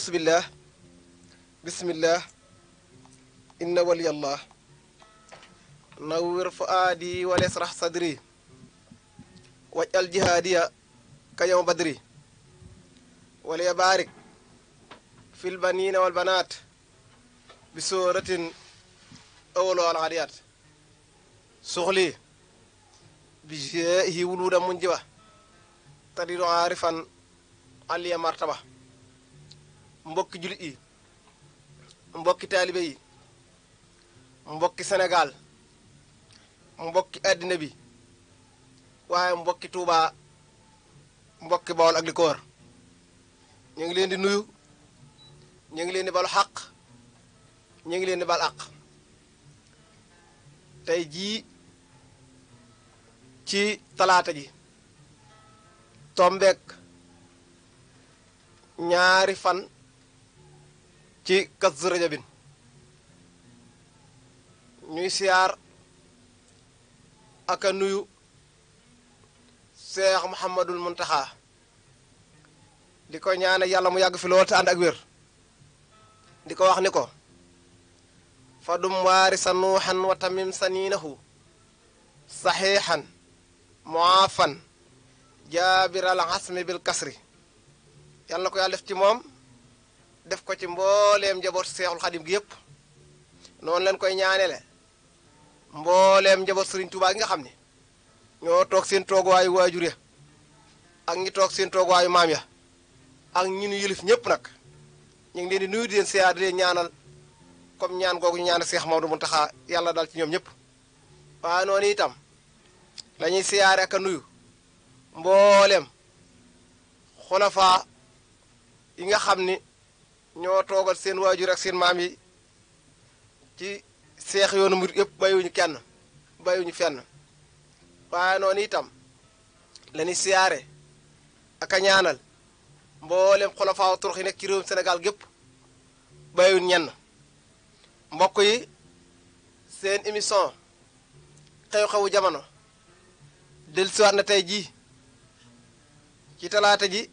ausu billah bismillah inna waliyallah nawwir fuaadi wa yasrah sadri waj'al jihaadiya ka yawma badri wala yabaarik fil baniina wal banaat bi sooratin awwalo al aadiyaat suxli bi jaahi wuluuda munjiba tadiru aarifan aliya martaba mbokki jullit yi mbokki taalibe yi mbokki Sénégal mbokki àddina bi waaye mbokki Touba mbokki Bawol ak li ko ñu ngi leen di nuyu ñu ngi leen di balu xaq ñu ngi leen di bal àq tey jii ci talaata ji tombeek ñaari fan ci kas rajabin ñuy siyaar aka nuyu seex muhammadul muntaxa di ko ñaane yàlla mu yàgg fi lool ak wér di ko wax ni ko fa dum waari sa nuuxan wa tamim saniinahu saxiixan muaafan jaabiral asmi bil kasri yàlla ko yàlla def moom def ko ci mbooleem njaboot seexul xadim gi yëpp noonu lañ koy ñaanele mbooleem njaboot sëriñ Tuubaa yi nga xam ni ñoo toog seen tooguwaayu waajur ya ak ñi toog seen tooguwaayu maam ya ak ñu nu yëlif ñëpp nag ñu ngi leen di nuyu di leen siyaar ñaanal comme ñaan googu ñu ñaanal Seex Maodo Muntaxa yàlla daal ci ñoom ñëpp waaye noonu itam la ñuy siyaare ak a nuyu mbooleem xulafaa yi nga xam ni ñoo toogal seen waajur ak seen maam yi ci seex yoonu murit yëpp bàyyiwuñu kenn bàyyiwuñu fenn waaye noonu itam lañuy siyaare ak a ñaanal mboolem xolofaaw turux yi Sénégal gépp bàyyiwuñ ñenn mbokk yi seen émission xew-xewu jamono dellusiwaat na tey jii ci talaata ji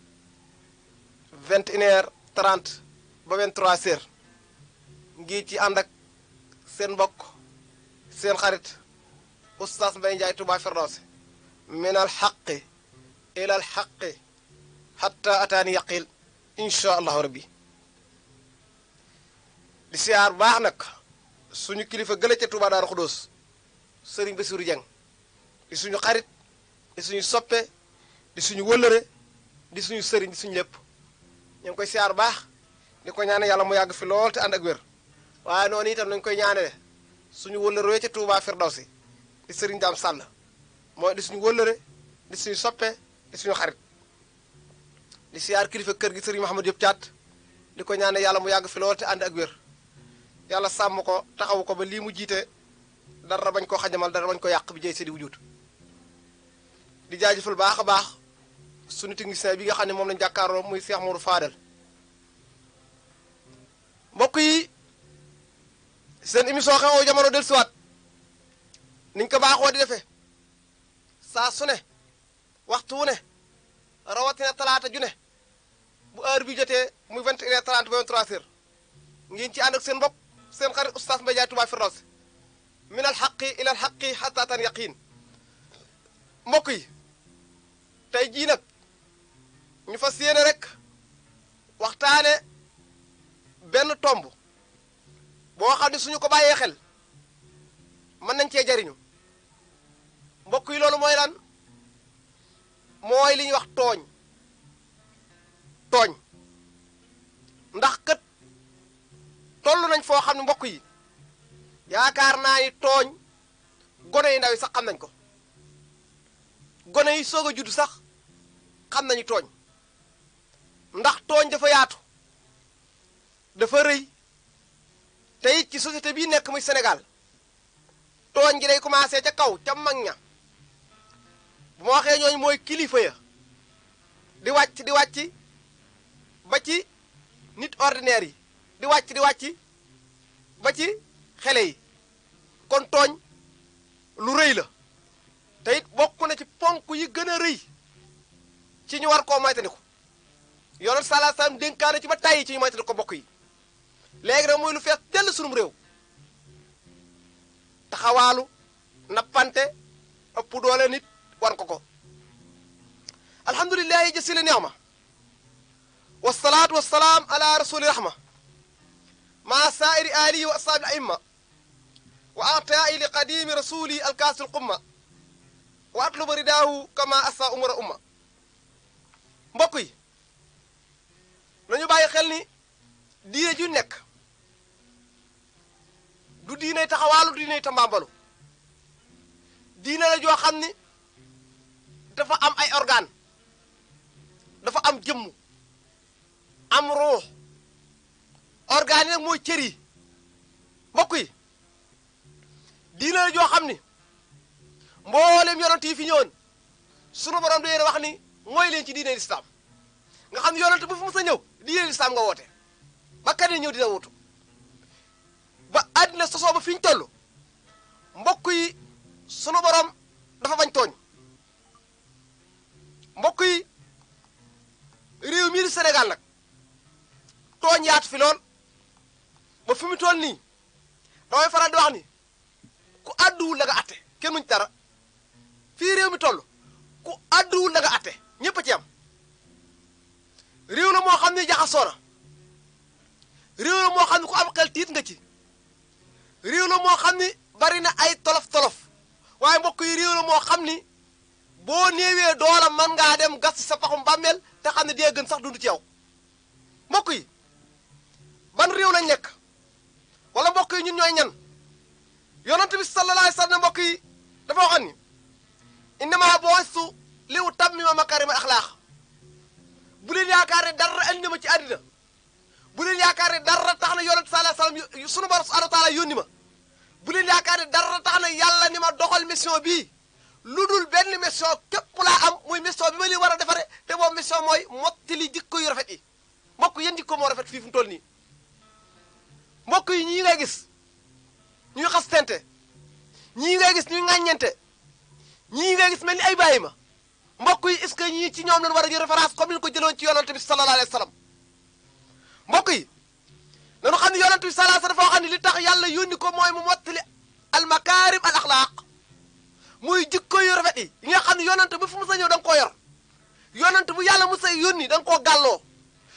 vingt et heure trente ba 23 heures ngi ci ànd ak seen mbokk seen xarit oustaz Mbaye Ndiaye Touba Firdawsi min al xaqi ila al xaqi xatta ataani yaqil incha allahu rabbi di siyaar baax nag suñu kilifa gële ca Touba Daaru sëriñ Bassirou Dieng di suñu xarit di suñu soppe di suñu wëllëre di suñu sëriñ di suñu lépp ñoo ngi koy siyaar baax di ko ñaane yàlla mu yàgg fi lool te ànd ak wér waaye noonu itam nañ koy ñaanale suñu wëllëree ci Touba Firdawsi di Serigne mooy di suñu wëllëre di suñu soppe suñu xarit di siyaar kilifa kër gi sëriñ Mahamadou Diop Thiat di ko ñaane yàlla mu yàgg fi lool te ànd ak wér yàlla sàmm ko taxaw ko ba lii mu jiite dara bañ koo xajamal dara bañ ko yàq bi jëy si di wujut di jaajëfal baax a baax suñu technicien bi nga xam ne moom lañ jàkkaaroo muy Cheikh Mourou Fadel mbokk yi seen émission xewoo jamono del siwaat niñ ko baaxoo di defee saa su ne rawatina talaata ju ne bu heure bi jotee muy 21h30 ba 23 ngeen ci ànd seen mbokk seen xarit oustaz Mbaye Ndiaye Touba Firdawsi min al xaqi ila al yaqiin mbokk yi tey jii nag ñu fa yéene rek waxtaane benn tomb boo xam ne suñu ko bàyyee xel mën nañ cee jariñu mbokk yi loolu mooy lan mooy li ñuy wax tooñ tooñ ndax kët toll nañ foo xam ne mbokk yi yaakaar naa ni tooñ gone yi ndaw yi sax xam nañ ko gone yi soog a judd sax xam nañu tooñ ndax tooñ dafa yaatu dafa rëy te it ci société bii nekk muy senegal tooñ gi day commencé ca kaw ca mag ña bu ma waxee ñooñu mooy kilifa ya di wàcc di wàcc ba ci nit ordinaire yi di wàcc di wàcc ba ci xele yi kon tooñ lu rëy la te it bokk na ci ponk yi gën a rëy ci ñu war koo moytandiku yonent sallallahu alayhi wasallam dénkaane ci ba tàyyi ci ñu moytandiku ko bokk yi léegi nag mooy lu fees dell sunum réew taxawaalu nappante ëpp doole nit wan ko ko alhamdulilahi jasili neexma wasalaatu wasalaam ala rasuli rahma maa saairi alihi wa asaabi aimma wa ataai li qadimi rasuli alkaasil qumma wa atluba ridaahu kama asa umara umma mbokk yi nañu bàyyi xel ni diine ju nekk du diinay taxawaalu du diinay tambaambalu diine la joo xam ni dafa am ay organe dafa am jëmm am ruux organe yi nag mooy cër yi mbokk yi diine la joo xam ni mboolem yonent yi fi ñëwoon sunu borom di leen wax ni mooy leen ci diine lislaam nga xam ne yonent bu fi mës a ñëw diine lislaam nga woote ba kan ñëw dina wutu ba àddina sosoo ba fi ñu toll mbokk yi sunu borom dafa bañ tooñ mbokk yi réew mii di Sénégal nag tooñ yaatu fi ba fi mu toll nii damay faral di wax ni ku àdduwul la nga atte kenn muñ dara fii réew mi toll ku àdduwul la nga atte ñëpp a ci am réew la moo xam ne jaxasoo na réew la moo xam ni ku am xel tiit nga ci réew la moo xam ni bari na ay tolof-tolof waaye mbokk yi réew la moo xam ni boo néewee doola man ngaa dem gas sa paxum bàmmeel te xam ne dee gën sax dund ci yow mbokk yi ban réew lañ nekk wala mbokk yi ñun ñooy ñan yonent bi sallallahu alayhi wa mbokk yi dafa waxoon ni innama boostu li utammima makarima axlaaq bu leen yaakaar ne dara andi ma ci àddina bu leen yaakaar ne dara tax na yonent sallallahu alayhi sunu borom subhanahu wa taala bu leen yaakaar ne dara tax na yàlla ni ma doxal mission bii lu dul benn mission képp laa am muy mission bi ma leen war a defare te boobu mission mooy mottali jikko yu rafet yi mbokk yéen jikko moo rafet fii fu mu toll nii mbokk yi ñii ngay gis ñuy xastente ñii ngay gis ñuy ŋàññente ñii ngay gis mel ni ay bàyyi ma mbokk yi est-ce que ñii ci ñoom lañ war a jël référence comme ni ko jëloon ci yonante bi sallallahu alayhi wa mbokk yi dañu xam ne yonent bi sallallahu alayhi wasallam li tax yàlla yónni ko mooy mu mottali al makaarim al axlaaq muy jikko yu rafet yi yi nga xam ne yonent fu mu sa ñëw da ko koo yor yonent bu yàlla mu sa yónni da nga koo gàlloo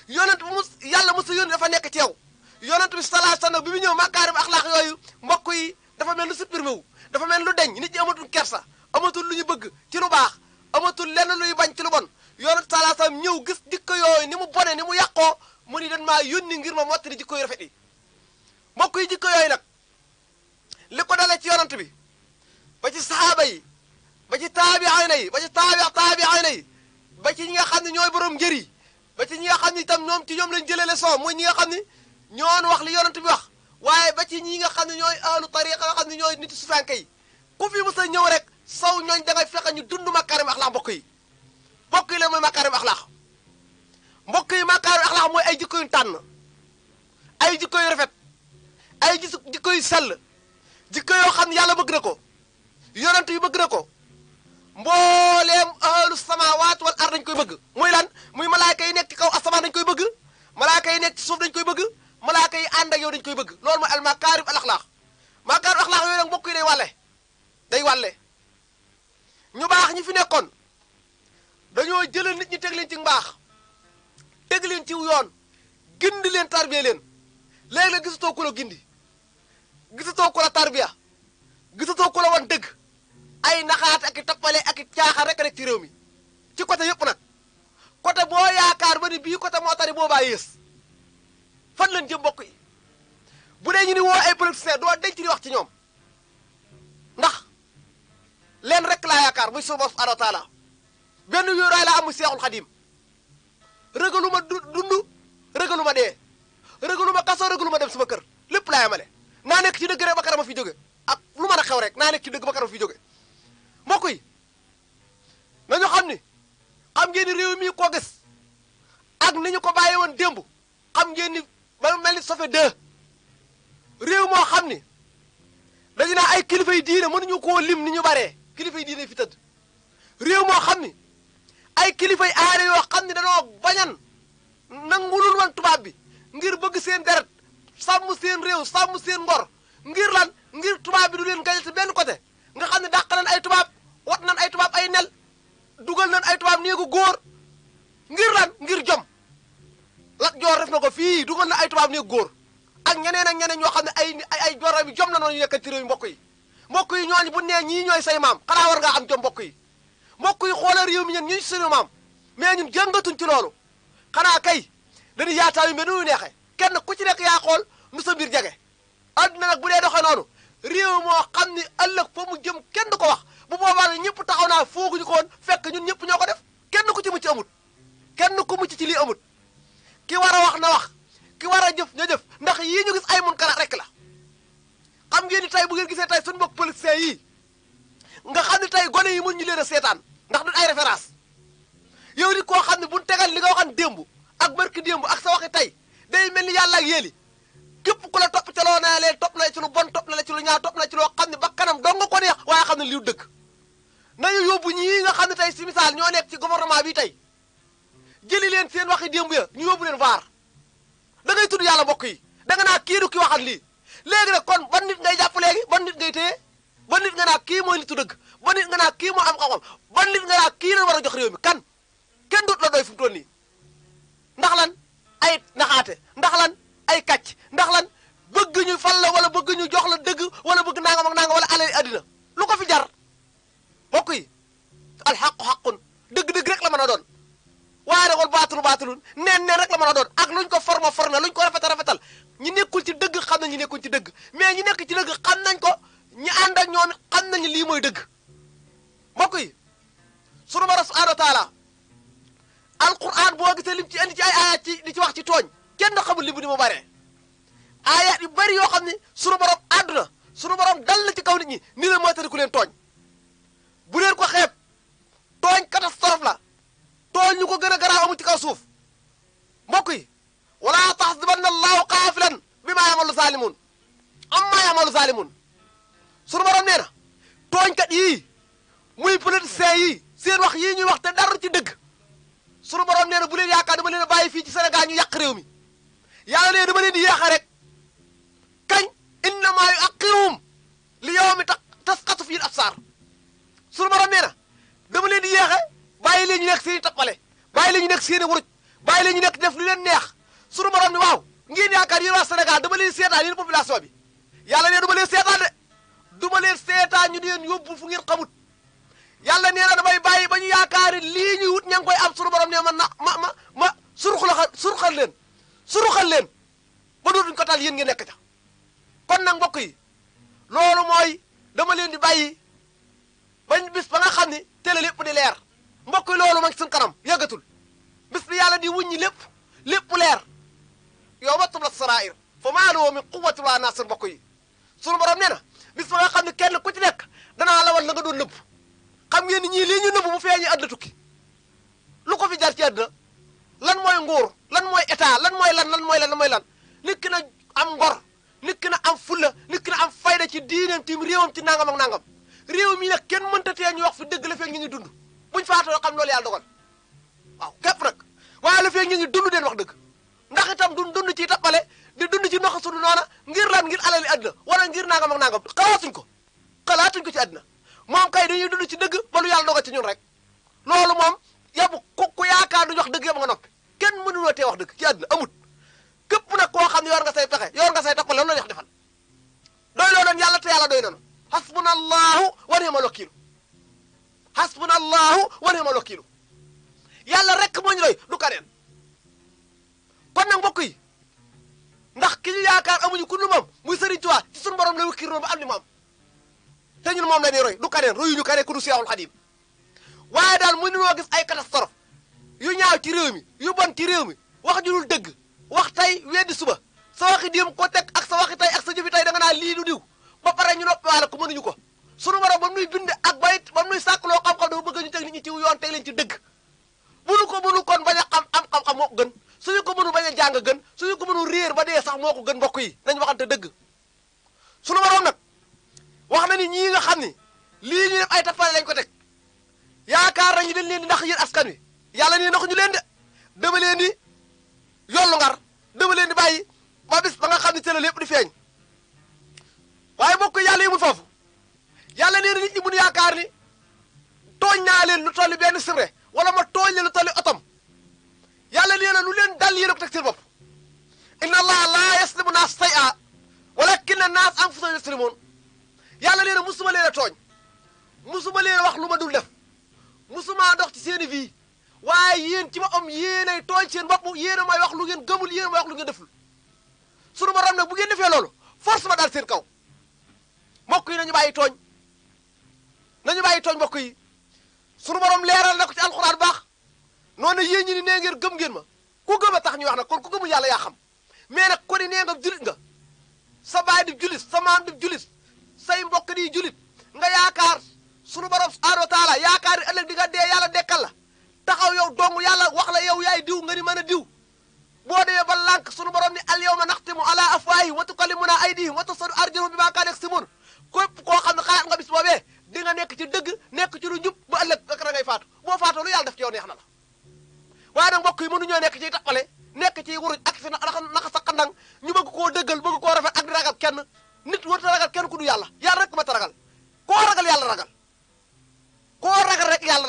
yonent bu mu yàlla mu sa yónni dafa nekk ci yow yonent bi sallallahu alayhi wasallam bi mu ñëw makaarim axlaaq yooyu mbokk yi dafa mel lu supprimé wu dafa mel lu deñ nit ñi amatul kersa amatul lu ñu bëgg ci lu baax amatul lenn luy bañ ci lu bon yonent sallallahu gis jikko yooyu ni mu bone ni mu yàqoo mu ni dan maa yónni ngir ma mottali jikko yu rafet yi mbokk yi jikko yooyu nag li ko dalee ci yonant bi ba ci saxaaba yi ba ci taabiina yi ba ci taabi taabiina yi ba ci ñi nga xam ne ñooy borom njër yi ba ci ñi nga xam ne itam ñoom ci ñoom lañ jëlale soo mooy ñi nga xam ne ñoon wax li yonant bi wax waaye ba ci ñi nga xam ne ñooy ahlu tariqa nga xam ne ñooy nit sufanke yi ku fi ñëw rek sow ñooñ da ngay fexe ñu dund makarim axlaax mbokk yi mbokk yi la mooy makarim axlaax mbokk yi makaaru axlaax mooy ay jikko yu tànn ay jikko yu rafet ay gis jikko yu sell jikko yoo xam yàlla bëgg na ko yonent yu bëgg na ko mbooleem ahlu samawaat wal ar dañ koy bëgg mooy lan muy malaaka yi nekk ci kaw asamaan dañ koy bëgg malaaka yi nekk ci dañ koy bëgg malaaka yi ànd yow dañ koy bëgg loolu mooy al makaarib al axlaax makaarib axlaax yooyu nag mbokk yi day wàlle day wàlle ñu baax ñi fi nekkoon dañoo jëlee nit ñi teg leen ci mbaax dégg leen ciw yoon gindi leen tarbiya leen léegi nag gisatoo ku la gindi gisatoo ku la tarbiya gisatoo ku la wan dëgg ay naxaate ak i tappale ak i caaxaan rek rek ci réew mi ci côté yëpp nag côté boo yaakaar ba ni bii côté moo tari baa yées fan lañ jëm mbokk yi bu dee ñu ni woo ay politiciens doo denc di wax ci ñoom ndax leen rek laa yaakaar muy suñu bopp taala benn yóoraay la am mu seexul xadim ragaluma du dund ragaluma dee ragaluma kaso ragaluma dem sama kër lépp laa yemale naa nekk ci dëgg rek ba karama fi joge ak lu mën a xew rek naa nekk ci dëgg ba xam ni xam ngeen ni réew mii koo gis ak ni ñu ko bàyyi woon démb xam ngeen ma mel ni sofe deux réew moo xam ni dañu naa ay kilifa yi diine mënuñu ko lim ni ñu baree kilifa yi diine fi tëdd réew moo ni ay kilifay aada yoo xam ne dañoo bañan nangulul woon tubaab bi ngir bëgg seen deret sàmm seen réew sàmm seen ngor ngir lan ngir tubaab bi du leen gañal si benn côté nga xam ne dàq ay tubaab wat nan ay tubaab ay nel dugal nañ ay tubaab néegu góor ngir lan ngir jom Lat Joor def na ko fii dugal na ay tubaab néegu góor ak ñeneen ak ñeneen ñoo xam ne ay ay joram yi jom la noonu ñu nekk ci réew yi mbokk yi mbokk yi ñooñu bu nee ñii ñooy say maam xanaa war ngaa am jom mbokk yi mbokk yi xoolee réew mi ñun ñu suñu maam mais ñun jëngatuñ ci loolu xanaa kay dañuy yaataayu mel yu neexee kenn ku ci nekk yaa xool nu sa mbir jege. adduna nag bu dee doxee noonu réew moo xam ni ëllëg fa mu jëm kenn du ko wax bu boobaa nag ñëpp taxaw naa fooguñu ko woon fekk ñun ñëpp ñoo ko def kenn ku ci mucc amut kenn ku mucc ci li amut ki war a wax na wax ki war a jëf na jëf ndax yii ñu gis ay munkar rek la xam ngeen ni tey bu ngeen gisee tey suñu mbokk politiciens yii nga xam ne tey yi mun ñu leen a seetaan ndax du ay référence yow nit koo xam ne bu ñu tegal li nga waxoon démb ak barki démb ak sa waxi tey day mel ni yàlla ak yéeli képp ku la topp ca loo naa leen topp na ci lu bon topp na la ci lu ñaaw topp na ci loo xam ne ba kanam dong nga ko neex waaye xam ne liu dëkk nañu yóbbu ñii nga xam ne tey si misaal ñoo nekk ci gouvernement bi tey jëli leen seen waxi démb ya ñu yóbbu leen vaar da ngay tudd yàlla mbokk yi da naa kii du ki waxat lii léegi nag kon ban nit ngay jàpp léegi ban nit ngay téye ban nit nga naa kii mooy nitu dëgg ba nit nga naa kii moo am xam-xam ba nit nga naa kii la war a jox réew mi kan kenn dootu la doy fu mu toll lan ay naxaate ndax lan ay kàcc ndax lan bëgg ñu fal la wala bëgg ñu jox la dëgg wala bëgg nangam ak nangam wala alal àddina lu ko fi jar mbokk yi alxaqu xaqun dëgg-dëgg rek la doon waaye nag wal baatulu baatilun neen neen rek la a doon ak luñ ko forma forna luñ ko rafeta rafetal ñi nekkul ci dëgg xam na ñi nekku ci dëgg mais ñi nekk ci dëgg xam nañ ko ñi ànd ak ñoom xam nañ lii mooy dëgg mbokk yi sunu borom subhanahu wa taala alquran boo gisee lim ci indi ci ay ayat ci li ci wax ci tooñ kenn xamul li mu ni mu bare ayat yu bari yoo xam ne sunu borom àddu na sunu borom dal na ci kaw nit ñi ni leen mooy tari ku tooñ bu ko xeeb tooñ catastrophe la tooñ ni ko gën a garaaw amul ci kaw suuf mbokk yi wala taxsibanna allahu qaafilan bi maa yamalu zaalimuun amma yamalu zaalimuun sunu borom nee na tooñkat muy politiciens yi seen wax yii ñu wax te dara ci dëgg sunu borom nee na bu leen yaakaar dama leen bàyyi fii ci Sénégal ñu yàq réew mi yàlla nee dama leen di yéexa rek kañ innamaa yu'axiruhum li yawmin tashxasu fiihi al-absaar sunu borom nee na dama leen di yéexe bàyyi leen ñu nekk seen i tappale bàyyi leen ñu nekk seen i wuruj bàyyi leen ñu nekk def lu leen neex sunu borom ne waaw ngeen yaakaar yéen waa Sénégal dama leen seetaan yéen population bi yàlla nee duma leen seetaan de duma leen seetaan ñu leen yóbbu fu ngeen xamut yàlla nee na damay bàyyi ba ñu yaakaari lii ñuy wut ña ngi koy am sunu borom ne ma na ma ma ma suruxal suruxal leen suruxal leen ba dootuñ ko taal yéen ngi nekk ca kon nag mbokk yi loolu mooy dama leen di bàyyi bañ bis ba nga xam ni télé lépp di leer mbokk yi loolu ma ngi suñu kanam yàggatul bis bi yàlla di wuññi lépp lépp leer yow ma tubla sarair fa maaloo min quwwati wa nasir mbokk yi sunu borom nee na bis nga xam ne kenn ku ci nekk danaa la wan la nga doon nëbb xam ngeen ni ñii lii ñu nëbb bu feeñee àdduna tukki lu ko fi jar ci àdduna lan mooy nguur lan mooy état lan mooy lan lan mooy lan lan mooy lan nit ki na am ngor nit ki na am fulla nit na am fayda ci diineem tim réewam ci nangam ak nangam réew mi na kenn mënta tee ñu wax fi dëgg la fekk ñu ngi dund buñ faatoo xam loolu yàlla dogal waaw képp nag waaye la fekk ñu ngi dund deen wax dëgg ndax itam duñ dund ci tappale di dund ci noxa sunu noona ngir lan ngir alali àdduna wala ngir nangam ak nangam xalaatuñ ko xalaatuñ ko ci àdduna moom kay dañuy dund ci dëgg ba lu yàlla dogal ci ñun rek loolu moom yabu ku ku yaakaar duñu wax dëgg yabu nga noppi kenn mënuloo tee wax dëgg ci àdduna amut képp na koo xam ne yor nga say pexe yor nga say tappale loolu la ñu wax defal doy loo doon yàlla te yàlla doy nanu xasbuna allahu wa ni'mal wakiilu xasbuna wa ni'mal wakiilu yàlla rek moo doy du kaneen kon nag mbokk yi ndax ki ñu yaakaar amuñu ku nu moom muy Sëriñ Tuubaa ci suñu borom la wakiir ba am li mu te ñun moom la ñuy roy du keneen royuñu keneen ku du Seexul Xadiim waaye daal mënuñoo gis ay catastrophe yu ñaaw ci réew mi yu bon ci réew mi wax ju dul dëgg wax tey weddi suba sa waxi démb ko teg ak sa waxi tey ak sa jëfi tey da nga naa lii lu diw ba pare ñu noppiwaale ko mënuñu ko sunu borom ba nuy bind ak bay ba nuy sàkkloo xam-xam dafa bëgg ñu teg nit ñi ci yoon teg leen ci dëgg bunu ko mënu kon bañ a xam am xam-xam moo ko gën suñu ko mënu bañ a jàng gën suñu ko mënu réer ba dee sax moo ko gën mbokk yi nañ waxante dëgg wax na ni ñii nga xam ni lii ñu def ay tappale lañ ko teg yaakaar nañu dañ leen di ndax yéen askan wi yàlla nii naxuñu leen de dama leen di yollu ngar dama leen di bàyyi ba bis ba nga xam ne ca la feeñ waaye bokk yàlla yemul foofu yàlla nee na nit ñi mun yaakaar ni tooñ naa leen lu tolli benn sibre wala ma tooñ leen lu tolli otom yàlla nee na lu leen dal yéen a ko teg seen bopp inna allaha la yaslimu naas say a walakin naas anfusahum yaslimuun yàlla nee na musuma leen a tooñ musuma leen wax lu ma dul def musuma dox ci seen i vie waaye yéen ci ma am yéenay tooñ seen bopp yéen a may wax lu ngeen gëmul yéen a wax lu ngeen deful sunu borom nag bu ngeen defee loolu force ma daal seen kaw mbokk yi nañu bàyyi tooñ nañu bàyyi tooñ mbokk yi sunu borom leeral na ko ci alxuraan baax noonu yéen ñu ni nee ngeen gëm ngeen ma ku gëm a tax ñu wax nag kon ku gëmul yàlla yaa xam mais nag ko ni nee nga julit nga sa baay di julit sa maam say mbokk di julit nga yaakaar sunu borom subhaanahu wa taala yaakaar ni ëllëg di nga dee yàlla dekkal la taxaw yow dong yàlla wax la yow yaay diw nga ni mën a diw boo demee ba lànk sunu borom ni al yawma naxtimu ala afwaahihim wa tukallimunaa aydihim wa tashhadu arjuluhum bimaa kaanu yaksibuun képp koo xam ne xalaat nga bis boobee di nekk ci dëgg nekk ci lu njub ba ëllëg ak da ngay faatu boo faatoo lu yàlla def ci yow neex na la waaye nag yi mënuñoo nekk ciy tappale nekk ciy wuruj ak fi naxa naxa sa ñu bëgg koo dëggal bëgg rafet ak di kenn nit warut ragal kenn ku du yàlla yàlla rek ma ta ragal koo ragal yàlla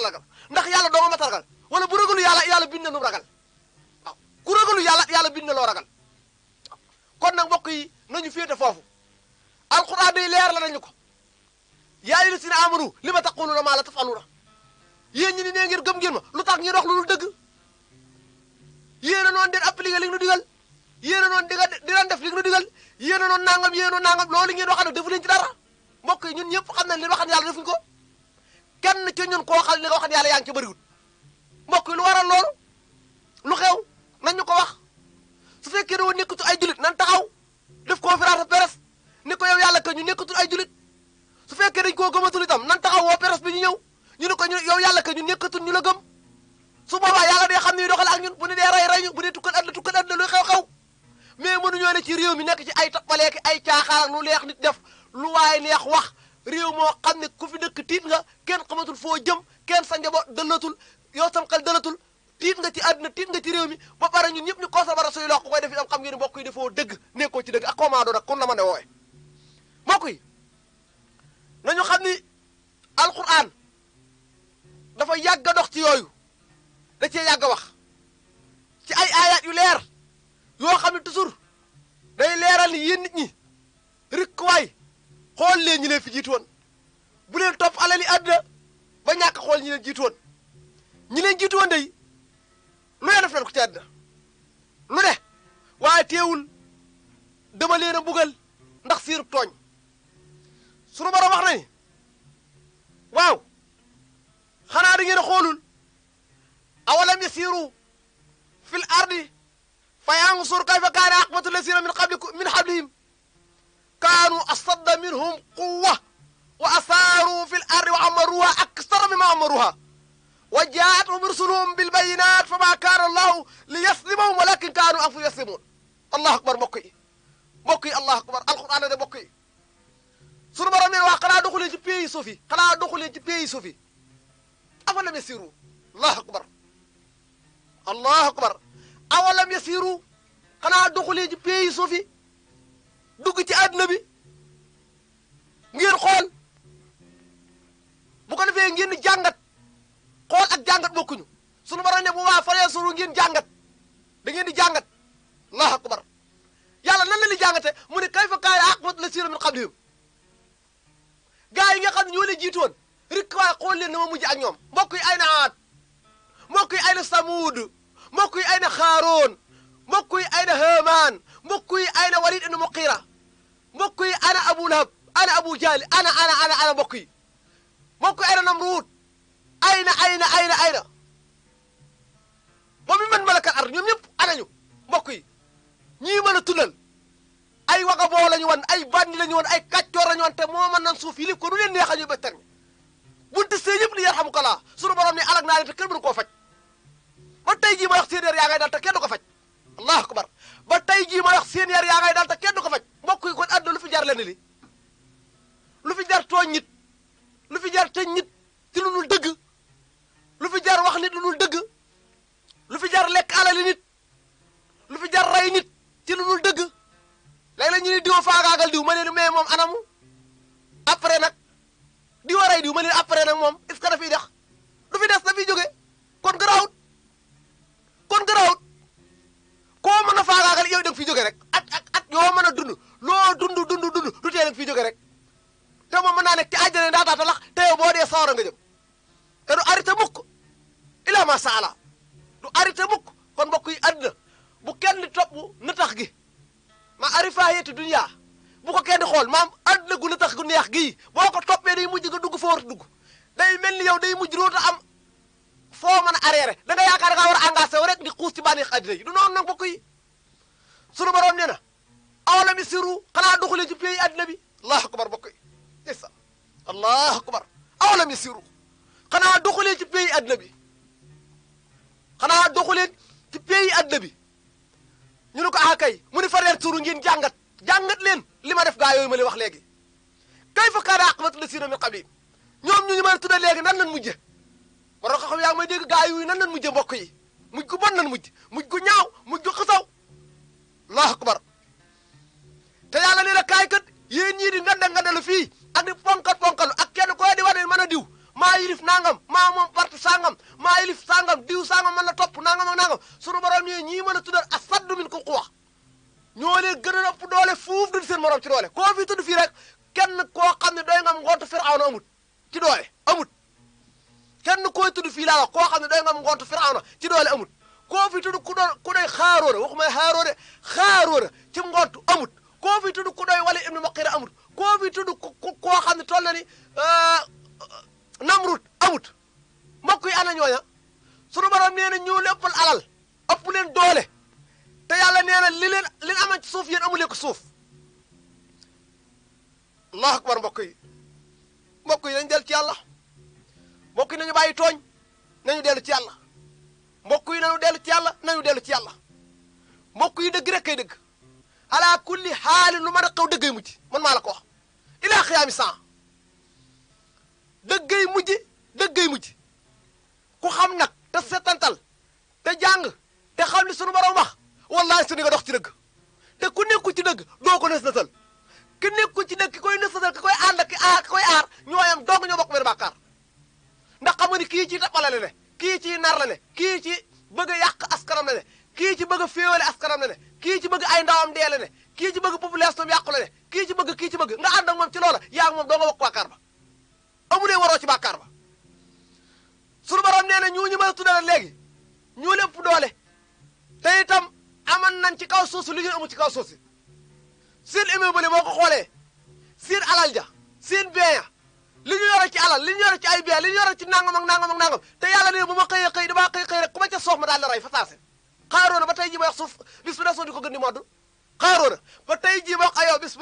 ragal ndax yàlla doo ma ma ta ragal wala bu ragalu yàlla yàlla bind na lu ragal yàlla yàlla bind na loo ragal kon nag mbokk yi nañu féete foofu alquran day leer la nañu ko yaa ayyuha llazina amanu li ma taquluuna maa laa taf'aluuna yéen ñi ni nee ngeen gëm ma lu tax ngeen wax lu dul dëgg na a noonu den appliqué li ñu digal yéen a noon di nga di leen def li nga digal yéen a noon nangam yéen a noon nangam loolu ngeen waxoon defu leen ci dara mbokk yi ñun ñëpp xam nañ li ko kenn ci ñun koo xam li nga waxoon yàlla yaa ci bëriwul mbokk yi lu waral loolu lu xew nañ ñu ko wax su fekkee ne woon nekkatul ay julit nan taxaw def conférence de presse ni ko yow yàlla ka ñu nekkatul ay julit su fekkee dañ koo gëmatul itam nan taxaw woo presse bi ñu ñëw ñu ne ko ñu yow yàlla ka ñu nekkatul ñu la gëm su boobaa yàlla day xam ne doxal ak ñun bu ne dee rey rey ñu bu ne tukkal at la tukkal at la mais mënuñoo ne ci réew mi nekk ci ay toppaleeki ay caaxaar lu leex nit def lu waaye neex wax réew moo xam ne ku fi dëkk tiit nga kenn xamatul foo jëm kenn sa njaboot dëllatul yow sam xel dëllatul tiit nga ci àddina tiit nga ci réew mi ba pare ñun ñëpp ñu koosal bara suy loxo ko def itam xam ngeen mbokk yi dafoo dëgg nekkoo ci dëgg ak commando nag kun la ma ne woowe mbokk yi nañu xam ni alquran dafa yàgg a dox ci yooyu da cee yàgg a wax ci a aayaat yu leer yoo xam ne toujours day leeral ni ñi rikk waay xool leen ñi leen fi jiitu topp alali àddina ba ñàkk xool ñi leen jiitu woon ñi leen jiitu woon day lu ne def nañ ko ci àddina lu ne waaye teewul dama leen a bugal ndax siirub tooñ sunu borom wax na waaw xanaa da ngeen a xoolul awalam yasiiru fil ardi فينظر كيف كان عاقبة الذين من قبل من حبلهم كانوا أصد منهم قوة وأثاروا في الأرض وعمروها أكثر مما عمروها وجاءتهم رسلهم بالبينات فما كان الله ليسلمهم ولكن كانوا أنفسهم يسلمون الله أكبر mbokk mbokk yi allah akbar alxuraan de mbokk yi sunu borom yéen waa xanaa doxu leen ci pays suuf yi xanaa doxu leen ci pays suuf yi afalam yasiru allah akbar allah akbar awalam yasiru xanaa doxulee ci pays suuf yi ci àdduna bi ngeen xool bu ko defee ngeen jàngat xool ak jàngat bokkuñu sunu borom ne bu waa faree suru ngeen jàngat da ngeen di jàngat allahu akbar yàlla nan la ni jàngate mu ne kayfa kaana aaqibatu llazina min qablihim gaa yi nga xam ne ñoo leen jiitoon rek waaye xool leen na ma mujj ak ñoom mbokk yi ay na aat mbokk ay na samuud mbokk yi ay na xaaroon mbokk yi ay mbokk yi ay na walid ibnu muqira mbokk yi ana abu lahab ana abu jahl ana ana ana ana mbokk yi mbokk yi ay na namruud ay na ay na ay na ay na moom mi mën malakal ar ñoom ñëpp anañu mbokk yi ñii mën a tuddal ay wagaboo la ñu wan ay bandi la ñu wan ay kàccoor la ñu wan te moo mën nan suuf yi ko nu leen neexal ñu ba terme bunte see yëpp li yarhamukallah sunu borom ne alag naa leen te kenn mënu koo faj ba tey jii ma wax seen yar yaa ngay daal te kenn ko faj allahu akbar ba tey jii may wax seen yar yaa ngay daal te kenn ko faj mbokk yi kon àdduna lu fi jar lenn li lu fi jar tooñ nit lu fi jar tëj nit ci lu dul dëgg lu fi jar wax nit lu dul dëgg lu fi jar lekk alali nit lu fi jar rey nit ci lu dul dëgg léeg-léeg ñu ne diw faagaagal diw ma ne mais moom anamu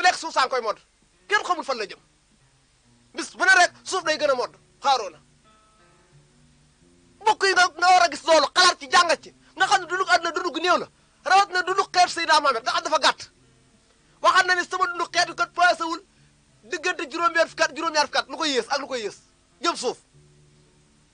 nekk suuf saa ngi koy modd kenn xamul fan la jëm bis bu ne rek suuf day gën a modd xaaroo na mbokk yi nga nga war a gis loolu xalaat ci jàngat ci nga xam ne dundu àdduna dundu gu néew la rawat na dundu xeet Seydina Mohamed nga xam dafa gàtt waxaat na ni sama dundu xeet kat paasewul diggante juróom-ñaar fukki at juróom-ñaar fukki lu koy yées ak lu koy yées jëm suuf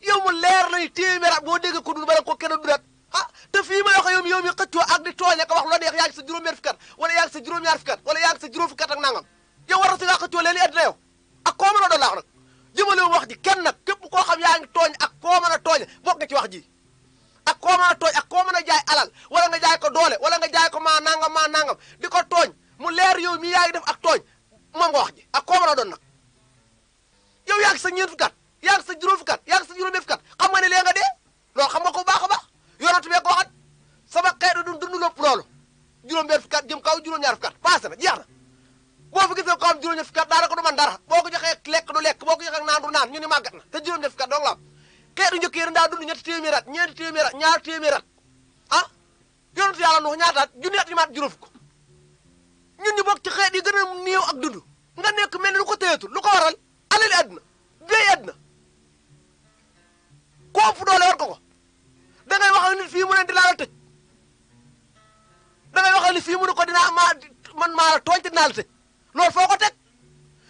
yow mu leer lay téeméer at boo dégg ko dund ba ko kenn dundat ah te fii may wax yow yow mi xëccoo ak di tooñ ak wax loo neex yaa sa juróom-ñaar fukki at wala yaa ngi sa juróom-ñaar fukki at wala yaa sa juróom fukki at ak nangam yow war na si ngaa xëccoo leen a doon laax nag jëmale wax ji kenn nag képp koo xam yaa ngi ak koo a tooñ bokk nga ci wax ji ak koo mën ak koo a jaay alal wala nga doole wala nga jaay ko maa nangam maa di ko tooñ mu leer yow mi yaa def ak tooñ moom nga wax ji ak koo mën doon nag yow yaa sa ñeent fukki at yaa sa juróom fukki at yaa ngi sa juróom fukki kat xam nga ne lee nga dee loolu xam nga ko baax a baax yonent bee ko waxat sama xeetu du dund lépp loolu juróom-benn fukki at jëm kaw juróom-ñaar fukki at passé na jeex na boo fi gisee ko am juróom-ñaar du man dara boo ko joxee lekk du lekk boo ko joxee naan du naan ñu ni màggat na te juróom-ñaar fukki at dong la am xeetu njëkk yéen daa dund ñetti téeméer at ñeenti ñaar téeméer at ah yonent yàlla nu ñaata at junni ci xeet yi gën a néew ak nga nekk mel ni lu ko téyetul lu ko waral alali àdduna béy àdduna koo fu doole war ko ko da ngay waxal nit fii mu ne dinaa la tëj da ngay waxal fii mu ne ko dinaa maa man maa la tooñ te dinaa la tëj loolu foo ko teg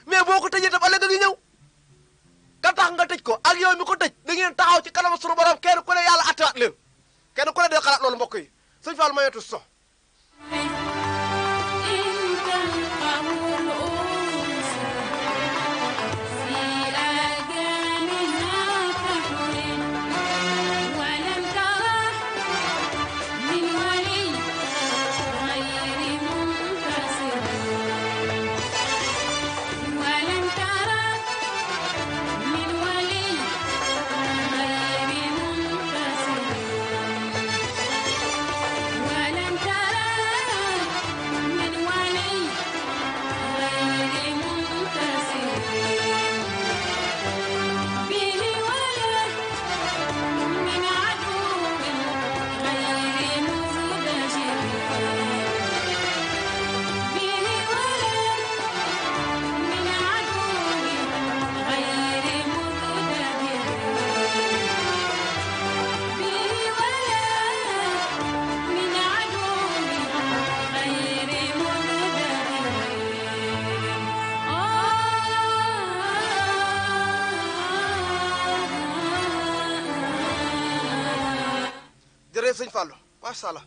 mais boo ko tëjee tam ëllëg a ngi ñëw ka tax nga tëj ko ak yow mi ko tëj da ngeen taxaw ci kanam sunu borom kenn ku ne yàlla attewaat leen kenn ku ne dee xalaat loolu mbokk yi sëñ Fall mayeetu sox macha allah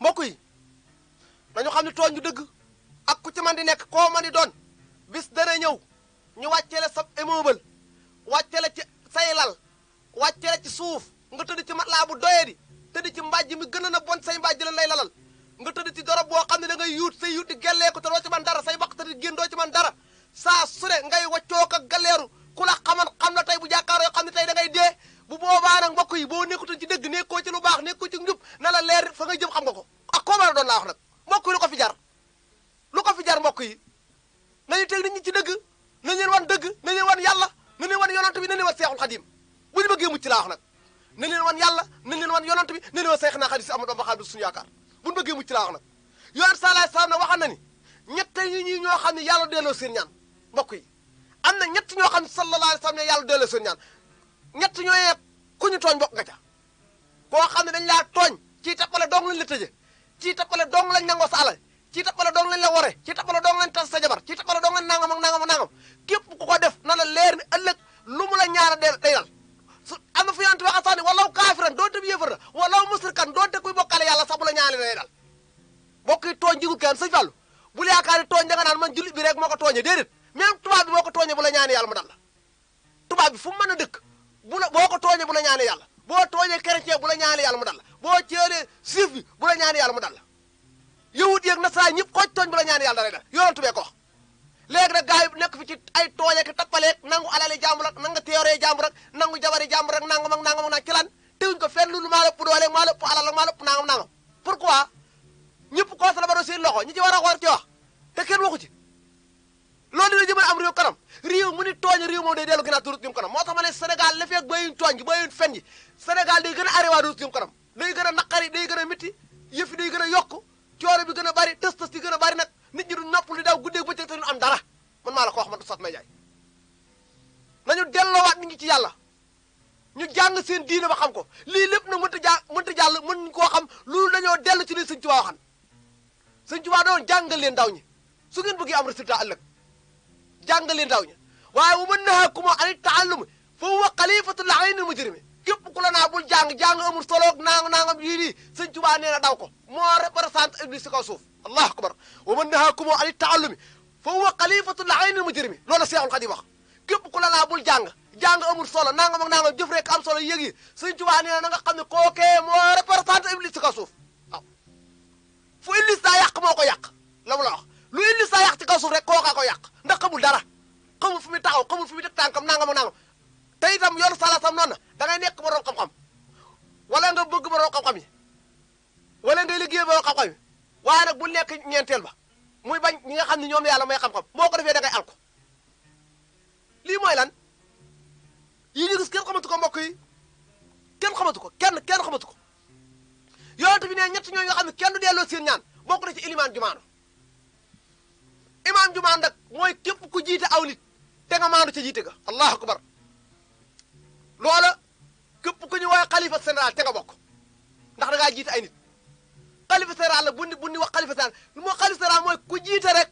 mbokk yi dañu xam ne tooñ du dëgg ak ku ci man di nekk koo man di doon bis dana ñëw ñu wàcce la sa immeuble wàcce la ci say lal wàcce la ci suuf nga tëdd ci laa bu doyee di tëdd ci mbàjj mi gën a na bon say mbàjj lan lay lalal nga tëdd ci dorob boo xam ne da ngay yuut say yuut di gellee ko te doo ci man dara say baq te di génn doo ci man dara saa su ne ngay waccoo ak galeeru ku la xaman xam na tey bu jàkkaaroo yoo xam ne tey da ngay dee bu boobaa nag mbokk yi boo nekkutoon ci dëgg nekkoo ci lu baax nekkoo ci njub na la leer fa nga jëm xam nga ko ak koo mën a doon laa wax nag mbokk yi lu ko fi jar lu ko fi jar mbokk yi nañu teg nit ñi ci dëgg nañu leen wan dëgg nañu leen wan yàlla nañu leen wan yonent bi nañu leen wan seexul xadim bu ñu bëggee mucc laa wax nag nañu leen wan yàlla nañu leen wan yonent bi nañu leen wan seex naa xadim si Ahmadu Bamba Xaadimu suñu yaakaar bu ñu bëggee mucc laa wax nag yonent salaam na waxan na ni ñett yi ñuy ñoo xam ne yàlla delloo seen ñaan mbokk yi am na ñett ñoo xam ne sallallahu alayhi wa sallam yàlla delloo seen ñaan ñett ñoo yëpp ku ñu tooñ bokk nga ca koo xam ne dañ laa tooñ ci tappale dong lañ la tëje ci tappale dong lañ nangoo sa alal ci tappale dong lañ la ware ci tappale dong lañ tas sa jabar ci tappale dong lañ nangam ak nangam ak nangam képp ku ko def na la leer ni ëllëg lu mu la ñaara day dal su am na fu yonent waxat sax ni walaw kaafiran doonte bi yéefar la walaw musrikan doonte kuy bokkale yàlla sax bu la ñaaree day dal bokk yi tooñ jigul kenn sëñ Fallou bul yaakaar ni tooñ da nga naan man jullit bi rek moo ko tooñee déedéet même tubaab bi moo ko tooñee bu la ñaanee yàlla mu dal la tubaab bi fu mu mën a dëkk bu boo ko tooñee bu la ñaanee yàlla boo tooñee chrétien bu la ñaanee yàlla mu dal boo jëlee juif bi bu la ñaanee yàlla mu dal la yawut na nasara ñëpp kooj tooñ bu la ñaanee yàlla da lay dal yonentu bee ko wax léegi nag gars yi nekk fi ci ay tooñ ak tappaleeg nangu alali jàmbur ak nangu teeree jàmbur ak nangu jabari jàmbur ak nangam ak nangam ak nag ci lan teguñ ko fenn lu maa lépp doole maa lépp alal maa lépp nangam nangam pourquoi ñëpp koo sa la baro seen loxo ñi ci war a war ci wax te kenn waxu ci loolu dina jëmale am réew kanam réew mu ni tooñ réew moom day dellu gannaaw turut jëm kanam moo tax ma ne Sénégal la feeg bayuñ tooñ gi bayuñ fen ji Sénégal day gën a arewaa turut jëm kanam day gën a naqari day gën a métti yëf day gën a yokk coono bi gën a bari tës tës yi gën a bari nag nit ñi du noppal li daaw guddee bëccëg te ñu am dara man maa la ko wax man Oustaz na Ndiaye nañu delloowaat nit ñi ci yàlla ñu jàng seen diine ba xam ko lii lépp nag mënta jaa mënta jàll mën koo xam loolu dañoo dellu ci li Sëñ Tuubaa waxan Sëñ Tuubaa doon jàngal leen ndaw ñi su ngeen bëggee am résultat ëllëg jàngale ndaw ña waaye wa man nahaakum ani taallum fa huwa xalifatul ayni mujrimi képp ku la naa bul jàng jàng amul soloog naang naangam yii nii sëñ Tuubaa nee na daw ko moo représente iblis si kaw suuf allahu akbar wa man nahaakum ani taallumi fa huwa xalifatul ayni mujrimi képp ku la naa bul jàng jàng amul solo nangam ak nangam jëf rek am solo yëg yi sëñ Tuubaa nee na nga xam ne kookee moo représente iblis si kaw suuf waaw iblis daa yàq moo ko yàq la mu la lu indi sa yàq ci kaw suuf rek kookaa ko yàq ndax xamul dara xamul fu muy taxaw xamul fu muy teg tànkam nangam nangam te itam yoonu sala sam noonu da ngay nekk borom xam-xam wala nga bëgg borom xam-xam yi wala ngay liggéey borom xam bu nekk ñeenteel ba muy bañ ñi nga xam ne ñoom la yàlla may xam-xam moo ko defee da ngay alko lii mooy lan yii ñu gis kenn xamatu ko mbokk yi kenn xamatu ko kenn kenn xamatu ko yonent bi ne ñett ñooñu nga xam ne kenn du delloo seen ñaan bokk na ci ilimaan jumaano imaam ju maandu mooy képp ku jiite aw nit te nga maandu ca jiite ga allahu akbar loola képp ku ñu woowee xalifa général te nga bokk ndax da ngaa jiite ay nit xalifa général la bu ni bu ni wax mooy ku jiite rek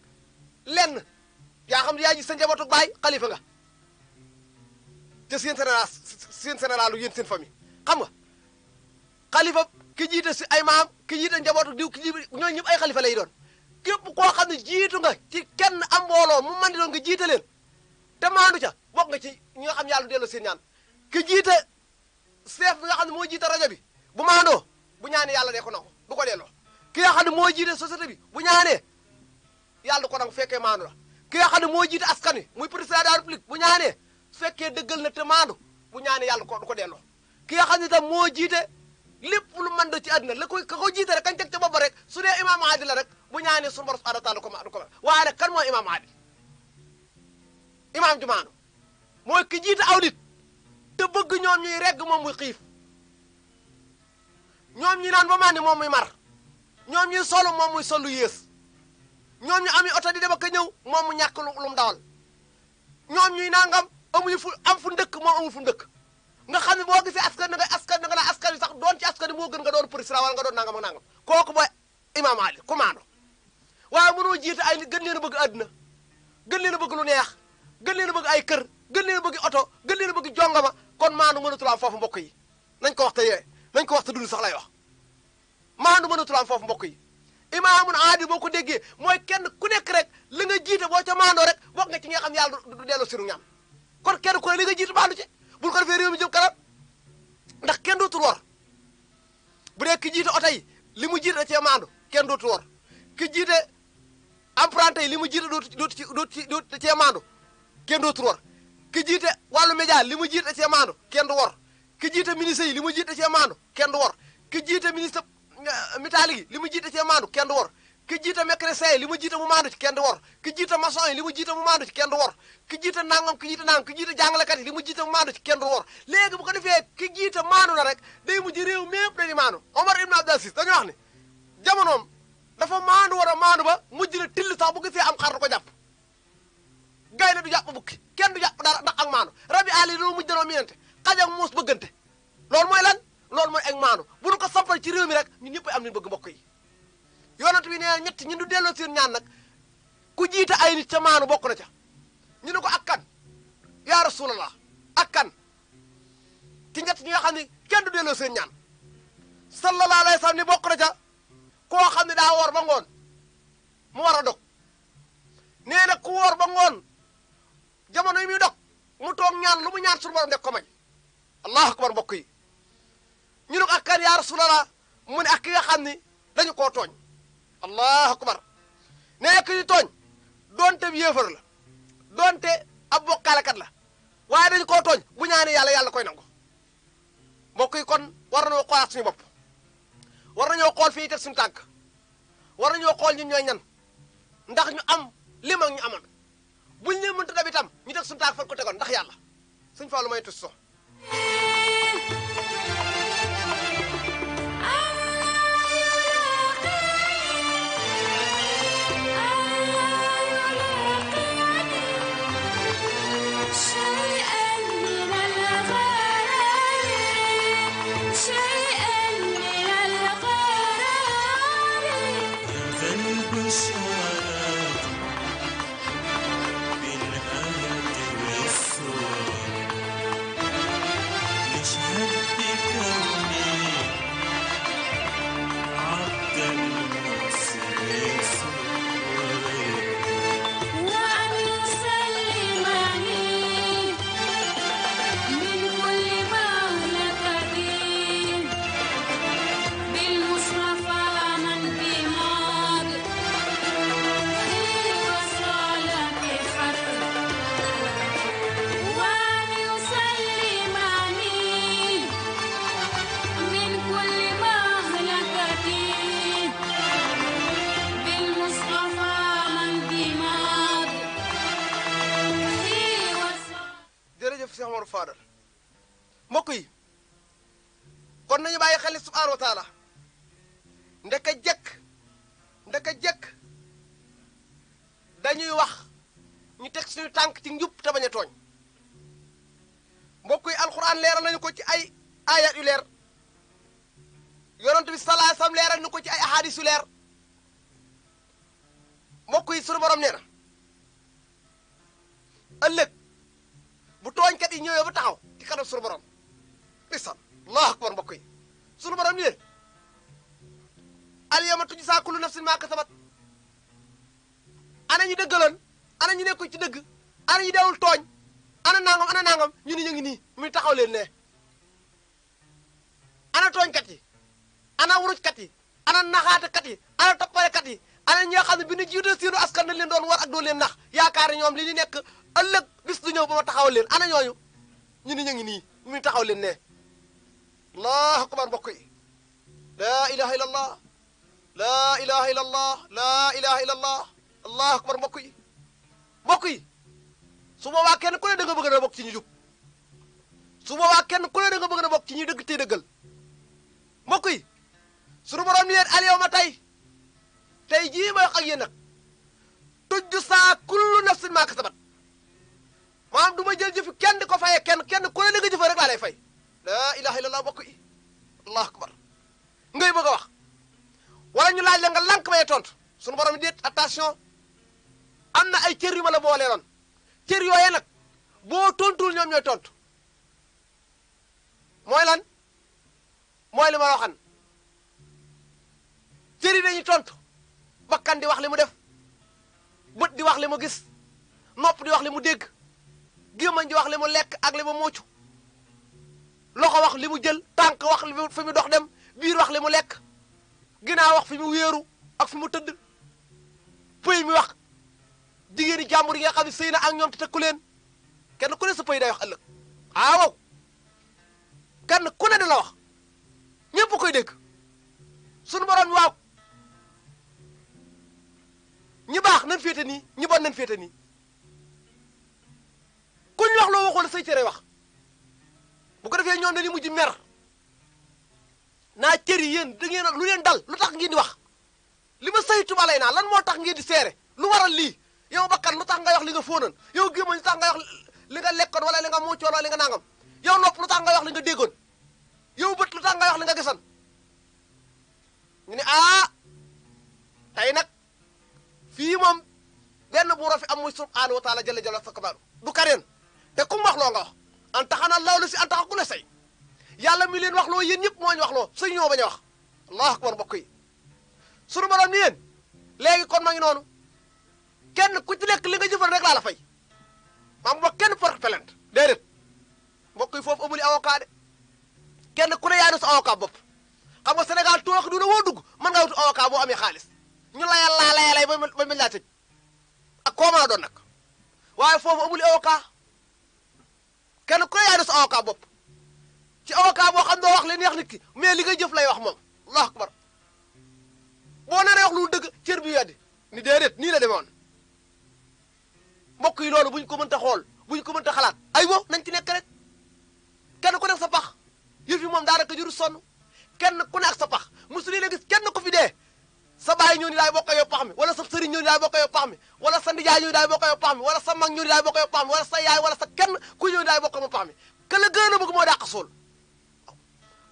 lenn yaa xam ne yaa ji sa njabootu baay xalifa nga te seen général seen général yéen seen famille xam nga si ay maam ki jiite njabootu diw ki jiite ay xalifa lay doon képp koo xam ne jiitu nga ci kenn am mbooloo mu mën di doon nga jiite leen te maandu ca bokk nga ci ñi nga xam yàlla delloo seen ñaan ki jiite chef bi nga xam ne moo jiite rajo bi bu maandoo bu ñaanee yàlla de ko nangu du ko delloo ki nga xam ne moo jiite société bi bu ñaanee yàlla du ko nangu fekkee maandu la ki nga xam ne moo jiite askan wi muy président de bu ñaanee fekkee dëggal na te maandu bu ñaanee yàlla ko du ko delloo ki nga xam moo jiite lépp lu mën do ci àdduna la ko jiite rek kañ teg ca bopp rek su dee imaam aadil la rek bu ñaanee suñu borom subhanahu wa taala du ko ma du kan mooy imaam aadil imaam jumaanu mooy ki jiite aw nit te bëgg ñoom ñuy regg moom muy xiif ñoom ñi naan ba màndi moom muy mar ñoom ñuy solu moom muy solu yées ñoom ñu am oto di dem ak ñëw moom mu ñàkk lu mu dawal ñoom ñuy nangam amuñu fu am fu ndëkk moom amul fu ndëkk nga xam ne boo gisee askan na nga askan na nga naa askan wi sax doon ci askan wi moo gën nga doon président wala nga doon nangam ak nangam kooku mooy imaam Ali commando waaye mënoo jiite ay nit gën leen bëgg àdduna gën leen a bëgg lu neex gën leen bëgg ay kër gën bëgg oto gën leen a bëgg jongama kon maanu mënatul am foofu mbokk yi nañ ko wax te yee ko wax te dund sax lay wax maanu mënatul am foofu mbokk yi imaamun aadi boo ko déggee mooy kenn ku nekk rek la nga jiite boo ca maandoo rek bokk nga ci nga xam yàlla du delloo siru ñaam kon kenn ku ne li nga ci bu ko defee réew mi jëm kanam ndax kenn dootul wor bu dee ki jiite oto li mu jiite da cee maandu kenn dootul wor ki jiite emprunté yi li mu jiite dootu dootu ci dootu ci dootu da cee maandu kenn dootul wor ki jiite wàllu média li mu jiite da cee kenn du wor ki jiite ministre yi li mu jiite da cee maandu kenn du wor ki jiite ministre euh, mitaali gi li mu jiite da cee maandu kenn du wor ki jiite mécanicien yi li mu jiite mu maandu ci kenn du wor ki jiite maçon yi li mu jiite mu maandu ci kenn du wor ki jiite nangam ki jiite nangam ki jiite jàngalekat yi li mu jiite mu maandu ci kenn du wor léegi ko defee ki jiite maandu na rek day mujj réew mépp dañuy maandu Omar Ibn Abdul Aziz dafa maandu war a maandu ba mujj na till sax bu gisee am xar du ko jàpp gaynde du jàpp bukki kenn du jàpp dara ndax ak maandu rabi àll yi loolu mujj danoo miinante xaj muus bëggante loolu mooy lan loolu mooy ak maandu bu nu ko sampal ci réew mi rek ñu ñëpp am nañu bëgg mbokk yi yonent bi nee ñetti ñun du delloo seen ñaan nag ku jiite ay nit ca maanu bokk na ca ñu ne ko ak kan yaa rasulallah ak kan ci ñi nga ne kenn du delloo ñaan sallallahu alayhi wa ni bokk na ca koo xam ne daa woor ba mu war dog nee na ku woor ba ngoon jamono yi muy dog mu toog ñaan lu mu ñaan suñu borom def ko may allahu akbar mbokk yi ko ak yaa rasulallah mu ne ak ki nga xam tooñ allahu akbar nekk di tooñ doonte yéefar la doonte ab bokkaalekat la waaye dañu koo tooñ bu ñaane yàlla yàlla koy nangu mbokk yi kon war nañoo xoolaat suñu bopp war nañoo xool fi ñuy teg suñu tànk war nañoo xool ñu ñooy ñan ndax ñu am li mag ñu amoon buñ leen mënta dab itam ñu teg suñu tànk fan ko tegoon ndax yàlla suñ faalu may tus so la sunu borom ndeysaan allahu akbar mbokk yi sunu borom nii alyawma tujzaa kullu nafsin maa kasabat ana ñu dëggaloon ana ñu nekkoon ci dëgg ana ñu deewul tooñ ana nangam ana nangam ñu ni ñu ngi nii muy taxaw leen ne ana tooñkat yi ana wurujkat yi ana naxaatakat yi ana toppalekat yi ana ñi nga ne bi ñu jiite seenu askan nañ leen doon war ak leen nax yaakaar ñoom li ñu nekk ëllëg bis du ñëw ba ma leen ana ñooñu ñu ni ñu ngi nii mu taxaw leen ne allahu akbar la yi laa la illa allah laa la illa allah laa ilaha illa allah akbar mbokk yi mbokk yi su boobaa kenn ku ne da nga bokk ci ñu jub su boobaa kenn ku ne da nga bëgg na bokk ci ñuy dëgg tey dëggal mbokk yi suñu borom ni leen tey tey jii may wax ak yéen nag tujju saa kullu nafsin maa kasabat maanaam du ma jël jëfi kenn ko fayee kenn kenn ku ne la nga jëfa rek laa lay fay laa ilaha illallah bokk i allahu akbar ngay bëgg a wax wala ñu laaj la nga lànk may tontu suñu borom déet attention am na ay cër yu ma la booleeloon cër yooyee nag boo tontul ñoom ñooy tontu mooy lan mooy li ma la waxan cër yi dañuy tontu bakkan di wax li mu def bët di wax li mu gis nopp di wax li mu dégg a di wax li mu lekk ak li mu muucu loxo wax li mu jël tànk wax li mu fi mu dox dem biir wax li mu lekk ginnaaw wax fi mu wéeru ak fi mu tëdd pëy mi wax jigéeni jàmbur yi nga xam sëy na ak ñoom te tëkku leen kenn ku ne sa pëy wax ëllëg ah, aawaw kenn ku ne di la wax ñëpp koy dégg sunu borom waaw ñi baax nañ féete nii ñi bon nañ féete nii kuñ wax loo waxul say cëre wax bu ko defee ñoom dañuy mujj mer naa cëri yéen da ngeen lu leen dal lu tax ngeen di wax li ma saytu balay naa lan moo tax ngeen di seere lu waral lii yow bakkan lu tax li nga fóonan yow gémmañ lu tax ngay wax li nga lekkoon wala li nga muucoon li nga nangam yow nopp lu tax ngay wax li nga déggoon bat bët lu tax ngay wax li nga gisan ñu ne ah tey nag fii moom benn bu rafi am muy subhaanahu wa taala jalla jalla sa kabaaru du kareen te ku mu wax loo nga wax an taxanaa laaw la si an taxa ku say yàlla mi leen wax loo yéen ñëpp moo ñu wax loo sëñ ñoo bañ a wax allahu akbar mbokk yi sunu ni yéen léegi kon ma ngi kenn ku ci nekk li nga jëfal rek laa la fay maam ba kenn porte plainte déedéet mbokk foofu amul avocat de kenn ku ne yaanu sa bopp xam nga Sénégal toox du na woo dugg mën ngaa wutu avocat boo amee xaalis ñu layal layalay ba ba mel laa tëj ak koo mën a kenn ku ne yaa des avocat bopp ci avocat boo xam doo wax li neex nit ki mais li ngay jëf lay wax moom allahu akbar boo naree wax lu dëgg cër bi weddi ni déedéet nii la demoon mbokk yi loolu buñ ko mënta xool buñ ko ta xalaat ay wo nañ ci nekk rek kenn ku nekk sa pax yëf yi moom daanaka juru son kenn ku nekk sa pax mosu leen a kenn ku fi dee sa baay ñoo ni daay bokk yow pax mi wala sa sëriñ ñoo ni daay bokk yow pax mi wala sa ndijaay ñoo ni daay bokk yow pax mi wala sa mag wala sa yaay wala sa kenn ku ñoo ni daay bokk mi ka la gën a bëgg moo dàq sool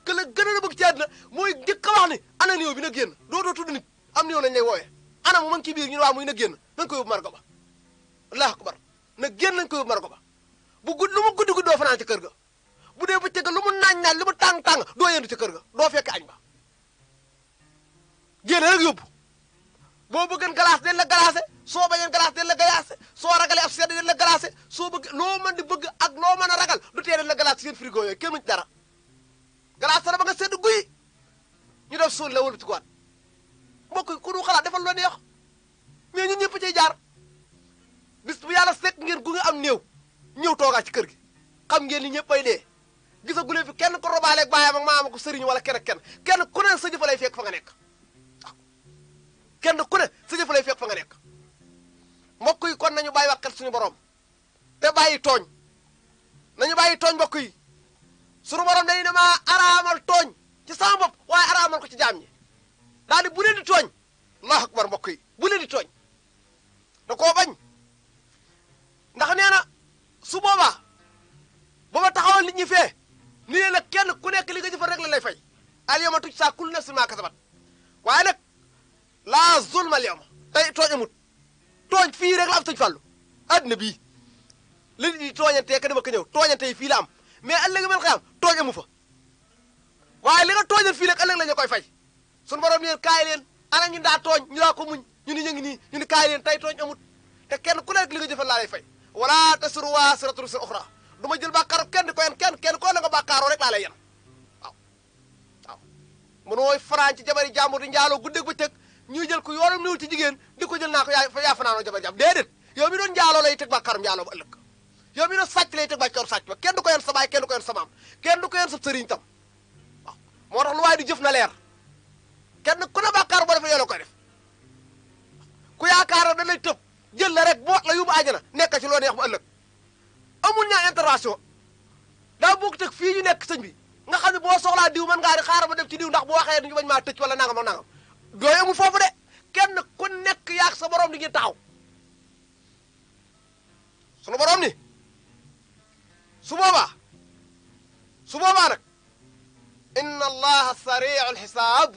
ka la gën a bëgg ci àddina mooy njëkk a wax ni ana néew bi na génn doo doo tudd nit am néew nañ lay wooyee ana mu man ci biir ñu ne waa muy na génn nañ ko yóbbu margo ba allahu akbar na ko yóbbu margo ba bu gudd lu mu guddi gudd doo fanaan ci kër ga bu dee bëccëg lu mu naañ naañ lu mu tàng tàng doo kër ga doo fekk añ ba génn rek yóbbu boo bëggan galaas den la galaase soo bañeen galaas den la galaase soo ragalee sedd den soo bëgg loo mën di bëgg ak loo mën a ragal lu tee den la galaas seen frigo yooyu kenn ci dara galaas dara ba nga sedd guy ñu def suul la wëlbatikuwaat mbokk yi ku nu xalaat defal loo neex mais ñun ñëpp cay jaar bis bu yàlla sekk ngeen gu nga am néew ñëw toogaa ci kër gi xam ngeen ni ñëpp ay dee gisaguleen fi kenn ko robaaleeg baayam ak maam ko sëriñ wala kenn ak kenn kenn ku ne sa jëfa lay nga nekk kenn ku ne sa jëf lay fekk fa nga nekk mbokk yi kon nañu bàyyi wax xel suñu borom te bàyyi tooñ nañu bàyyi tooñ mbokk yi suñu borom dañu ne maa araamal tooñ ci sama bopp waaye araamal ko ci jaam ñi daal di bu leen tooñ allahu akbar mbokk yi bule leen di tooñ da koo bañ ndax nee na su boobaa ba ma taxawal nit ñi fee ni leen nag kenn ku nekk li nga jëfal rek la lay fay al yawma tujzaa kullu nafsin maa kasabat waaye nag la zulma al yawma tey tooñ amut tooñ fii rek la am sëñ Fallou àddina bii li di tooñantee ka dama ko ñëw tooñante fii la am mais ëllëg mel xayaam tooñ amu fa waaye li nga tooñal fii rek ëllëg la ñu koy fay suñu borom leen kaay leen ana ñu daa tooñ ñu daa ko muñ ñu ni ñu ngi ñu ni kaay leen tey tooñ amut te kenn ku nekk li nga jëfal laa lay fay wala tasiru waasiratun wizra uxraa du ma jël bàkkaaru kenn ken ko yan kenn kenn koo la nga bàkkaaroo rek laa lay yan waaw waaw mënooy faraan ci jabari jàmbur di njaaloo guddeeg ñuy jël ku yoonam niwul ci jigéen di ko jël naa ko yaa yaa fanaanoo jabar jam déedéet yow mi doon njaaloo lay teg bàkkaarum njaaloo ba ëllëg yow mi doon sàcc lay teg bàkkaaru sàcc ba kenn du ko yen sa baay kenn du ko yen sa maam kenn du ko yen sa sëriñ tam waaw moo tax lu waaye di jëf na leer kenn ku ne bàkkaar boo defee yow la koy def ku yaakaar da jël la rek boot la yóbbu àjjana nekk ci loo neex ba ëllëg amul ñaa intervention daa bokk teg fii ñu nekk sëñ bi nga xam ne boo soxlaa diw mën ngaa di xaaral ma dem ci diw ndax bu waxee duñu bañ maa tëj wala dooy amul foofu de kenn ku nekk yaak sa borom di ngeen taxaw sunu borom ni su boobaa su boobaa nag inna allaha sari'ul xisaab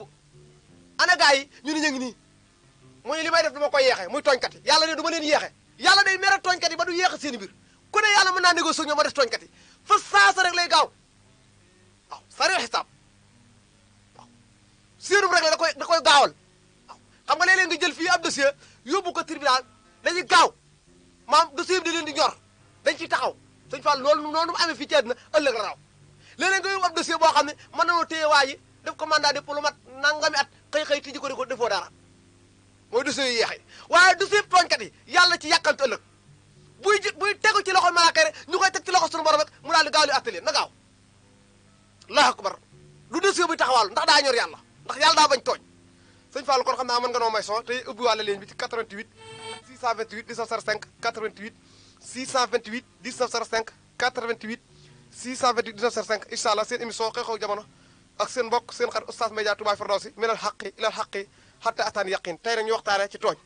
ana gaa yi ñu ni ñu ngi nii li may def dama ko yeexe muy tooñkat yi yàlla ne du ma leen yeexe yàlla day mere tooñkat yi ba du yeexe seen biir ku ne yàlla mën naa négocier ñoom ma def tooñkat yi fa saasa rek lay gaaw waaw sari'ul séerum rek la da koy da koy gaawal xam nga léeg-léeg nga jël fii ab dossier yóbbu ko tribunal dañuy gaaw maam dossier bi da leen di ñor dañ ciy taxaw sëñ Fall loolu noonu mu amee fii ceeb na ëllëg la raw léeg-léeg nga yóbbu ab dossier boo xam ne mën nañoo téye waa ji def ko mandat de pour lu mat nangami at xëy xëy tijji ko di ko defoo dara mooy dossier yu yeexe waaye dossier tooñkat yi yàlla ci yàqante na buy ji buy tegu ci loxo malaaka rek ñu koy teg ci loxo sunu borom rek mu daal di gaaw li atelier na gaaw allahu akbar du dossier buy taxawal ndax daa ñor yàlla ndax yàlla daa bañ tooñ sëñ Fallou kon xam naa mën nga noo may son tey ubbiwaale leen bi ci 88 628 1905 88 628 1905 88 628 1905 incha allah seen émission xew-xew ak seen mbokk seen xarit oustaz Média Touba Firdawsi minal xaqi ilal xaqi xatta ataan yaqin tey ñu waxtaanee ci tooñ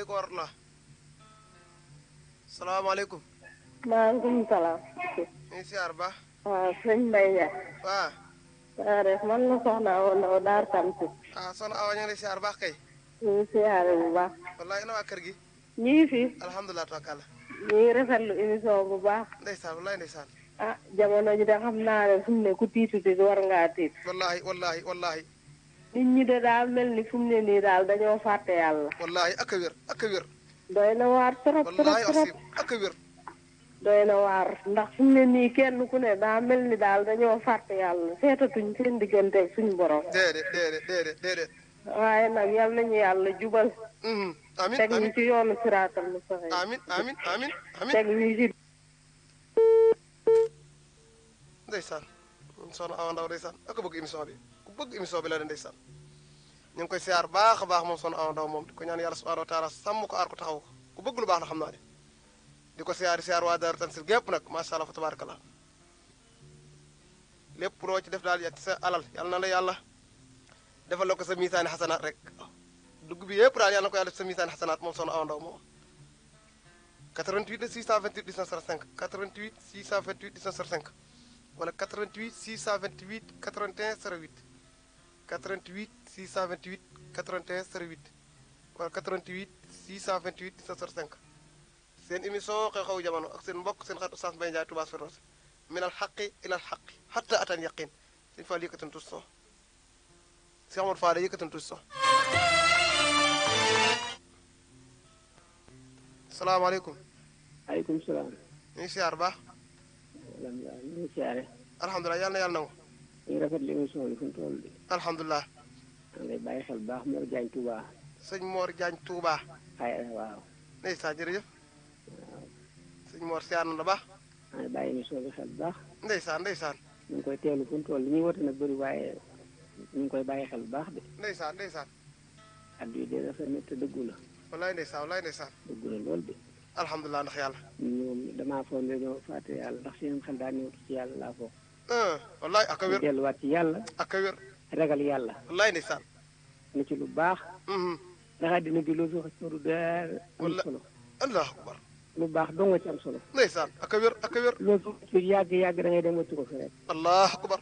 asalaamaaleykum wa rahmatulah. salaamaaleykum. maaleykum salaam. ñu siyaar ba. waaw sëñ Mbaye Niang. waaw. saa man la soxna Awa Ndaw daar tamsi. ah soxna Awa ñu ngi kay. ñu ngi siyaare bu baax. wallaahi na waa kër gi. ñu ngi fi. alhamdulilah tawakkal. ñu ngi rafetlu émission bu baax. ndeysaan wallaahi ndeysaan. ah ji de xam ne fu mu ne war ngaa tiit. wallaahi wallaahi wallaahi. nit ñi de daal mel ni fu ne nii daal dañoo fàtte yàlla. wallaahi ak a wér ak doy na waar trop trop trop ak a doy na waar ndax fu mu ne nii kenn ku ne daa mel ni daal dañoo fàtte yàlla seetatuñ seen digganteeg suñu borom. déedéet déedéet déedéet déedéet. waaye nag yal nañu yàlla jubal. amiin mm-hmm. amiin teg ñu ci yoonu siraatal mustaqiim. amiin amiin amiin amiin bëgg émission bi la leen ndeysaan ñu ngi koy siyaar baax a baax moom son aw ndaw moom di ko ñaan yàlla subhanahu wa sàmm ko aar ko taxaw ko ku bëgg lu baax la xam naa ne di ko siyaar siyaar waa daaru tansil gépp nag macha allah fa tabarakallah lépp loo ci def daal ci sa alal yàlla na la yàlla defal la ko sa misaani xasanaat rek dugg bi yëpp daal yàlla na ko yàlla def sa misaani xasanaat moom son aw ndaw moom 88 628 1905 88 628 1905 wala 88 628 81 08 88 628 81 08 wala 88 628 17 05 seen émission xew-xewu jamono ak seen mbokk seen xarit Oustaz Mbaye Ndiaye Touba Firdaws min al xaqi ila al xaqi xatta atan yaqin sëñ Fall yëkkatan tuuti son si Amadou Fall yëkkatan tuuti son salaamaaleykum aleykum salaam ñu ngi siyaar baax alhamdulilah yàlla na yàlla nangu ñu rafet li émission bi fu mu toll nii. alhamdulilah. maa ngi lay bàyyi xel baax Mor Diagne Touba. sëñ Mor Diagne Touba. ay waaw. ndeysaan jërëjëf. waaw. sëñ Mor si ànd baax. maa ngi bàyyi émission bi xel bu baax. ndeysaan ndeysaan. koy teelu fu mu li ñuy woote nag bëri waaye ñu koy bàyyi xel bu baax de. ndeysaan ndeysaan. addu yi de dafa nekk te dëggu la. wallaay ndeysaan wallaay ndeysaan. dëggu la lool de. alhamdulilah ndax yàlla. ñoom damaa foog ne ñoo fàtte yàlla ndax seen xel daa ñëw ci yàlla laa foog. Ah, wallaay ak a wér delluwaat ci yàlla ak a wér ragal yàlla wallaay ndeysaan na ci lu baax mm-hmm. ndax àddina bi loo fi xas solu daal am solo allahu akbar lu baax dong nga ci am solo ndeysaan ak ak a wér loo fi yàgg yàgg da ngay dem wacci ko feneen allahu akbar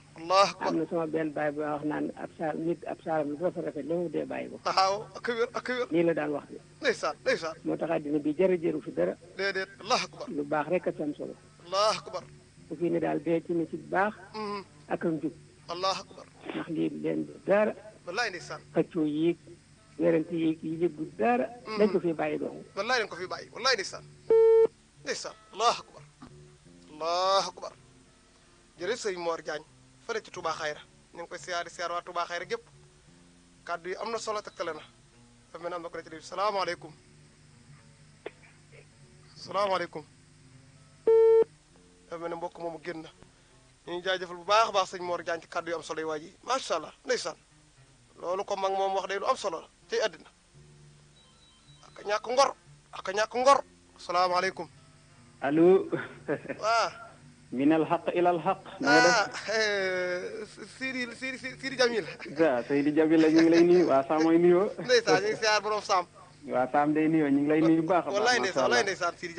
am na sama benn baay bu wax naan ab saar nit ab saaram lu rafet rafet li dee bàyyi ko waaw ak a a wér la daan wax bi ndeysaan moo tax dina bi jërë jëru fi dara lu baax rek a ci am solo allahu akbar bu fi ne daal dee ci ni ci baax. Mm-hmm. ak am allah akbar ndax lii leen dara. wallaay ndeysaan. xëccoo yi werante yi yi yëpp dara. Mm-hmm. dañ ko fi bàyyi doon. wallaay dañ ko fi bàyyi wallaay ndeysaan. ndeysaan allah akbar allah akbar jërëjëf sëriñ Mor Diagne fële ci Touba Xayra ñu koy siyaare siyaar waa Touba Xayra gépp kàddu yi am na solo tegtale na dafa mel ne am na ko ne ci déglu salaamaaleykum dafa mel ne mbokk moomu génn na ñu jaajëfal bu baax a baax sëñ Mor Jaañ ci kàddu yu am solo yi waa ji macha allah ndeysaan loolu ko mag moom wax day lu am solo la ci àddina ak ñàkk ngor ak ñàkk ngor salaamaaleykum allo waaw min alxaq ila alxaq na nga def ah, eh, Sidi Sidi la ñu ngi lay nuyu waa Sam mooy nuyoo ndeysaan ñu ngi siyaar borom Sam waa Sam day nuyoo ñu ngi lay nuyu bu baax a baax wallaay ndeysaan wallaay ndeysaan Sidi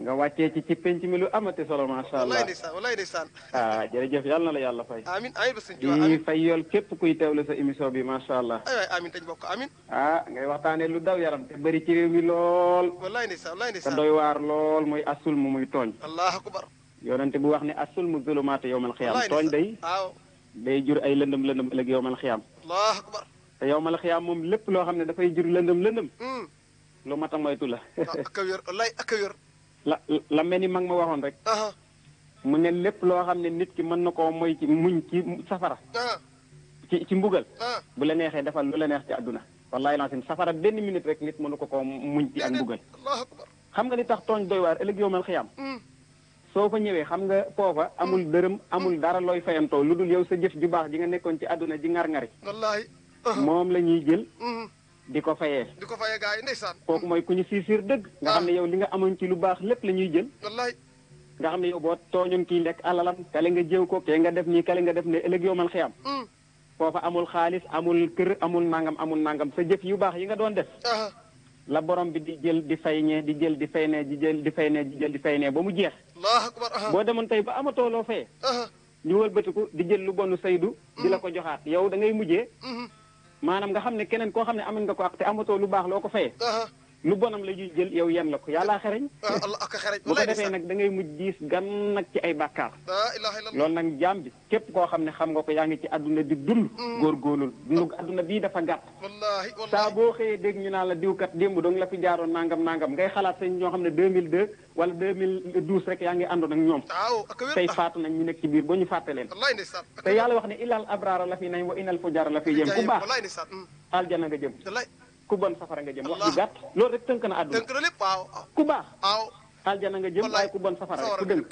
nga wàccee ci ci penc mi lu amati solo macha allah walaay ndeysaan ah jërëjëf yal na la yàlla fay. amiin amiin di fay yool képp kuy teewlu sa émission bi macha allah. aywaay amiin dañ bokk amiin. ah ngay waxtaanee lu daw yaram te bëri ci réew mi lool. walaay ndeysaan walaay ndeysaan te doy waar lool mooy asul mu muy tooñ. allah akbar. bu wax ne asul mu zulumaatu yowmal xiyaam. walaay tooñ day. waaw day jur ay lëndëm lëndëm ëllëg yowmal xiyaam. allah akbar. te yowmal moom lépp loo xam ne dafay jur lëndëm lëndëm. Hmm. lu mat a moytu la. Ah, ak la la mel ni mag ma waxoon rek. mu ne lépp loo xam ne nit ki mën na koo moy ci muñ ci safara. ci ci mbugal. bu la neexee defal lu la neex ci àdduna. wallaay laasim safara benn minute rek nit mënu ko koo muñ ci ak xam nga li tax tooñ doy waar ëllëg yow mel xiyam. Mm. soo fa ñëwee xam nga foofa amul mm. dërëm mm. amul dara looy fayantoo lu dul yow sa jëf ji baax ji nga nekkoon ci àdduna ji ngar-ngari. moom la jël. di ko fayee di ko fayee gars yi ndeysaan kooku mooy ku ñu siisir dëgg nga xam ne ah. yow li nga amoon ci lu baax lépp la ñuy jël wallaay nga xam ne yow boo tooñoon kii lekk alalam kale nga jëw ko kee nga def nii kale nga def ne ëllëg yow man xiyam mm. foofa amul xaalis amul kër amul nangam amul nangam sa jëf yu baax yi nga doon def ah. la borom bi di jël di fay ñee di jël di fay nee di jël di fay nee di jël di fay nee ba mu jeex ah. boo demoon tey ba amatoo loo fayee ñu wëlbatiku di jël lu bonu saydu di la mm. ko joxaat yow da ngay mujjee mm-hmm. maanaam nga xam ne keneen ko xam ne amoon nga ko ak te amatoo lu baax loo ko lu bonam la ñuy jël yow yan la ko yàllaa xereñ ah, bu ko defee nag da ngay mujj diis gan nag ci ay bàkkaar loolu nag jaam bi képp koo xam ne xam nga ko yaa ngi ci àdduna di dund mm. góorgóorlul dund àdduna bi dafa gàtt saa boo xëyee dégg ñu naan la kat démb dong la fi jaaroon nangam nangam ngay xalaat sañ ñoo xam ne 2002 wala 2012 rek yaa ngi àndoon ak ñoom tey faatu nañ ñu nekk ci biir ba ñu fàtte leen te yàlla wax ne ilal abraara la fi nañ wa inal fujaara la fi jëm ku baax mm. aljana nga jëm ku bon safara nga jëm. wax ju gàtt loolu rek tënk na àdduna. tënk na lépp waaw ku baax. waaw aljana nga jëm waaye ku bon safara rek ku dëng.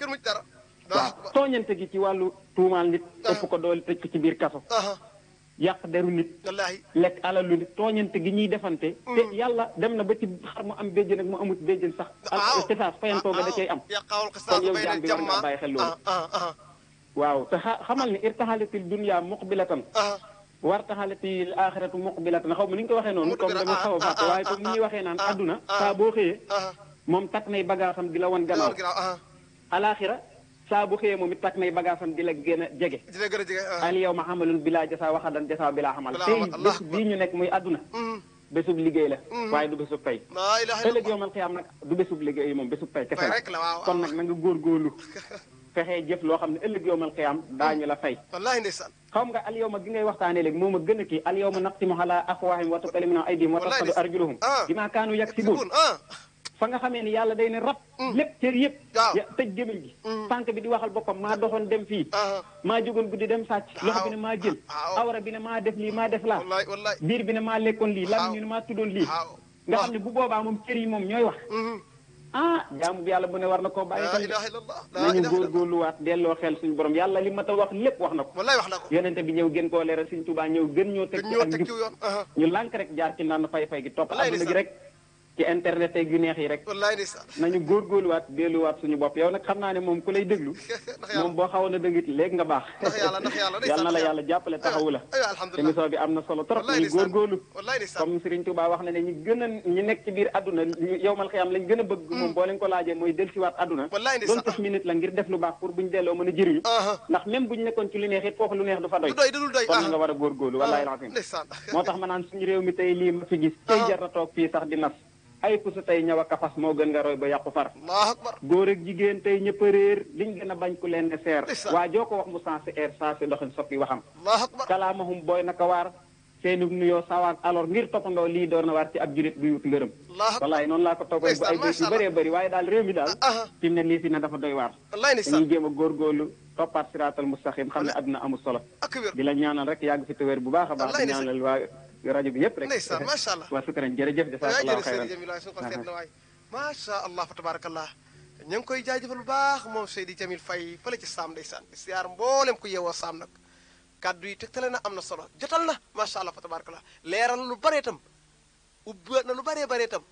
waaw tooñante gi ci wàllu tuumaal nit. ëpp ko doole tëj ko ci biir kaso. yàq deru nit. lekk alalu nit tooñante gi ñuy defante. Mm. te yàlla dem na ba ci xar mu am béjjën ak mu amut béjjën sax. waaw ak xisaas fayantoo ga da cay am. kon yow jaam bi war ngaa ah. bàyyi xel loolu. Ah, ah, waaw te xamal ne irtaxalatil dunya muqbilatan wartaxalati axiratu muqbilatan xaw ma ni nga ko waxee noonu comme dama ah, xaw a ah, fàtte ah, waaye comme ni ñuy naan adduna saa boo moom takk nay bagaasam di la wan gannaaw alaxira saa bu xëyee moom it takk nay bagaasam di la gën a jege al yow ma xamalun bilaa jasa waxadan jasa bilaa xamal tey bés bii ñu nekk muy adduna mm-hmm. bésub liggéey la mm-hmm. waaye du bésub pay ëllëg yowmal xiyaam nag du bésub liggéey moom bésub pay kese la kon nag na nga góorgóorlu fexe jëf loo xam ne ëllëg yowmal xiyaam daañu la fay xam nga alyawma a ngay waxtaanee léegi moom a gën a kii a naqtimu ala afwahim wa tukallimuna aydihim wa tashhadu arjuluhum ah. bima kaanu yaksibun ah. fa nga xamee ni yàlla day ne rab mm. lépp cër yëpp tëj gémmiñ gi mm. tànk bi di waxal boppam maa ah. doxoon dem fii maa jógoon guddi dem sàcc loxo bi ne maa jël awra bi ne maa def lii maa def laa biir bi ne maa lekkoon lii lam ñu ne maa tuddoon nga xam ne bu boobaa moom cër yi moom ñooy wax mm-hmm. ah jaamu bi yàlla bu ne war na ko bàyyi tamit nañu góorgóorluwaat delloo xel suñu borom yàlla li mat a wax lépp wax na ko wallaay wax na ko yonente bi ñëw gën koo leeral suñ tubaa ñëw gën ñoo teg ci ak njub ñu lànk rek jaar ci naan fay fay gi topp adduna gi rek ci internet yeeg yu neex rek nañu góorgóorluwaat delluwaat suñu bopp yow nag xam naa ne moom ku lay déglu moom boo xawoon a dëngit léegi nga baax yal na la yàlla a mal xiyam lañ gën a bëgg mm. moom boo leen ko laajee mooy dellusiwaat àdduna doon tas minute la ngir def lu baax pour buñ delloo mën a jëriñu ndax même buñ nekkoon ci lu neex foofu lu neex du fa doy kon ah. nga war a ah, moo tax ma naan suñu réew mi tey lii ma fi gis tey jar na toog fii sax di nas ay puso tey ñaw ak kafas moo gën nga roy ba yàqu far góor ak jigéen tey ñëpp liñ gën a bañ ku leen ne seer waa joo ko wax mu sansi air sansi ndoxin soppi waxam kalaamahum booy naka waar seeni nuyoo sawaak alors ngir toppandoo lii door na waar ci ab julit buy wut ngërëm wallaay noonu laa ko toppee bu bëree bëri waaye daal réew mi daal ah, ah. fi mu ne lii fi ne dafa doy a góorgóorlu toppaat siraatal mustaqim xam ne adduna amul solo di la ñaanal rek yàgg fi tawéer bu baax a baax di ñaanal waa rajo bi yëpp rek. ndeysaan macha allah wa sukran jërëjëf jazakallahu xayran macha allah fa tabarakallah ñu ngi koy jaajëfal bu baax moom Seydi Jamil Faye fële ci saam ndeysaan di siyaar mboolem ku yeewoo saam nag kàddu yi teg tegtale na am na solo jotal na macha allah fa tabarakallah leeral na lu bare tam ubbi na lu baree bare tam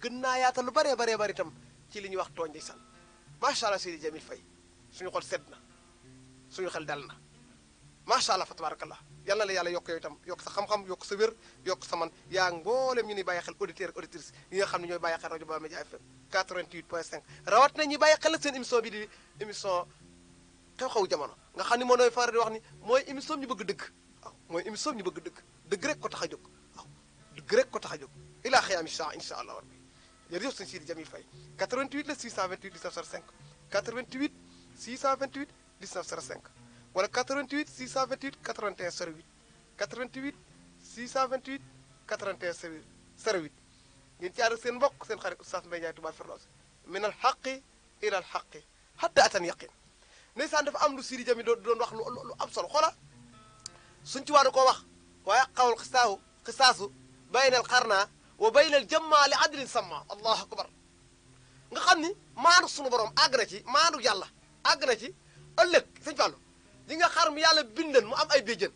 gën naa yaatal lu baree baree bare tam ci li ñuy wax tooñ ndeysaan macha allah Seydi Jamil Faye suñu xol sedd na suñu xel dal na macha allah fa tabarakallah yàlla la yàlla yokk yow itam yokk sa xam-xam yokk sa wér yokk sa man yaa mboolem ñu ni bàyyi xel auditeurs auditrices yi nga xam ne ñooy bàyyi xel rajo Baol Média FM 88 point rawat na ñuy bàyyi xel ak seen émission bi di émission xew-xew jamono nga xam ne moo nooy faral di wax ni mooy émission ñu bëgg dëgg waaw mooy émission ñu bëgg dëgg dëgg rek ko tax a jóg waaw dëgg rek ko tax a jóg ilaa xiyaam incha incha allah rabbi jërëjëf sëñ Sidi Jamil Faye 88 la 628 19 05 88 628 19 05 wala 88 628 81 08 88 628 81 08 ngeen ci ànd ak seen mbokk seen xarit Oustaz Mbaye Ndiaye Touba Firdaws min al xaqi ila al xaqi hatta atan yaqin ndeysaan dafa am lu Sidi Jami doon wax lu lu am solo xoola suñ ci waanu koo wax waaye xawal xisaasu xisaasu bayna al xarna wa bayna al jamma li adlin samma allahu akbar nga xam ni maandu sunu borom àgg na ci maandu yàlla àgg na ci ëllëg sëñ Fallou li nga xar mu yàlla bindan mu am ay béjjën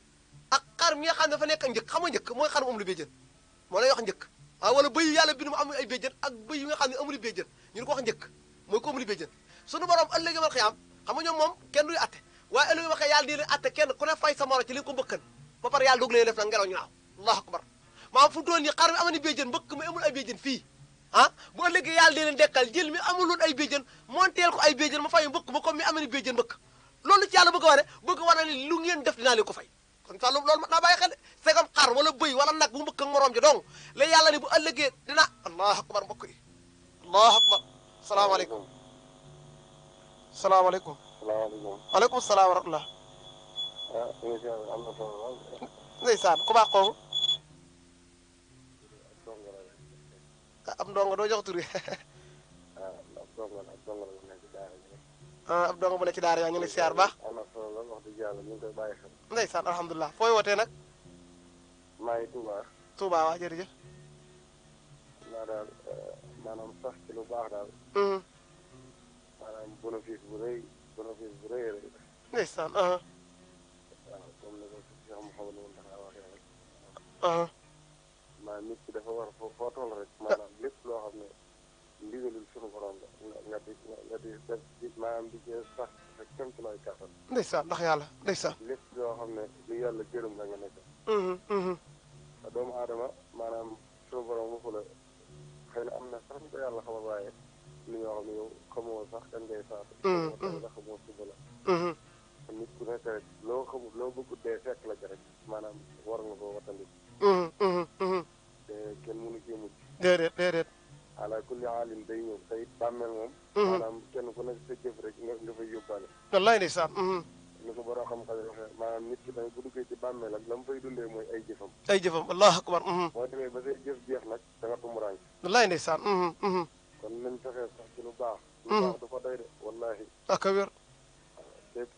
ak xar mi nga xam ne dafa nekk njëkk xam nga njëkk mooy xar mu amul béjjën moo lay njëkk waaw wala bëy yàlla bind am ay béjjën ak bëy yi xam ne amul béjjën ñu ne ko wax njëkk mooy ko amul béjjën suñu borom ëllëg mal xiyaam xam nga ñoom moom kenn duy atte waaye ëllëg yàlla nii leen kenn ku ne fay sa moro ci ko mbëkkan ba pare yàlla doog leen def nag ngelaw ñu naaw allahu akbar maanaam fu doon nii xar mi amoon ay béjjën mbëkk mi amul ay béjjën fii ah bu ëllëgee yàlla di leen dekkal jël mi amuloon ay béjjën monteel ko ay béjjën ma fay mbëkk mi amoon ay béjjën mbëkk loolu ci yàlla bëgg a wane bëgg a wane ne lu ngeen def dinaa leen ko fay kon sax loolu mat naa bàyyi xel c'est comme xar wala bëy wala nag bu mbëkk ak moroom ji donc la yàlla ne bu ëllëgee dina allahu akbar mbokk yi allahu akbar salaamaaleykum salaamaaleykum waaleykum salaam wa rahmatullah ndeysaan ku baax kooku ab ah, ndongo doo jox tur yi Ah, ab dong bu ci daara yaa ñu ngi siyaar baax. am na wax dëgg yàlla ñu ngi koy bàyyi xel. ndeysaan alhamdulilah fooy wootee nag. maa ngi Touba. Touba waaw jërëjëf. naa daal eh, maanaam sax ci lu baax daal. Mm-hmm. maanaam bénéfice bu rëy bénéfice bu rëy rëy. ndeysaan. Uh-huh. Uh-huh. nit ki dafa war foo foo toll rek. maanaam lépp loo xam ne ndigalul suñu borom la. nga di nga di def di maanaam di jéem sax sa kéemtulaay kàttan. ndeysaan ndax yàlla ndeysaan. lépp loo xam ne lu yàlla gërëm la nga mhm, mhm. wallaay ndeysaan. lu mhm. ko borom xam-xam yi waxee maanaam nit ki tamit la mu fay dundee mooy ay jëfam. ay jëfam allahu akbar. Mhm. boo demee ba say jëf jeex da nga tumuraan. wallaay mhm, kon nañ fexee sax ci lu baax. lu baax du ko doy de wallaahi. ak a wér.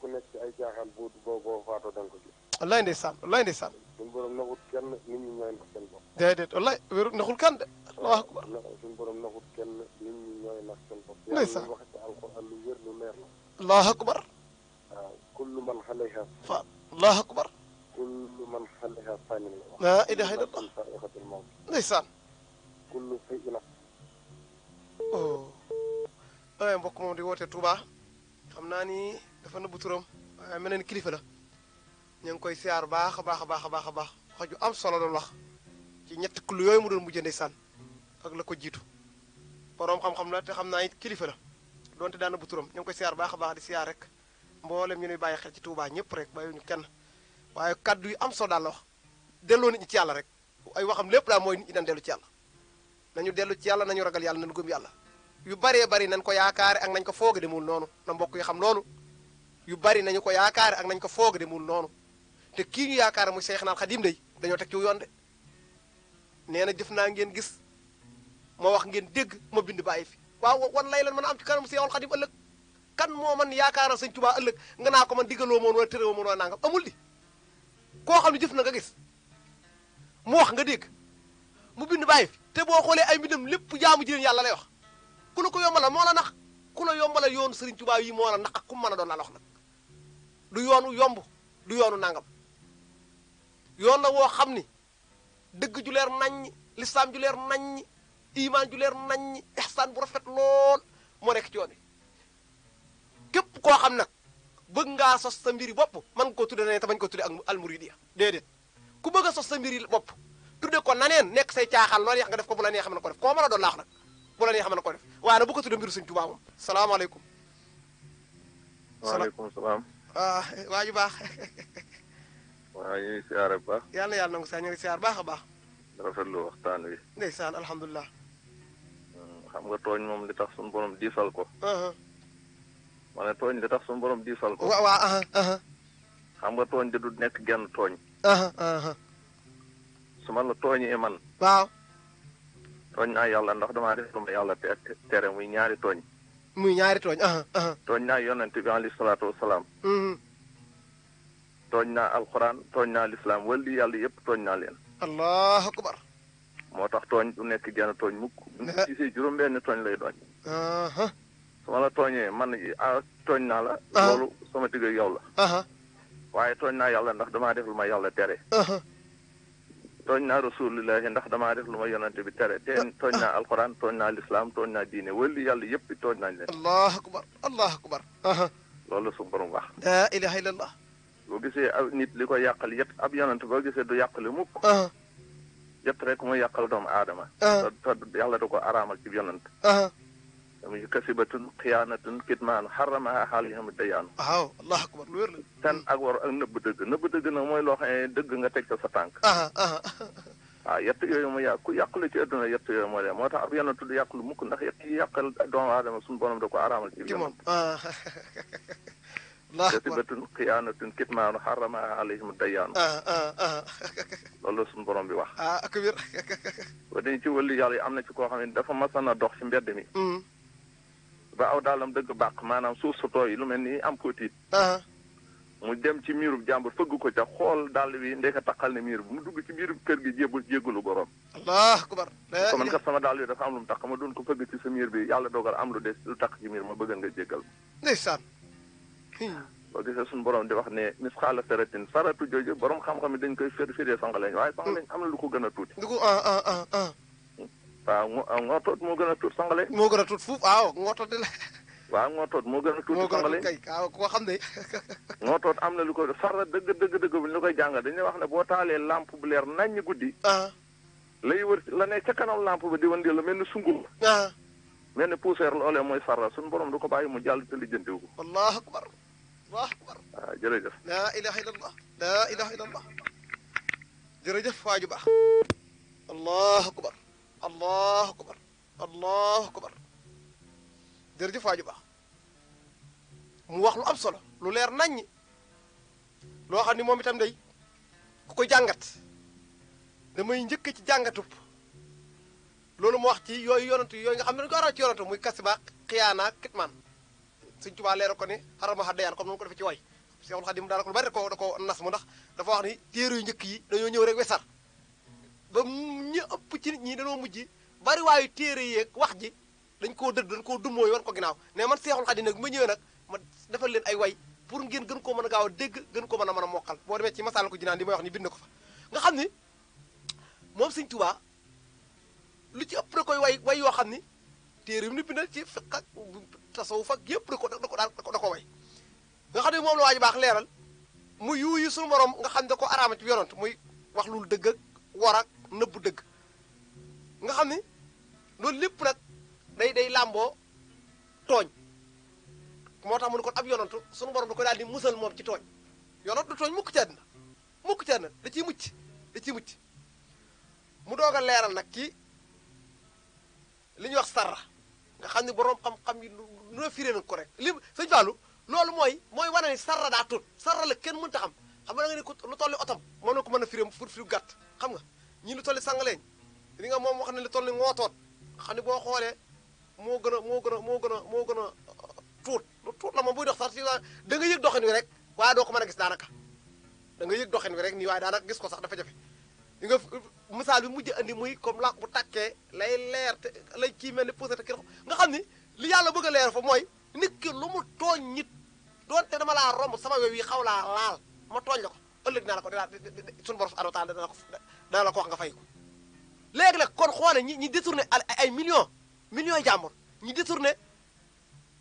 ku nekk ci ay jaaxal bu boo boo da nga ko gis. wallaay ndeysaan wallaay ndeysaan. suñu borom naxut kenn nit ñi ñooy nax seen bopp. déedéet wallaay wéru naxul kenn de. allahu akbar suñu borom naxut kenn nit ñi ñooy nax seen bopp. ndeysaan yàlla wax ci alquran lu wér lu leer la. allahu allahu akbar kullu man alayha fanin la ilaha illallah oh. mbokk moom di woote Touba xam naa ni dafa nëbbu turam waaye meneen kilifa la ñu ngi koy siyaar baax a baax a baax a baax a baax wax ju am solo doon wax ci ñetti kullu yooyu mu doon mujjee ndeysaan ak la ko jiitu boroom xam-xam xam naa it kilifa la donte daan nëbbu turam ñu ngi koy siyaar baax a baax di siyaar rek mboole ñu nuy bàyyi xel ci Touba ñëpp rek ñu kenn waaye kaddu yu am solo daal la wax delloo nit ñi ci yàlla rek ay waxam lépp daal mooy nit ñi nañ dellu ci yàlla nañu dellu ci yàlla nañu ragal yàlla nañu gëm yàlla yu baree bari nañ ko yaakaare ak nañ ko fooga demul noonu na mbokk yi xam loolu yu bari nañu ko yaakaare ak nañ ko fooga demul noonu te kii ñu yaakaar muy Seex naan Xadim day dañoo teg ci yoon de nee na jëf naa ngeen gis ma wax ngeen dégg ma bind bàyyi fi waaw wan lay lan mën a am ci kanam Seexul Xadim ëllëg kan moo man yaakaaral Sëñ Tuubaa ëllëg nga naa ko man diggaloo moon wala tërëwoo moon wala nangam amul di koo xam ne jëf na nga gis mu wax nga dégg mu bind bàyyi fi te boo xoolee ay mbindam lépp jaamu jëleen yàlla lay wax ku la ko yombalal moo la nax ku la yombala yoon Serigne Touba yi moo la nax ak ku mën a doon laa la wax nag du yoonu yomb du yoonu nangam yoon la woo xam ni dëgg ju leer naññ lislaam ju leer naññ imaan ju leer naññ ihsaan bu rafet lool moo nekk ci yoon wi képp koo xam nag bëgg ngaa sos sa mbiri bopp man nga ko tudde naneen te bañ ko tudde ak almuridiya déedéet ku bëgg a sa mbiri bopp tudde ko naneen nekk say caaxaan loo neex nga def ko bu la neex xam na ko def koo mën a doon laax nag bu la neex ko def waaye nag bu ko tudde mbiru Sëñ Tuubaa moom salaamaaleykum waaleykum salaam ah waa ju baax waaw ñu baax yàlla na yàlla nangu saa ñu ngi siyaar baax a baax rafetlu waxtaan wi ndeysaan alhamdulilah hmm, xam nga tooñ moom li tax suñu borom diisal ko uh-huh. wala tooñ nga tax suñu borom diisal ko. waaw aha xam nga tooñ da du nekk genn tooñ. su ma la tooñee man. waaw. tooñ naa yàlla ndax damaa def lu ma yàlla tere muy ñaari tooñ. muy ñaari tooñ. tooñ naa yonent bi alayhi salaatu wasalaam. Mm-hmm. tooñ naa alxuraan tooñ naa lislaam wala li yàlla yëpp tooñ naa leen. allahu akbar. moo tax tooñ du nekk genn tooñ mukk. bu ñu gisee juróom-benn tooñ lay doon. ma la man ah tooñ naa la. Ah. loolu sama digg yow la. waaye tooñ na yàlla ndax damaa def lu ma yàlla tere. tooñ naa rasulillahi ndax damaa def ma yonante bi tere te ah. tooñ naa alquran tooñ naa lislaam tooñ naa diine wali yàlla yëpp tooñ na leen. allah akbar allah akbar. loolu su borom wax. la ilaha illallah. boo gisee nit li ko yàqal yëpp ab yonant boo gisee du yàqale mukk. yëpp rek mu yàqal doomu aadama. ko araamal ci yonant. muy kasibatun xiyaanatun kitmaan xaramaha xaaliham dayaanu waaw allah akbar lu wér la ten ak war ak nëbb dëgg nëbb dëgg nag mooy loo xam dëgg nga teg ko sa tànk waaw yett yooyu mu yàq ku yàqule ci adduna yett yooyu moo leen moo tax ab yonent du yàqulu mukk ndax yett yi yàqal doomu aadama suñu borom da ko araamal ci moom kasibatun xiyaanatun kitmaanu xaramaha alayhim dayaanu loolu la suñu bi wax ah ak wér wa dañ ci wëlli yàlla yi am na ci koo xam ne dafa masana dox ci mbedd ba aw daalam dëgg bàq maanaam suuf su tooy lu mel ni am potit mu dem ci miirub jàmbur fëgg ko ca xool dàll bi ndeka taqal ne miir bi mu dugg ci miirub kër gi jébbal jéggalu borom. allah akbar. ko man kat sama dàll bi dafa am lu mu taq ma doon ko fëgg ci sa miir bi yàlla dogal am lu des lu taq ci miir ma bëgg nga jéggal. ndeysaan. Hmm. boo gisee suñu boroom di wax ne misxaala saratin saratu jooju borom xam-xam dañ koy firi firee sangalañ waaye sangalañ am na lu ko gën a tuuti. waaw ngootoot ah, moo gën a tuut sangale. moo gën a tuut fuuf waaw ngootoot di la. waaw ngootoot moo gën a tuuti sangale kay koo xam ne. ngootoot am na lu ko far dëgg dëgg dëgg bu ñu koy jàngal dañuy wax ne boo taalee lamp bu leer naññ guddi. Ah. lay wër la ne ca kanam lamp di wëndeel la mel ni sungum. Ah. mel ni poussière loolee mooy farra suñu borom du ko bàyyi mu jàll te lijjantiwu ko. allahu akbar allahu akbar. waaw jërëjëf. laa ilaha illallah allahu akbar. allahu akbar allahu akbar jërëjëf waaju baax mu wax lu am solo lu leer naññ loo xam ni moom itam dey ku ko jàngat damay njëkk ci jàngatub loolu mu wax ci yooyu yonantu yooyu nga xam ne dañu ko war ci yonantu muy kasiba xiyaana kitman suñ tubaa leer ko ne xarama xa dayaan comme noonu ko defee ci way Seexul Xadim daanaka lu bari ko nas mu ndax dafa wax ni téere yu njëkk yi dañoo ñëw rek wesar ba ñu ëpp ci ñii ñi dañoo mujj bari waayu téere yeeg wax ji dañ koo dëdd dañ koo dummóoy war ko ginaaw ne man seexul xadi nag bu ma ñëwee nag ma defal leen ay way pour ngeen gën koo mën a gaaw a dégg gën ko mën a mën a mokkal boo demee ci masal ko jinaan li may wax ni bind ko fa nga xam ni moom sëñ Tuubaa ci ëpp da koy way way yoo xam ni téere ni bindal ci fiq ak tasawuf ak yëpp da ko da ko da ko way nga xam ne moom la waa baax leeral mu yuuyu suñu morom nga xam ne da ko araama ci yonant muy wax lu dëgg ak nëbbu dëgg nga xam ni loolu lépp nag day day làmboo tooñ moo tax mu ne kon ab yonantu sunu borom da ko daal di musal moom ci tooñ yonantu tooñ mukk ci na mukk ci àddina da ciy mucc da ciy mucc mu doog a leeral nag ki li ñu wax sarra nga xam ne boroom xam-xam yi lu la firé ko rek li sëñ loolu mooy mooy wane ni sarra daa tuut sarra la kenn mënta xam xam nga da nga ko lu tolli otom moom la ko mën a firé fur fur gàtt xam nga ñi lu tolli sangaleñ li nga moom wax ne lu toll ni ngootoot xam ne boo xoolee moo gën a moo gën a moo gën a moo gën a uh, tuut lu tuut la moom buy dox sax si da nga yëg doxin wi rek waaye doo ko a gis daanaka da nga yëg doxin wi rek nii waaye daanaka gis ko sax dafa jafe li nga misaal bi mujj andi muy comme làmp bu tàkkee lay leer te lay kii mel ni posé te kii nga xam ni li yàlla bëgg a leer fo mooy nit ki lu mu tooñ nit doonte dama laa romb sama wew yi xaw laa laal ma tooñ la ko ëllëg naa la ko dinaa ko dana la ko wax nga fay ko léegi nag kon xoole ñi ne détourné ay millions millions jàmbur ñi détourné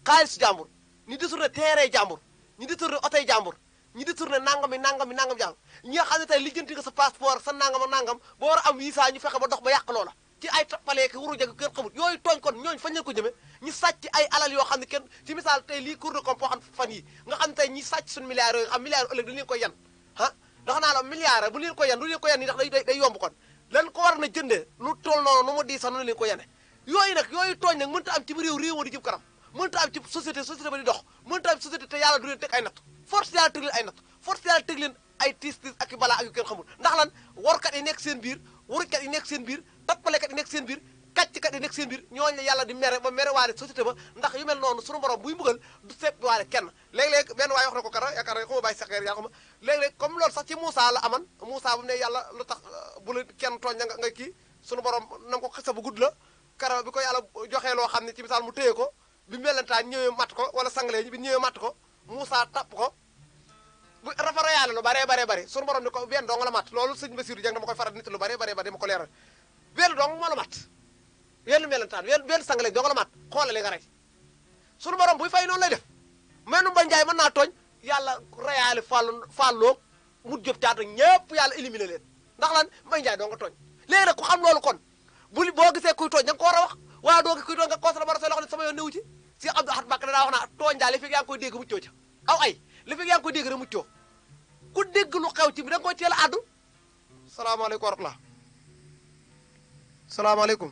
xaalis jàmbur ñi détourné terrain jàmbur ñi détourné oto yi jàmbur ñi détourné nangam yi nangam yi nangam jàmbur ñi nga xam ne tey lijjanti nga sa passeport sa nangam ak nangam boo war a am visa ñu fexe ba dox ba yàq loola ci ay tappaleeki waru yooyu tooñ kon ñooñu fa leen ko jëme ñu sàcc ay alal yoo xam ne kenn ci misaal tey lii cour de compte boo xam fan yi nga xam ne tey ñi sàcc suñu milliards yooyu xam milliards ëllëg dañu leen koy yan ah ndax naa la milliard bu leen ko yan lu leen ko yan yi ndax day day yomb kon lan ko war na jëndee lu toll noonu nu mu di sax nu leen ko yane yooyu nag yooyu tooñ nag mënta am ci réew réew di jëm kanam mënta am ci société société ba di dox mënta am ci société te yàlla du leen teg ay natt force yàlla teg leen ay teg leen ay tiis tiis ak i balaa ak yu kenn xamul ndax lan warkat yi nekk seen biir warukat yi nekk seen biir tappalekat yi nekk seen biir kàcckat yi nekk seen biir ñooñu la yàlla di mere ba mere waale société ba ndax yu mel noonu sunu borom buy mbugal du sepp waale kenn léeg-léeg benn waay wax na ko kara yaakaar na loolu sax ci la aman Moussa bu mu ne yàlla lu tax euh, bu la kenn borom na ko xisa bu la kara bi ko yàlla joxee loo xam ne ci misaal mu téye ko bi melentaan ko wala sangalee bi ñëwee matt ko Moussa tapp ko bu rafara yàlla lu baree baree bari sunu borom ni ko benn dong la matt loolu sëñ Basiru Jeng dama koy faral nit lu baree baree bari ma ko leeral benn dong moo la matt wenn melentaan wenn wenn sang lañ doo nga la maat xoolali nga rey sunu borom buy fay noonu lay def menn ba njaay mën naa tooñ yàlla reyaale fàllu fàlloo mu jëf caata ñëpp yàlla éliminé leen ndax lan mbay njaay doo nga tooñ léegi nag ku xam loolu kon bu boo gisee kuy tooñ da ko war a wax waaye doo gis kuy tooñ nga koosala bara ne sama yoon newu ci si Abdou Ahad Mbacké danaa wax naa tooñ daal li fi yaa ngi koy dégg muccoo ca ku dégg lu xew ci bi da nga koy teel a àddu salaamaaleykum wa rahmatulah salaamaaleykum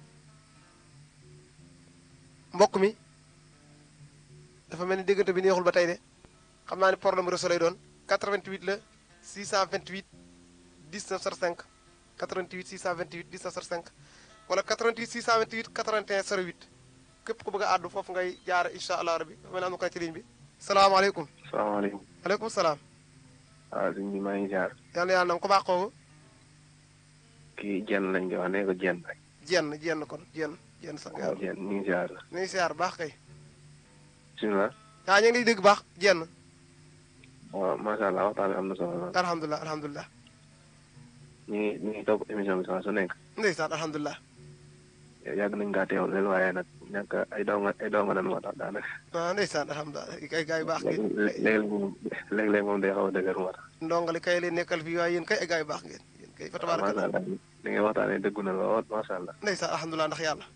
mbokk mi dafa mel ni déggante bi neexul ba tey de xam naa ne problème réseau lay doon 88 la 628 19 05 88 628 19 05 wala 88 628 81 08 képp ko bëgg a àddu foofu ngay jaar incha allah rabi dafa mel na ko ci ligne bi. salaamaaleykum. salaamaaleykum. aleykum salaam. waaw sëñ bi maa ngi jaar. yàlla yàlla na nga ko baaxoo. kii lañ koy wax nee ko jenn rek. jenn jenn kon jenn. jën sang yàlla waaw jën ñu baax kay. bisimilah. ah ñu ngi lay baax jenn. waaw macha allah waxtaan am na solo lool. alhamdulilah alhamdulilah. ñu ngi ngi topp émission bi saa su nekk. ndeysaan alhamdulilah. yàgg nañu kaa teewal leen waaye nag ñàkk ay dong ay dong lan moo tax daanaka. ah ndeysaan alhamdulilah kay gaay baax. léeg-léeg moom léeg-léeg moom day xaw a dëgër moo tax. ndongali kay lay nekkal fii waaye yéen kay ay gaay baax ngeen. yéen kay fa tabaaraka. macha allah li ngay waxtaanee dëggu na lool macha allah. ndeysaan alhamdulilah ndax yàlla.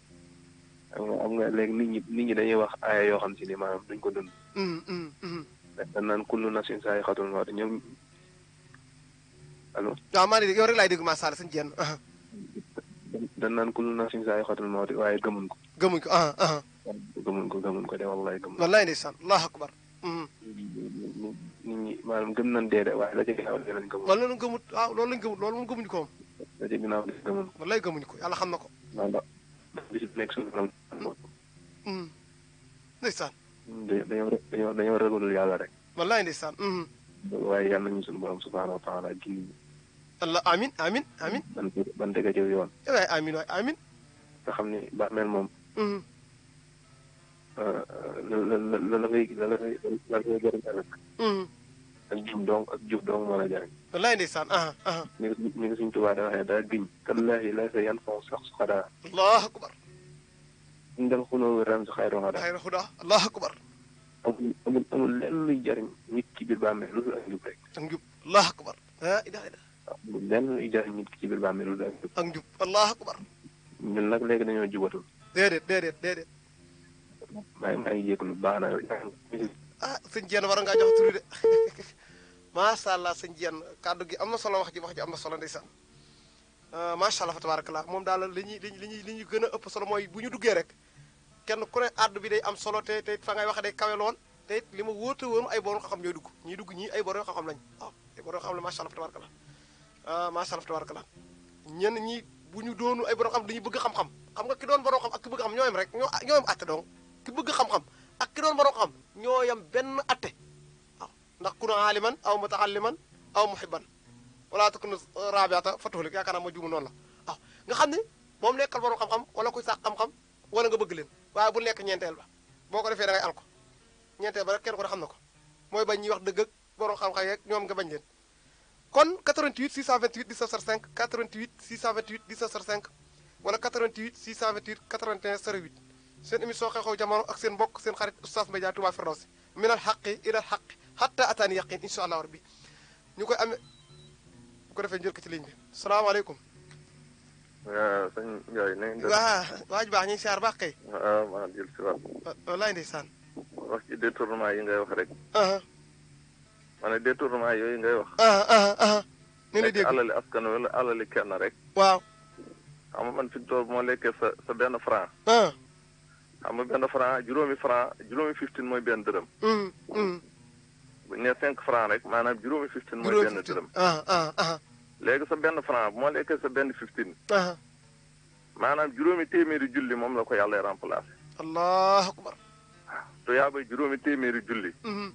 am nga léegi nit ñi nit ñi dañuy wax aaya yoo xam si ni maanaam duñ ko dund. Mm, mm, mm. dañ naan kullu nafsin zaa'iqatul mawt ñoom allo. waaw maa ngi dégg yow rek laay dégg maa Sall sëñ Diène. dañ naan kullu waaye gëmuñ ko. gëmuñ ko ah ah. gëmuñ ko de wallaay gëmuñ ko. wallaay ndeysaan allahu akbar. nit ñi maanaam gëm nañ waaye la ci ginnaaw dee lañ gëmul. loolu lañ gëmut waaw loolu moom gëmuñ ko moom. la ci ginnaaw dee gëmul. wallaay ko yàlla xam na ko. bis bi nekk suñu borom ndeysaan dañoo dañoo dañoo ragalul yàlla rek wallaay ndeysaan waaye yàlla nañu suñu borom subhaanahu wa taala gindi allah amin amin amin ban ban dëgg jëw yoon eh, waaye amin waaye amin nga xam ne bàmmeel moom mm-hmm. euh, euh, la la la la la la la la la ak jub dong ak jub dong mën a jariñ wallaay ndeysaan aha aha ni ko ni ko suñ da waxee daa giñ kallaahi la sa yan fon sax su allahu akbar indal xuloo jariñ nit ci biir bàmmeel ak njub allahu akbar la ilaha jariñ nit ci biir bàmmeel lu ak njub allahu akbar ñun nag léegi dañoo jubatul déedéet déedéet déedéet maa ngi lu baax na ah sëñ Diène war ngaa de macha allah sëñ Diène kàddu gi am na solo wax ji wax ji am na solo ndeysaan euh, macha allah fa tabarakallah moom daal li ñuy li ñuy li ñu gën a ëpp solo mooy bu ñu duggee rek kenn ku ne àddu bi day am solo te te fa ngay wax de kawe lool te li ma wóote woon ay borom xam-xam ñooy dugg ñuy dugg ñii ay borom xam-xam lañ o ah, ay borom xam-xam la macha allah fa tabarakallah euh, macha allah fa ñenn ñi bu ñu doonu ay borom xam dañu bëgg xam-xam xam nga ki doon borom xam ak ki bëgg ñoo rek ñoo ñoo yem atte bëgg xam-xam ak ki doon borom xam ñoo yem benn atte ndax kun aaliman aw mutaalliman aw muhibban wala takun rabiata fatuhlik yaakaar naa ma juumu noonu la waaw nga xam ne moom nekkal borom xam-xam wala kuy sàq xam-xam wala nga bëgg leen waaye bu nekk ñeenteel ba boo ko defee da ngay al ko ñeenteel ba rek kenn ko da xam na ko mooy bañ ñuy wax dëgg ak borom xam-xam yeeg ñoom nga bañ leen kon 88 628 1905 88 628 1905 wala 88 628 81 08 seen émission xew-xew jamono ak seen mbokk seen xarit oustaz Média Touba xatta ataani yaqin incha allah rabbi ñu koy amee bu ko defee njël ko ci ligne bi salaamaaleykum. waaw sëñ Ndiaye na ngeen def. waaw waaj baax ñu ngi siyaar baax kay. waaw ah, maa ngi jël si waat. wallaay ndeysaan. wax ci détournement yi ngay wax rek. ma ne détournement yooyu ngay wax. ni la dégg alali askan wala alali kenn rek. waaw. xam man fi mu toll moo lekkee sa sa benn franc. xam nga benn franc juróomi franc juróomi fifteen mooy benn dërëm. Mm, mm. bu ñu nee cinq franc rek maanaam juróomi fifteen mooy benn dërëm ah, ah, ah. léegi sa benn franc mo ma lekkee sa benn fifteen maanaam juróomi téeméeri julli moom la ko yàlla remplacé allahu akbar to yaa bay juróomi téeméeri julli mm-hmm.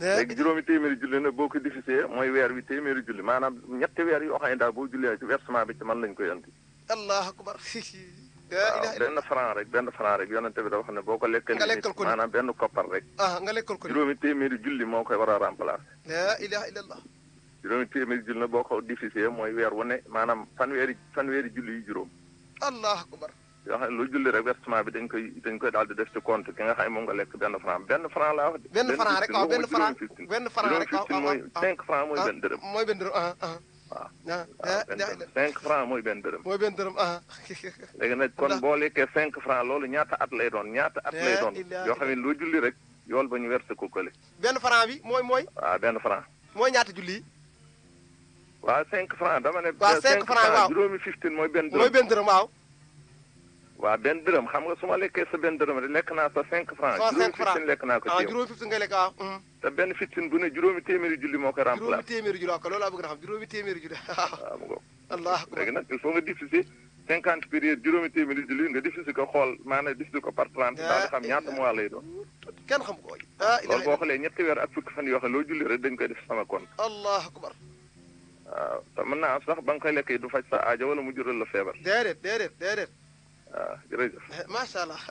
léegi juróomi téeméeri julli nag boo ko diffusé mooy weer wi téeméeri julli maanaam ñetti weer yoo xam ne boo jullee ci versement bi ci man lañ koy andi allahu akbar waaw benn franc rek benn franc rek yonente bi dafa xam ne boo ko lekkal nga lekkal ko maanaam benn koppar rek ah nga lekkal ko juróomi téeméeri julli moo koy war a remplacer la ilaha illallah juróomi na boo ko diffusé mooy weer wu ne maanaam fanweeri fanweeri julli yu juróom allah akbar yoo xam ne lu julli rek versement bi dañ koy dañ koy daal def ci compte ki nga xam ne moom nga lekk benn franc benn franc laa wax de benn franc rek waaw benn franc benn franc rek waaw mooy cinq franc mooy benn dërëm mooy benn dërëm ah, ah. waaw ah, ah, ah, cinq franc mooy benn dërëm mooy benn dërëm ah léegi nag kon boo lekkee cinq franc loolu ñaata at lay doon ñaata at lay doon yoo xam ne loo julli rek yool ba ñu wersa ko benn franc bi mooy mooy waaw benn franc mooy ñaata julli waaw cinq franc dama ne waaw cinq franc waaw juróomi fifteen mooy mooy benn dërëm waaw waaw benn dërëm xam nga suma ma lekkee sa benn dërëm rek naa sa cinq francs juróomi fifteen lekk naa ko ah, ci yow juróomi fifteen nga lekk waaw ah, te benn fifteen bu ne juróomi téeméeri julli moo koy remplacé juróomi téeméeri julli waaw loolu laa bëgg na xam juróomi téeméeri julli waaw ah, nga diffuser cinquante périodes ko xool maanaam diffuser ko par trente eh, daal di xam ñaata eh, mois lay doon kenn xam ko loolu boo xoolee ñetti weer ak fukki fan yoo loo julli rek dañ koy def sama compte allah akbar waaw te mën naa am sax ba nga koy lekk yi du faj sa aajo mu jural la feebar déedéet déedéet déedéet waaw jërëjëf. Eh, allah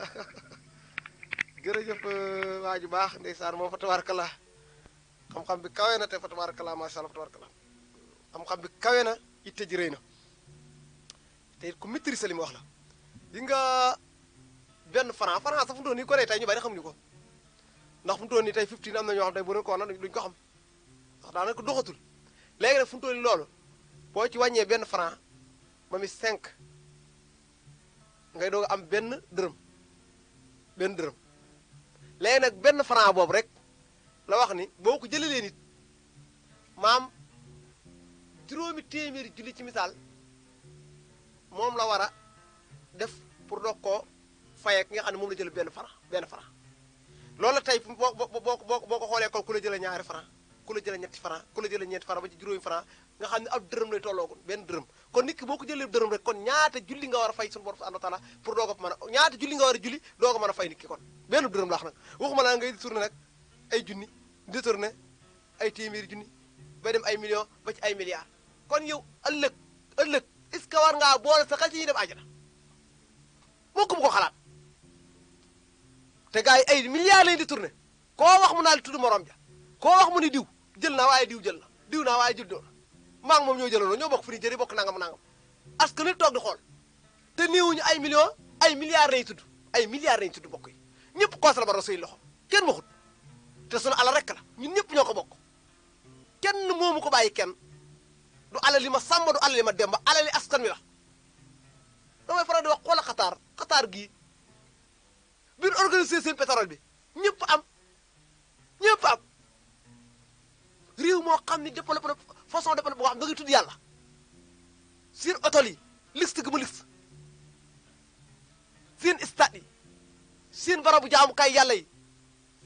jërëjëf eh, waa ju baax ndeysaan moom fa tabaarkalla xam-xam bi kawe na te fa tabaarkalla macha allah fa tabaarkalla xam-xam bi kawe na itte na te it ku maîtriser li mu wax la. di nga benn franc franc sax fu mu toll nii ko tey ñu bari ko ndax fu mu toll nii tey 15 am na ñoo xam tey bu doon ko woon duñ ko xam ndax daanaka doxatul léegi nag fu lool boo ci wàññee benn franc ba mi 5. ngay doog am benn dërëm benn dërëm léegi nag benn franc boobu rek la wax ni boo ko jëlalee nit maam juróomi téeméeri julli ci misaal moom la war a def pour doog koo fayee ki nga xam ni moom la jël benn franc benn franc loolu la tey boo boo boo boo ko xoolee kon ku la jëlee ñaari franc ku la jëlee ñetti franc ku la jëlee ñeenti franc ba ci juróomi franc nga xam ne ab dërëm lay tolloogul benn dërëm kon nit ki boo ko jëlee dërëm rek kon ñaata julli nga war a fay suñu borom subhanahu wa taala pour doo ko a ñaata julli nga war a julli doo ko a fay nit ki kon benn dërëm laax nag waxuma laa ngay détourné nag ay junni détourné ay téeméeri junni bay ay million ba ay milliards kon yow ëllëg est-ce que war ngaa boole sa xel ci dem àjjana ko bu ko xalaat te yi ay milliards lañ di tourné mu naa li tudd morom ja koo wax ni diw jël na waaye diw jël na diw naa waaye jël doon maa ngi moom ñoo jëloon ñoo bokk fournitures yi bokk nangam nangam askan wi toog di xool te néewuñu ay millions ay milliards lay tudd ay milliards lay tudd bokk yi ñëpp koos la ba loxo kenn waxut te sunu alal rek la ñun ñëpp ñoo ko bokk kenn moomu ko bàyyi kenn du alal li ma sàmm du alal li ma demba alal li askan wi la damay faral di wax xoola xataar xataar gi biir organiser seen pétrole bi ñëpp am ñëpp am réew moo xam ne développé façon dépense boo xam da ngay tudd yàlla seen hôtel yi liste gi mu liste seen stade yi seen barabu jaamukaay yàlla yi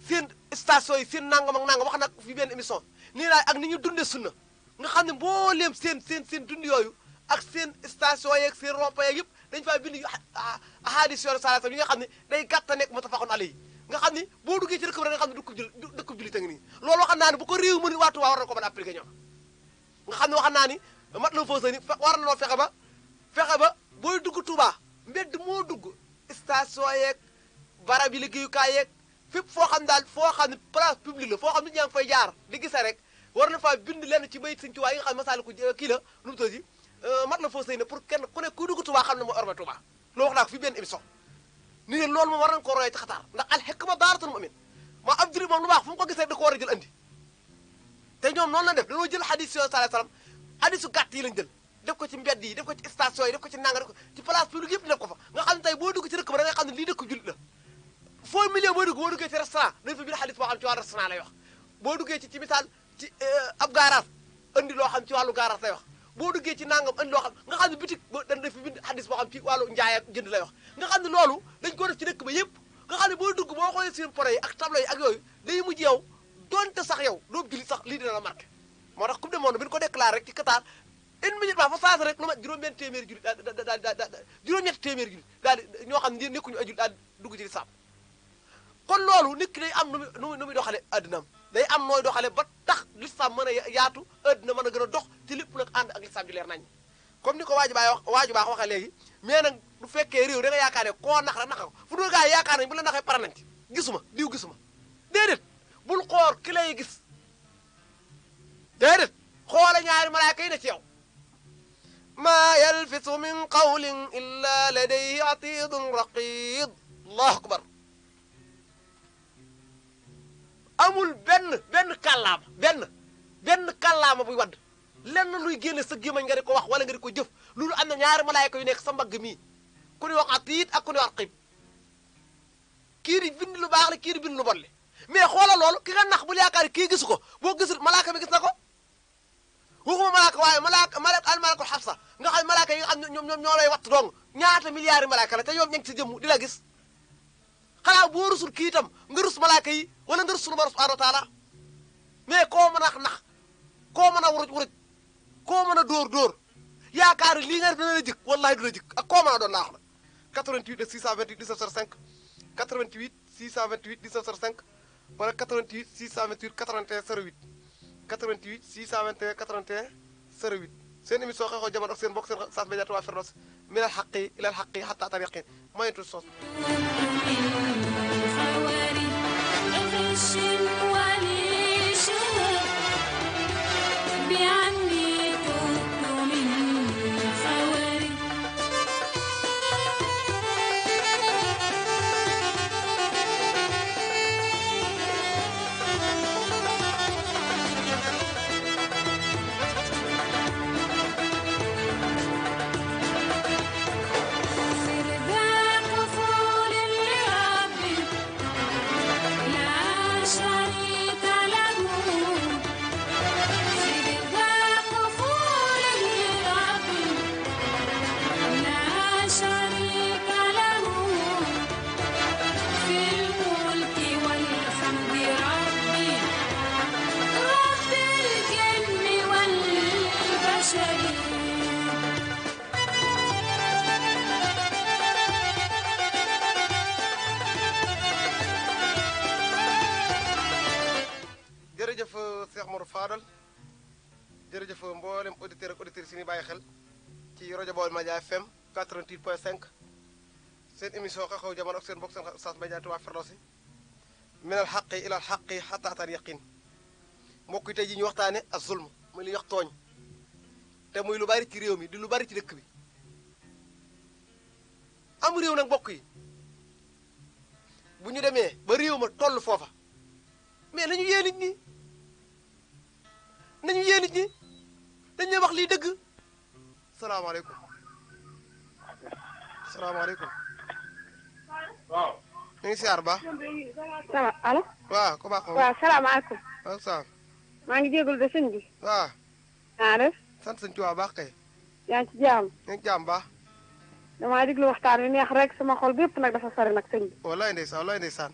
seen station yi seen nangam ak nangam wax nag fi benn émission nii laay ak ni ñu dundee sunna nga xam ne mbooleem seen seen seen dund yooyu ak seen station yeeg seen rompa yeeg yëpp dañ faa bind ahadis yoonu salaasa yi nga xam ne day gàtt nekk muttafaqun alayhi nga xam ni boo duggee ci dëkk bi rek nga xam ne dëkkub jullit dëkkub jullit a nga xam ne wax naa ni mat la foo sa ni war na noo fexe ba fexe ba booy dugg Touba mbedd moo dugg station yeeg barab yi liggéeyukaay yeeg fépp foo xam daal foo xam ne place publique la foo xam ne ñaa ngi jaar di gisa rek war na faa bind lenn ci bayit Sëñ Tuubaa yi nga xam ne masaaliku kii la na mu tëji euh, mat kenn ku ne kuy dugg Touba xam ne mooy orma loo wax naa ko fi benn émission ni ne loolu moom war nañ ko royee ci xataar ndax al hikma daaratul mu'min maa ab jullit moom lu baax fu ko gisee ko a jël te ñoom noonu na def dañoo jël xadis yoo sallallahu alayhi wasallam xadisu gàtt yi lañ jël def ko ci mbedd yi def ko ci station yi def ko ci nanga def ko ci place publique yëpp def ko fa nga xam ne tey boo dugg la foo million boo dugg boo duggee ci restaurant dañ ci wàllu restaurant lay euh, loo xam ci wàllu garage lay wax boo duggee ci nangam bitik ba dañ def fi bind xadis boo xam ci wàllu njaay ak jënd lay wax nga xam ne loolu dañ ko def ci dëkk ba yëpp nga xam ne boo dugg boo xoolee seen projet yi ak tableau yi ak yooyu day mujj yow donte sax yow doo jullit sax lii dina la marqué moo tax coupe du monde bi ñu ko déclaré rek ci Qatar une minute baa fa saasa rek lu ma juróom-benn téeméeri jullit daal di daal di juróom-ñetti téeméeri jullit daal di ñoo xam ne nekkuñu ay jullit daal dugg ci lislaam kon loolu nit ki day am nu muy nu muy doxale àddinaam day am nooy doxale ba tax lislaam mën a yaatu àddina mën a gën a dox te lépp nag ànd ak lislaam ju leer nañ comme ni ko waaju baay wax waaju baax waxee léegi mais nag bu fekkee réew da nga yaakaar ne koo nax la naxa ko fu dul gaa yi yaakaar nañ bu la naxee pare nañ ci gisuma diw gisuma déedéet bul xool ki lay gis déedéet xoola ñaari malaaka yi ne ci yow maa yalfisu min qawlin illa ladayhi atidun raqib allahu akbar amul benn benn kàllaama benn benn kàllaama buy wadd lenn luy génne sa gémmañ nga di ko wax wala nga di ko jëf loolu am na ñaari malaayka yu nekk sa mbagg mii ku ne wax atiid ak ku ne wax raqib kii di lu baax la kii di bind lu bon mais xoolal loolu ki nga nax bu yaakaar kii gisu ko boo gisul malaaka mi gis na ko waxuma malaaka waaye malaaka malaaka al malaakul xabsa nga xam malaaka yi nga xam ñoom ñoom ñoo lay watt dong ñaata milliards yi malaaka la te ñoom ña ngi si jëmm di la gis xanaa boo rusul kii itam nga rus malaaka yi wala nga rus sunu borom subhanahu wa taala mais koo mën a nax koo mën a wuruj wuruj koo mën a dóor dóor yaakaar lii nga def dina la jëkk wallaahi du la jëkk ak koo mën a doon laax la 88 628 17 05 88 628 17 05 wala 88 628 81 08 88 621 81 08 seen émission xeexoo jamono ak seen bokk seen Oustaz Média Touba Firdaws minal haqqi ilal haqqi hatta atal yaqin maytul sos FM 88 point seen émission xew-xewu jamono ak seen mbokk seen Oustaz Mbaye Ndiaye Touba Firdawsi minal xaqi ilal xaqi xataa atal yaqin mbokk yi tey jii ñu waxtaane ak zulm muy li ñu wax tooñ te muy lu bari ci réew mi di lu bari ci dëkk bi am réew nag mbokk yi bu ñu demee ba réew ma toll foofa mais nañu yee nit ñi nañu yee nit ñi dañu wax lii dëgg salaamaaleykum salaamaaleykum. waaw. ñu ngi siyaar ba. ça va allo. waaw ku baax ma. waaw salaamaaleykum. waaw ça. maa ngi jégalu de sëñ bi. waaw. naa def. sant sëñ Tuubaa baax kay. yaa ngi ci jàmm. ñu ngi jàmm baax. damaa déglu waxtaan wi neex rek sama xol bépp nag dafa sori nag sëñ bi. walaay ndeysaan walaay ndeysaan.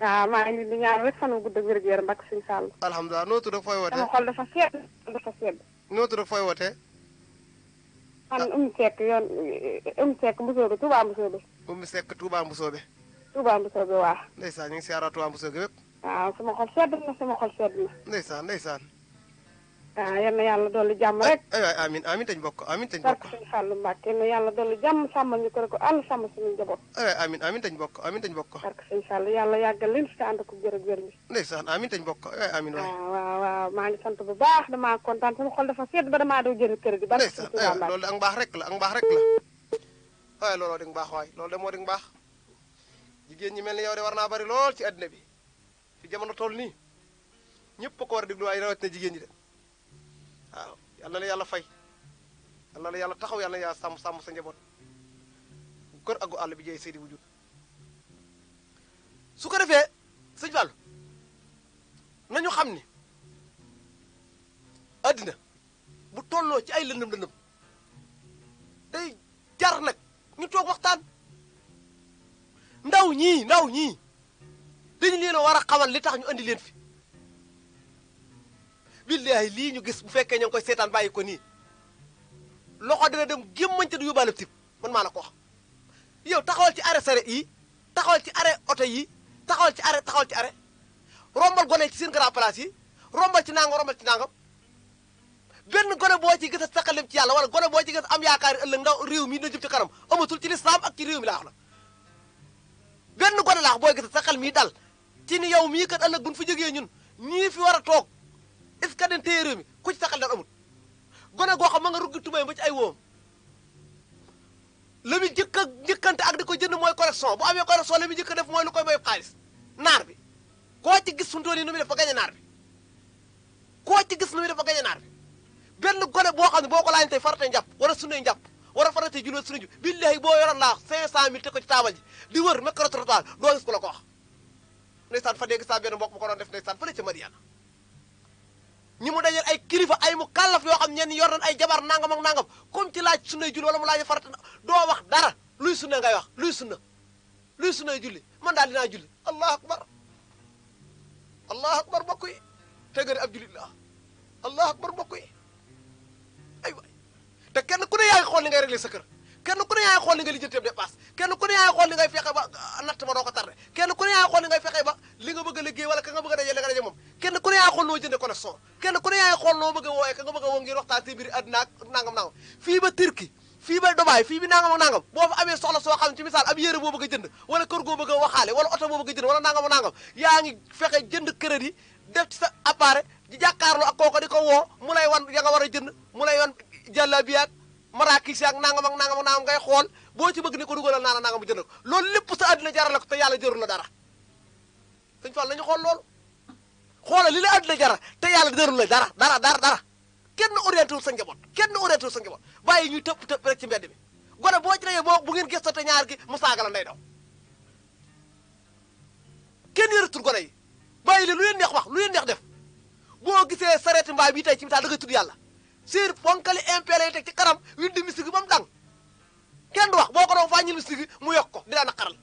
waaw maa ngi di ñaan rek fan wu gudd ak wér-gu-yaram mbak sëñ Sall. alhamdulilah noo tudd ak fooy wootee. sama xol dafa sedd dafa sedd. noo tudd ak fooy wootee. man Oumou Seck yoon Oumou Seck Mbusoobe Touba Mbusoobe. Oumou Seck Touba Mbusoobe. Touba Mbusoobe waaw. ndeysaan ñu ngi siyaara Touba Mbusoobe yëpp. waaw sama xol sedd na sama xol sedd na. ndeysaan ndeysaan. waaw ah, yal na yàlla dolli jàmm rek. aywaay amiin bokk amiin dañ bokk. barke Fallou Mbacke yàlla dolli jàmm sàmm ñu ko rek àll sàmm suñu njaboot. aywaay bokk amiin dañ bokk. barke sëñ yàlla yàggal leen si te ànd ko jërëg wér bi. ndeysaan bokk aywaay amiin waay. Ah, maa ngi sant bu baax damaa kontaan sama xol dafa sedd ba damaa daw jënd kër gi. barke sëñ Fallou Mbacke loolu de ak mbaax waaye looloo di mbaax waay loolu de moo di baax jigéen ñi mel ni yow de war naa bari lool ci àddina bi fi jamono toll nii ñëpp ko war a déglu waaye rawatina jigéen ñi de yàlla la yàlla fay yàlla la yàlla taxaw yàlla yàlla sàmm sàmm sa njaboot bu kër ak gu àll bi jeey seydi wujud su ko defee sëñ Fall nañu xam ni àddina bu tolloo ci ay lëndëm lëndëm day jar nag ñu toog waxtaan ndaw ñii ndaw ñii dañu leen a war a xamal li tax ñu andi leen fi billaahi lii ñu gis bu fekkee ña ngi koy seetaan bàyyi ko nii loxo dina dem gémmañ te du yóbbaale tib man maa la ko wax yow taxawal ci arrêt saret yi taxawal ci arrêt oto yi taxawal ci arrêt taxawal ci arrêt rombal gone ci seen grand place yi rombal ci nangam rombal ci nangam benn gone boo ci gis a taqalim ci yàlla wala gone boo ci gis am yaakaar ëllëg nga réew mi dina jëm ci kanam amatul ci lislaam ak ci réew mi laa wax la benn gone laax booy gis sa xel mii dal ci ni yow mii kat ëllëg buñ fi jógee ñun ñii fi war a toog est ce que dañ téye mi ku ci taxal dara amul gone goo xam ma nga ruggi tubay ba ci ay woom la muy njëkk a njëkkante ak di ko jënd mooy correction bu amee correction la muy njëkk def mooy lu koy may xaalis naar bi koo ci gis suntoon yi nu muy def ba gañe naar bi koo ci gis nu def ba gañe naar bi benn gone boo xam ne boo ko laañ tey faratee njàpp wala sunnee njàpp wala faratee juloo suñu ju billahi boo yoroon laa cinq cent mille te ko ci taabal ji di wër micro trottoir doo gis ku la ko wax ndeysaan fa dégg saa benn ko def ndeysaan fële ca Mariana ñi mu dajeel ay kilifa ay mu kàllaf yoo xam ñenn yor nañ ay jabar nangam ak nangam comme ci laaj sunnay julli wala mu laaj farata doo wax dara luy sunna ngay wax luy sunna luy sunnay julli man daal dinaa julli allahu akbar allahu akbar mbokk yi tegari ab jullit la allahu akbar mbokk yi ay waay te kenn ku ne yaa ngi xool ni ngay réglé sa kër kenn ku ne yaay xool li nga lijjantee dépasse kenn ku ne yaay xool li ngay fexe ba ah, natt ba doo ko tarde kenn ku ne yaay xool li ngay ba li nga bëgg a liggéey wala ka a dajee la nga dajee moom kenn ku ne yaay xool noo jënde a a woo ngir waxtaan ci biir ak nangam nangam ba Turquie fii bi nangam ak boo fa amee soxla soo xam ci misaal am yére boo bëgg a jënd wala kër goo bëgg a waxaale oto boo bëgg a jënd wala nangam ak nangam yaa ngi jënd crédit def ci sa appareil di jàkkaarloo ak di ko woo mu lay wan ya nga war a maraakis ak nangam ak nangam ak nangam ngay xool boo ci bëgg ni ko dugalal naa la nangam jënd ko loolu lépp sa àddina jarale ko te yàlla jarul la dara sëñ Fall nañu xool loolu xoolal li la àddina te yàlla jarul la dara dara dara dara kenn orienté wul sa njaboot kenn orienté wul sa njaboot bàyyi ñuy tëpp tëpp ci mbedd mi boo ci reyee boo bu ngeen gëstoo te ñaar gi mu saaga la nday daw kenn yëratul gone yi bàyyi li lu leen neex wax lu leen neex def boo gisee sareeti mbaay bi tey ci mitaa da ngay tudd yàlla siir bonkali impère yi teg ci kanam wirdi mystique ba mu dang kenn du wax boo ko doon wàññil mystique mu yokk ko di la naqaral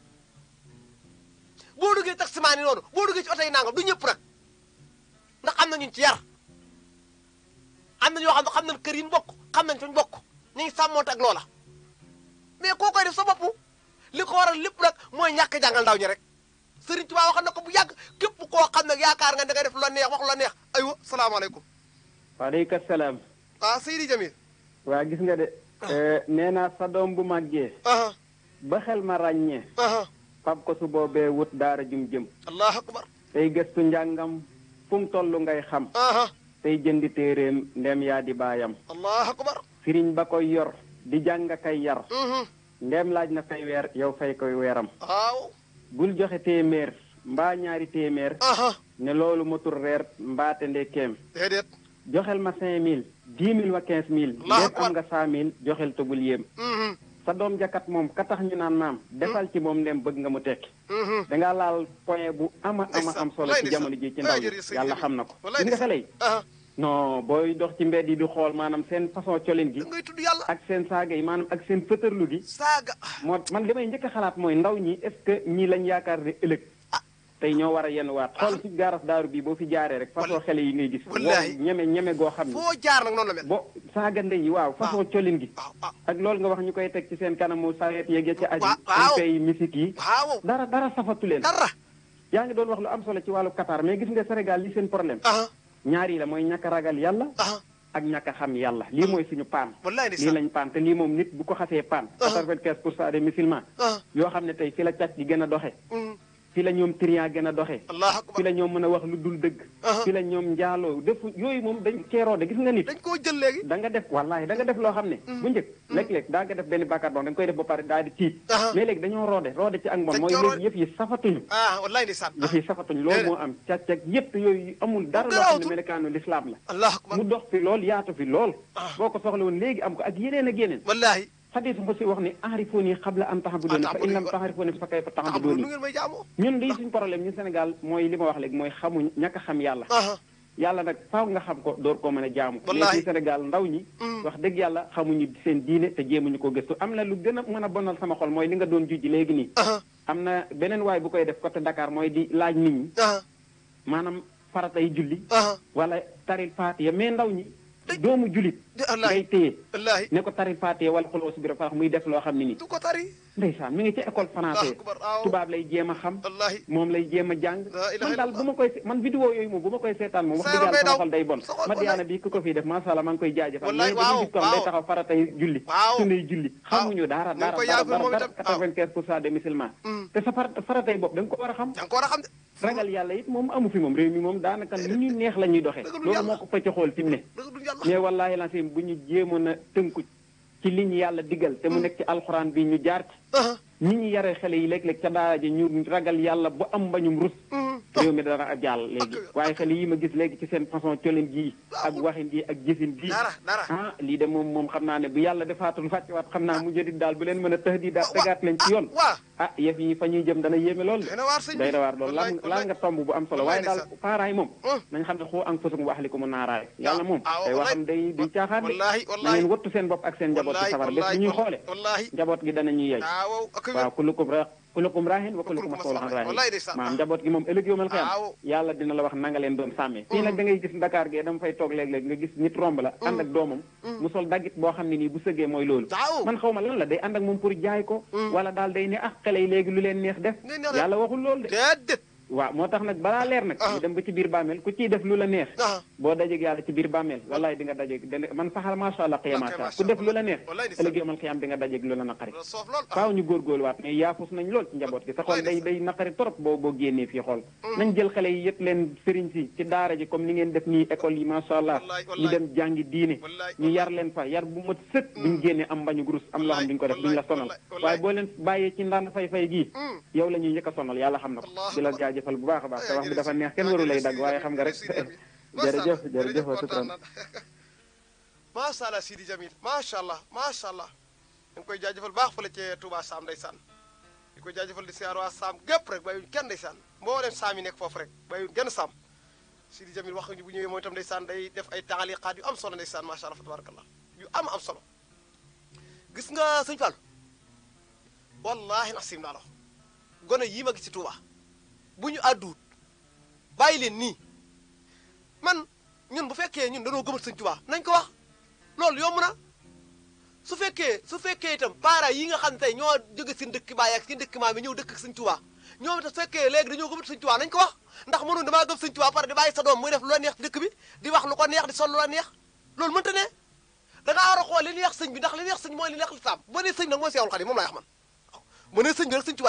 boo duggee taximaan yi noonu boo duggee ci oto yi nangam du ñëpp nag ndax am na ñu ci yar am na ñoo xam ne xam nañ kër yi mbokk xam nañ fañ mbokk ñu ngi sàmmoonte ak loola koo koy sa bopp li ko waral lépp nag mooy ñàkk jàngal ndaw ñi rek Sëriñ Tuubaa wax na ko bu yàgg képp ko xam ne yaakaar nga da ngay def lu la neex wax lu la neex aywa salaamaaleykum. waaleykum ah Seydi waa gis nga de ah. eh, nee naa sa doom bu màggee ah. xel ma ràññee ah. fab ko su boobee wut daara jum jëm tey gëstu njàngam fu mu toll ngay xam tey jëndi téeréem ndem yaa di baayam allah ba koy yor di jàng kay yar mhm. ndem laaj na fay weer yow fay koy weeram bul joxe téeméer mbaa ñaari téeméer ne loolu motul reer mbaate ndekkeem déedéet joxel ma cinq mille dix mille wa quinze mille lépp am nga cent mille joxel te bul yéem mm-hmm. sa doom jakat moom ka ñu naan maam defal ci moom ndem bëgg nga mu tekki mm-hmm. dangaa laal point bu ama ama am solo ci jamono ji ci ndaw yi yàlla xam na ko gis nga xale yi non booy dox ci mbedd yi di xool maanaam seen façon colin gi ak seen saaga yi maanaam ak seen fëtërlu gi saaga moo man li njëkk xalaat mooy ndaw ñi est-ce que ñii lañ yaakaar ne ëllëg tey ñoo war a yenn waat ah. xool ci gaaras daaru bii boo fi jaaree rek façon xele yi ngay gis ñeme ñeme goo xam ne foo jaar nag saaga ndey waaw façon ah. colin gi ah, ak loolu nga wax ñu koy teg ci seen kanamu saret yeeg ci aji fay musique yi dara dara safatu leen dara ngi doon wax lu am solo ci wàllu Qatar mais gis nga Sénégal li seen problème ñaar yi la mooy ñàkk a ragal yàlla ak ñàkk a xam yàlla lii mooy suñu paan lii lañ paan te lii moom nit bu ko xasee paan quatre-vingt-quinze pour cent des yoo xam ne tey fi a càcc gi gën a doxe mm. fi la ñoom trian gën a doxee fi la ñoom mën a wax lu dul dëgg fi la ñoom njaalo def yooyu moom dañ ceeroo de gis nga nit dañ koo jël léegi da nga def wallaahi da nga def loo xam ne mm. bu njëkk mm. léeg-léeg daa nga def benn bàkkaar boo dañ koy def ba pare daal di tiit mais léegi dañoo roode roode ci ak moom mooy léegi yëf yi safatuñu ah, yëf yi safatuñu lool moo am càccag yëpp yooyu amul dara loo xam ne melekaanu lislaam la mu dox fi lool yaatu fi lool ah. boo ko soxla woon léegi am ko ak yeneen ak yeneen wallaahi xadis bu si wax ne aarifuuni qabla an ta'buduuni ah, fa in lam ta'rifuuni fa kayfa ta'buduuni ñun lii problème ñun Sénégal mooy li ma wax léegi mooy xamuñ ñàkk xam yàlla yàlla nag faaw nga xam ko door koo mën a jaamu léegi Sénégal ndaw ñi mm. wax dëgg yàlla xamuñu seen diine te jéemuñu ko gëstu am na lu gën a mën a bonal sama xol mooy li nga doon jujji léegi nii am na beneen waay bu koy def côté Dakar mooy di laaj nit ñi maanaam faratay julli wala taril faatiya mais ndaw ñi doomu julit ngay téye ne ko tari faatee wala xulóos bi rek muy def loo xam ne nii. du école français tubaab lay jéem a xam. moom lay jéem a jàng. man daal bu ma koy man vidéo yooyu moom bu ma koy seetaan moom. wax dëgg yàlla faratay julli. waaw sunuy julli. xamuñu dara dara dara dara 95 pour cent des musulmans. Mm. te sa faratay bopp da nga ko war a xam. a xam de. ragal yàlla it moom amu fi moom réew mi moom daanaka lu ñu neex la ñuy loolu moo ko fa ci xool fi mu ne. karim bu ñu jéemoon a tënku ci li ñu yàlla digal te mu hmm. nekk ci alxuraan bi ñu jaar ci ni ñu yare xale yi léeg-léeg ca daara ji ñu ragal yàlla bu am mbañum rus hmm. ah. réew mi dara a jàll léegi waaye xale yi ma gis léegi ci seen façon colin ji ah, ak waxin gii ak gisin gii ah lii de moom moom xam naa ne bu yàlla defaatul wat xam naa mu jëdit daal bu leen mën a tëx di daal ah, tegaat leen ci yoon ah yëf fa ñuy jëm dana yéeme lool de day dawaar lool laal nga tomb bu am solo waaye daal paaraay moom oh. nañ xam ne xoo ang fësug wa ahlikum naaraay ah, yàlla moom ah, day waxam day day caaxaan de na ngeen wattu seen bopp ak njaboot ci safara bés bu xoole njaboot gi dana ñuy yey ah, waaw kullukum raq kulukum raahin wa kulukum mas'uulun an ra'iyatihi maanaam njaboot gi moom ëllëg yomal xiyam dina la wax nanga leen doon sàmmee fii mm. nag da ngay gis Dakar gee dama fay toog léeg-léeg nga gis nit romb la mm. ànd ak doomam mm. mu sol boo xam ne nii bu sëgee mooy loolu man xaw ma lan la day ànd ak moom pour jaay ko wala daal day ne ah xale yi lu leen neex def yàlla waxul loolu de waaw moo tax nag balaa leer nag ah. ñu dem ba ci biir bàmmeel ku ciy def lu la neex ah. boo dajeeg yàlla ci biir bàmmeel wallaay di nga dajeeg man faxal masha Allah xiyamasa ku def lu la neex ëllëg yomal xiyam di nga mm. yi ni ngeen def nii école yi masha Allah ñu dem jàngi diine ñu yar leen fa yar bu mat sëkk mm. duñ génnee am mbañu grus am loo xam duñ ko def duñ la sonal waaye boo leen bàyyee ci ndaan fay fay gii mm. yow la ñuy njëkk a sonal yàlla xam na ko jaajëfal bu baax a baax ah, te wax bi dafa neex kenn ah, waru lay dagg waaye xam nga rek jërëjëf jërëjëf wa sukran macha allah Sidi Jamil macha allah macha allah ñu ngi koy jaajëfal baax fële ca Touba Saam saan ñu koy jaajëfal di siyaar waa Saam gépp rek bàyyiwuñ kenn ndeysaan mbooleem Saam yi nekk foofu rek bàyyiwuñ kenn Saam Sidi Jamil wax bu ñëwee moom itam ndeysaan day def ay taaliqaat yu am solo saan macha allah fa tabarakallah yu am am solo gis nga sëñ Fall wallaahi nax sim naa la gone yii ma gis ci bu ñu àdduut bàyyi leen nii man ñun bu fekkee ñun dañoo gëmal sëñ Tuubaa nañ ko wax loolu yomb na su fekkee su fekkee itam parents yi nga xam tey ñoo jóge seen dëkk baay ak seen dëkk maam yi ñëw dëkk ak sëñ Tuubaa ñoom itam su fekkee léegi dañoo gëmal ko wax ndax mënoon damaa gëm sëñ Tuubaa pare di bàyyi sa doom muy def lu la neex ci bi di wax lu ko di sol lu la neex loolu mënta ne da ngaa war li neex sëñ bi ndax li neex sëñ mooy li neex lislaam boo nee sëñ nag mooy Seexul Xadiim moom laay wax man waaw boo nee sëñ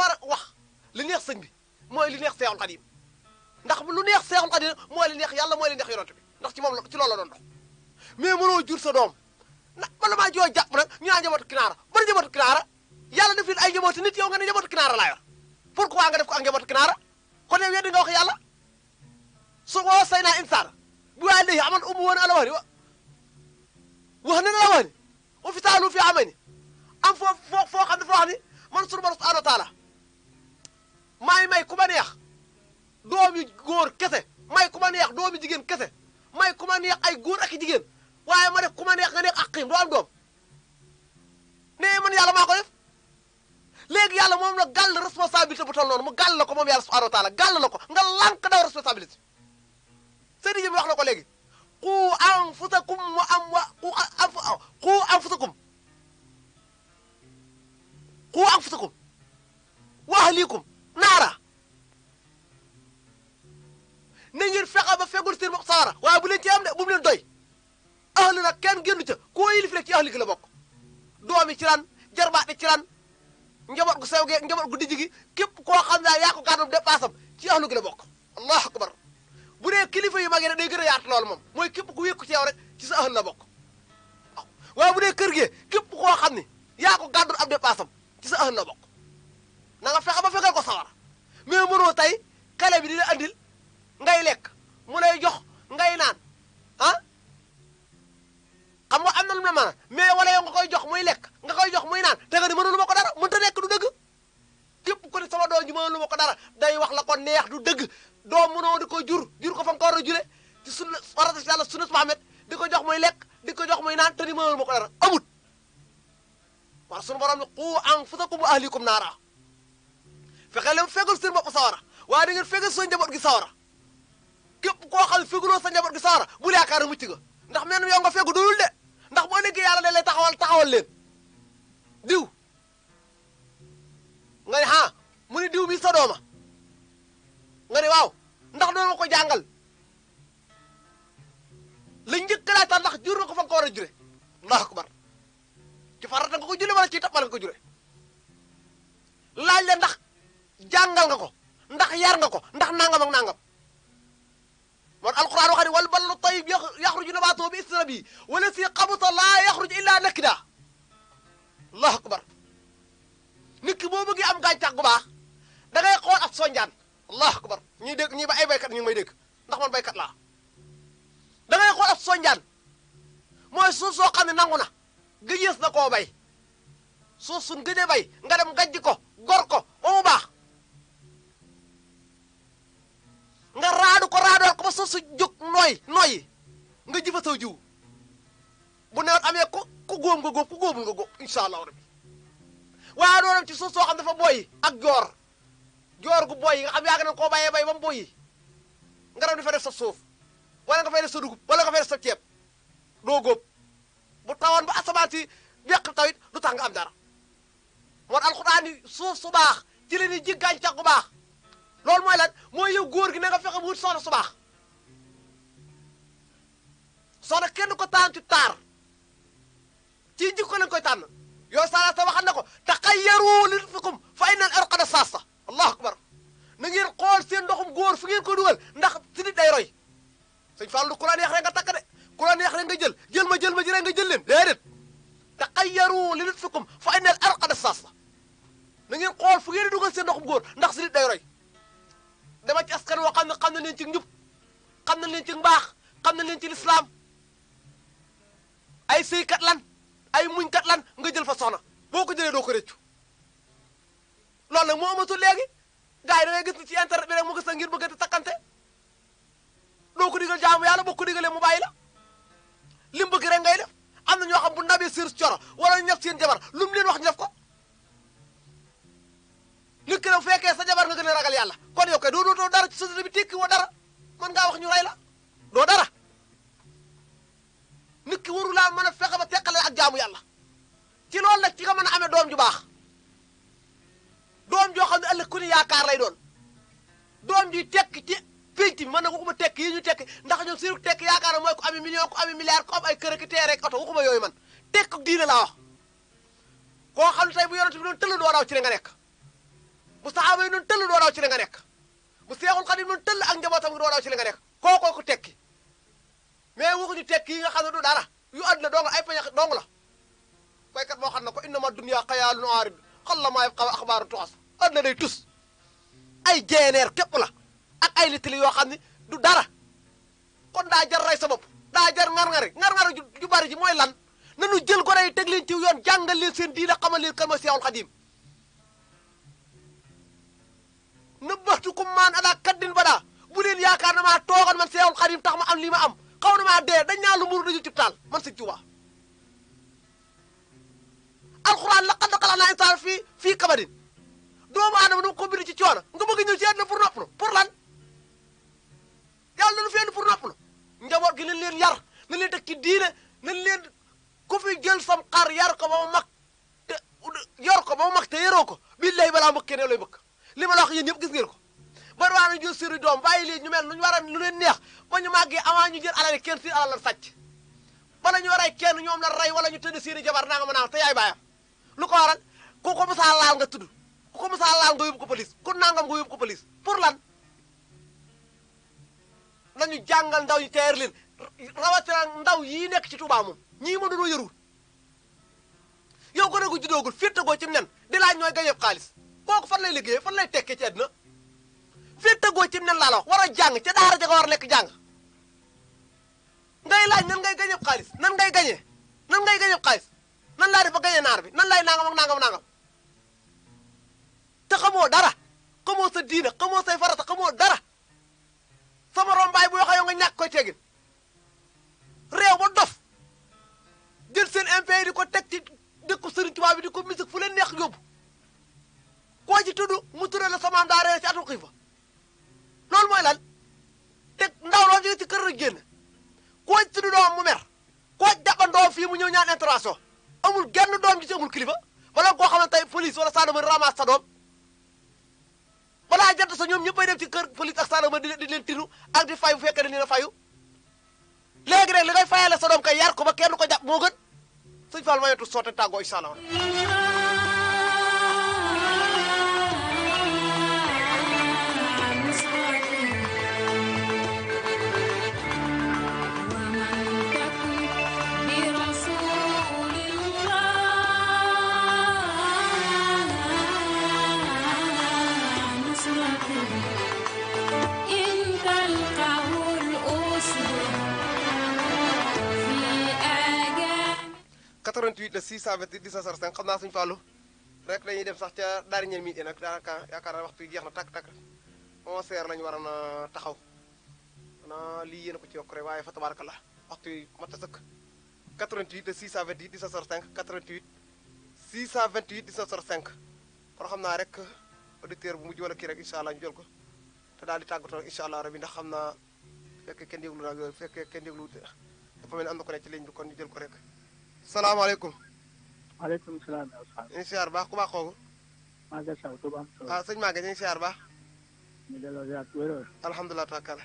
war a wax li neex sëñ bi mooy li neex seexul xadim ndax lu neex seexul xadim mooy li neex yàlla mooy li neex yonent bi ndax ci moom la ci loolu la doon dox mais mënoo jur sa doom na man damaa joo jàpp nag ñu naan njabootu kinaara ba na njabootu kinaara yàlla def leen ay njabootu nit yow nga ne njabootu kinaara laa yor pourquoi nga def ko ak njabootu kinaara kon yow yeddi nga wax yàlla so woo say naa insaan bu waay léegi aman umu woon ala wax wa wax na la fi taalu fi amee ni am foo foo foo xam ne foo ni man sunu maay may ku ma neex doomi góor kese may ku ma neex doomi jigéen kese may ku ma neex ay góor ak i jigéen waaye ma def ku ma neex nga nekk ak xiim doo am doom nee man yàlla maa ko def léegi yàlla moom la gàll responsabilité bu tol noonu mu gàll la ko moom yàlla subhanahu wa taala la ko nga lànk daw responsabilité sëriñ bi wax na ko léegi qu anfusakum wa am wa qu anfusakum qu anfusakum naara na ngeen fexe ba fegul seen bopp saara waaye bu leen ci am de bu mu leen doy ahli nag kenn génnu ca koo yilif rek ci ahli gi la bokk doomi ci ran jarbaat di ci ran njaboot gu sew gee njaboot gu dijj ko gàttam dépassam ci ahli gi la bokk allahu akbar bu yi day gën a yaatu loolu moom mooy képp ku wékku ci yow ci sa ahli la bokk waaw waaye bu dee kër gee képp koo xam ne yaa ko gàttal ci sa ahli la na nga ba fegal ko sawara mais mënoo tey xale bi di la andil ngay lekk mu lay jox ngay naan ah xam nga am na lu la mën mais wala yow nga koy jox muy lekk nga koy jox muy naan te nga ni mënulu ma ko dara te nekk du dëgg képp ku ne sama doom ji day wax la ko neex du dëgg doo mënoo di ko jur jur ko fa nga ko war a jure ci sunna farata si yàlla sunna Muhammad di ko jox muy lekk di ko jox muy naan te ni mënulu ma ko dara amut war sunu borom ne qu anfusakum wa ahlikum naara fexe leen fegal seen bopp sawara waaye da ngeen fegal seen njaboot gi sawara képp koo xam ne fegaloo sa njaboot gi sawara bu yaakaar ne mucc nga ndax men yow nga fegu doyul de ndax boo nekkee yàlla da lay taxawal taxawal leen diw nga ne ah mu diw mi sa dooma nga ne waaw ndax doon ko jàngal la njëkk laataan ndax jur nga ko fa nga war a jure allahu akbar ci ko jure ci tapal ko laaj la ndax jàngal nga ko ndax yar nga ko ndax nangam ak nangam moon alquran waxa ne wal baladu tayyib yaxruju nabaatuhu bi isnabi wala si to laa yaxruj illa nakida allahu akbar nit ki boo am gàncax gu baax da ngay xool ab akbar ñuy dégg ñuy ba ay baykat ñu ngi may dégg ndax man baykat laa da ngay xool ab sonjaan mooy suuf soo xam ne nangu na gëjës na koo bay suuf suñ gëjee bay nga dem gajj ko gor ko mu baax fa suuf su jóg nooy nooy nga ji fa saw jiw bu nawet amee ku ko góob nga góob ku góobul nga góob incha allahu rabi waaye doo ci suuf soo xam dafa booy ak joor joor gu booy nga xam yàgg nañ koo bàyyee bay ba mu booy nga dem di fa def sa suuf wala nga fa def sa dugub wala nga fay def sa ceeb doo góob bu tawoon ba asamaan si beq tawit du tax nga am dara moo alxuraan yi suuf su baax ci la ñuy ji gàncax gu baax loolu mooy lan mooy yow góor gi na nga fexe wut su baax soxna kenn du ko tànn ci taar ci jikko ko koy tànn yow salaata waxal na ko taxayyaru li anfusikum fa inna al-arqada saassa allahu akbar na ngeen xool seen ndoxum góor fu ngeen ko dugal ndax si nit day roy sëñ Fallu lu ku la neex rek nga takk de ku la neex rek nga ma jël ma jël nga jël leen déedéet taxayyaru li anfusikum fa inna al-arqada saassa na ngeen xool fu ngeen dugal seen ndoxum góor ndax si nit day roy dama ci askan woo xam ne xam na leen ci njub xam na leen ci mbaax xam na leen ci ay sëykat lan ay muñkat lan nga jël fa soxna boo ko jëlee doo ko réccu loolu nag moo amatul léegi gars yi da ngay gis ni ci internet bi rek mu gis na ngir bëgg a takkante doo ko digal jaamu yàlla boo ko digalee mu bàyyi la lim bëgg rek ngay def am na ñoo xam bu nabee seen coro wala ñaf seen jabar lu mu leen wax ñaf ko nit ki fekkee sa jabar nga gën yàlla kon yow kay doo dara ci société bi tekki dara mën ñu rey la doo dara nit ki waru laa mën a fexe ba teqale ak jaamu yàlla ci loolu nag ci nga mën a doom ju baax doom joo xam ne ëllëg ku lay doon doom juy tekki ci pénc bi mën na waxuma tekki yi ñu tekki ndax ñoom seen tekki yaakaar mooy ku amee million ku amee milliard ku am ay kër ak teer ak oto waxuma yooyu man tekk diine laa wax koo xam ne bu yonent bi doon tëll doo daw ci bu saxaaba yi doon tëll doo daw ci la nga nekk bu seexul xadim doon tëll ak njabootam doo daw ci la nga nekk kookoo ko tekki mais waxuñu tekki yi nga xam ne du dara yu àdduna dong ay peñax dong la waykat boo xam ne ko innama dunya xayaalun aarib xalla maa yabqa axbaaru tuxas àdduna day tus ay jeeneer képp la ak ay litili yoo xam ne du dara kon daa jar rey sa bopp daa jar ngar-ngari ngar-ngari ju bari ji mooy lan nanu jël gone yi teg leen ci yoon jàngal leen seen diina xamal leen kan ma seexul xadim nëbbatukum maan ala kaddin badaa bu leen yaakaar na maa toogoon man seexul xadim tax ma am lii ma am xaw na maa dee dañ naa lu mburu dañu cib taal man sëñ Tuuba alxuraan la xadd xalaat naa insaan fii fii kabadin doomu aadama dama ko bind ci coono nga bëgg ñëw ci àdduna pour nopp na pour lan yàlla nu fenn pour nopp na njaboot gi nañ leen yar nañ leen teg ci diine nañ leen ku fi jël sam xar yar ko ba mu mag te yor ko ba mu mag te yaroo ko billahi balaa mbëkkee ne looy bëgg li ma la wax yéen ñëpp gis ko bari waa na jur siri doom bàyyi lii ñu mel lu ñu war a lu leen neex ba ñu màggee avant ñu jël alal kenn si alal la sàcc bala ñu rey kenn ñoom la rey wala ñu tëdd seeni jabar naa nga a te yaay baayam lu ko waral ku ko musaa laal nga tudd ku ko musaa laal nga yóbbu ko police ku nangam nga yóbbu ko police pour lan nañu jàngal ndaw ñu teer leen ndaw yii nekk ci Tuubaa moom ñii ma dunoo yërul yow gën a gu juddoogul firtagoo ci nen di laaj xaalis kooku fan lay liggéeyee fan lay tekkee ci fii tëggoo cim nen laa la wax war a jàng ca daara ja nga war a nekk jàng ngay laaj nan ngay gañëb xaalis nan ngay gañee nan ngay gañëb xaalis nan laa def ba gañee naar bi nan laay nangam ak nangam nangam te xamoo dara xamoo sa diina xamoo say farata xamoo dara sama rombaay bu waxee yow nga ñàkk koy teggin réew ba dof jël seen MP di ko teg ci dëkku Serigne Touba bi di ko musique fu leen neex yóbbu koo ci tudd mu turee la samaam daa réew ci atu xiifa loolu mooy lan te ndaw loo jóge ci kër rek génn koo tudd doom mu mer koo jàppandoo fii mu ñëw ñaan intervention amul genn doom ji ci amul kilifa wala koo xam ne tey police wala gendarmerie ramasse sa doom balaa jant sa ñoom ñëpp bay dem ci kër police ak gendarmerie di leen tinu ak di fayu bu fekkee dañu leen a fayu léegi rek li ngay fayale sa doom kay yar ko ba kenn ko jàpp moo gën suñu Fall mayetu soote tàggoo incha allah 88 la 628 19 05 xam naa suñu fàllu rek dañuy dem sax ca daari ñeen mii nag daanaka yaakaar naa waxtu jeex na tàkk-tàkk 11h la ñu waroon a taxaw xanaa lii yéen a ko ci yokk rek waaye fa tabarakallah waxtu yi mat a sëkk 88 la 628 19 05 88 628 19 05 kon xam naa rek auditeur bu mujj wala kii rek incha allah ñu jël ko daal di tàggatoo incha allah rabi ndax xam naa fekkee kenn yëglu nag yooyu fekkee kenn yëglu dafa mel ni am ko ne ci ligne bi kon ñu jël ko rek salaamaaleykum. maaleykum salaam. ñu ngi siyaar baax ku baax kooku. Maguette Sow Touba am solo. ah sëñ Maguette ñu ngi siyaar baax. ñu delloo ziar wér-wér. alhamdulilah takkala.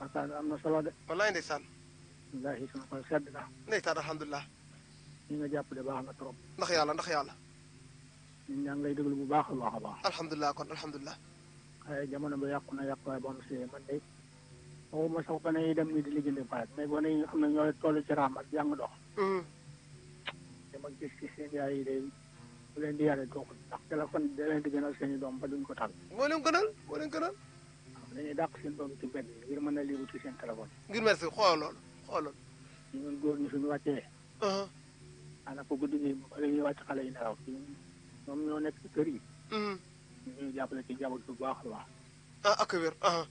waxtaan am na solo de. wallaay ndeysaan. wallaahi sama xol sedd na. ndeysaan alhamdulilah. ñi nga jàpp de baax na trop. ndax yàlla ndax yàlla. ñun ñaa ngi lay déglu bu baax a baax a baax. alhamdulilah kon alhamdulilah. waaye jamono ba yàqu na yàqu waaye ba mu see man de. waxuma sax gone yi dem ni di liggéey paas mais gone yi xam ne ñoo toll ci raam ak jàng dox. dama mm. gis ci seen yaay yi day bu leen di yare toog ndax téléphone da leen di gënal seen i doom ba duñ ko tal. moo leen gënal moo leen gënal. dàq seen doom ci benn mën a liibu ci seen téléphone. ngir merci xooloon xooloon. ñun góor ñi suñu wàccee. daanaka uh-huh. guddi gi la wàcc xale yi nelaw ñoom ñoo nekk ci kër yi. Mm-hmm. ñu ngi jàppale ci njaboot bu baax a ah ak wér. Uh-huh.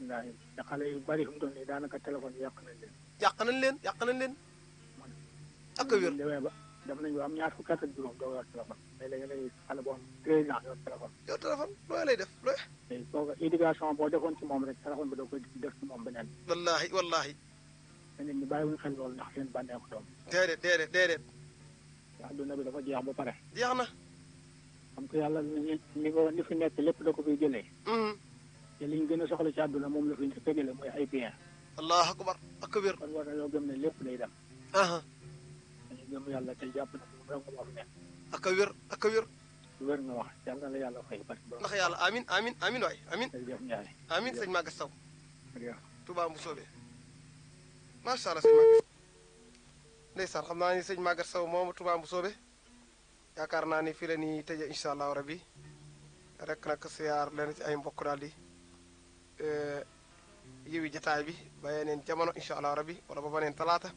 bisimilah te xale yu bari fi mu daanaka téléphone yàq nañ leen. yàq nañ leen yàq nañ leen. a wér demee ba dem nañu ba am ñaar fukki at ak juróom doo yor téléphone. mais léegi-léegi xale boo xam treize ans yor téléphone. yor téléphone looy lay def boo defoon ci moom rek téléphone bi doo koy def ci moom beneen bi. wallaahi wallaahi. te nit ñi bàyyiwuñ xel loolu ndax seen bànneexu doom. déedéet déedéet déedéet. adduna bi dafa jeex ba pare. jeex na. xam nga yàlla ni ni ko ni fi nekk lépp da ko fiy jëlee. soxla ci àdduna moom ay bien. allahu lépp lay dem. dañuy gëm yàlla tey jàpp na moom a wér ak a wér. wér nga wax yal na la yàlla fay barke ndax yàlla amin amin waay amin. jërëjëf Ndiaye amin sëñ Maguette Sow. jërëjëf Touba mu soobee. macha allah sëñ Maguette. xam naa ni sëñ Maguette Sow moomu Touba mu soobee yaakaar naa ni fii la ñuy tëjee incha allah rabi rek nag leen ci ay mbokk daal di. Eh, yiwi jataay bi ba yeneen jamono incha allah rabbi wala ba beneen talaata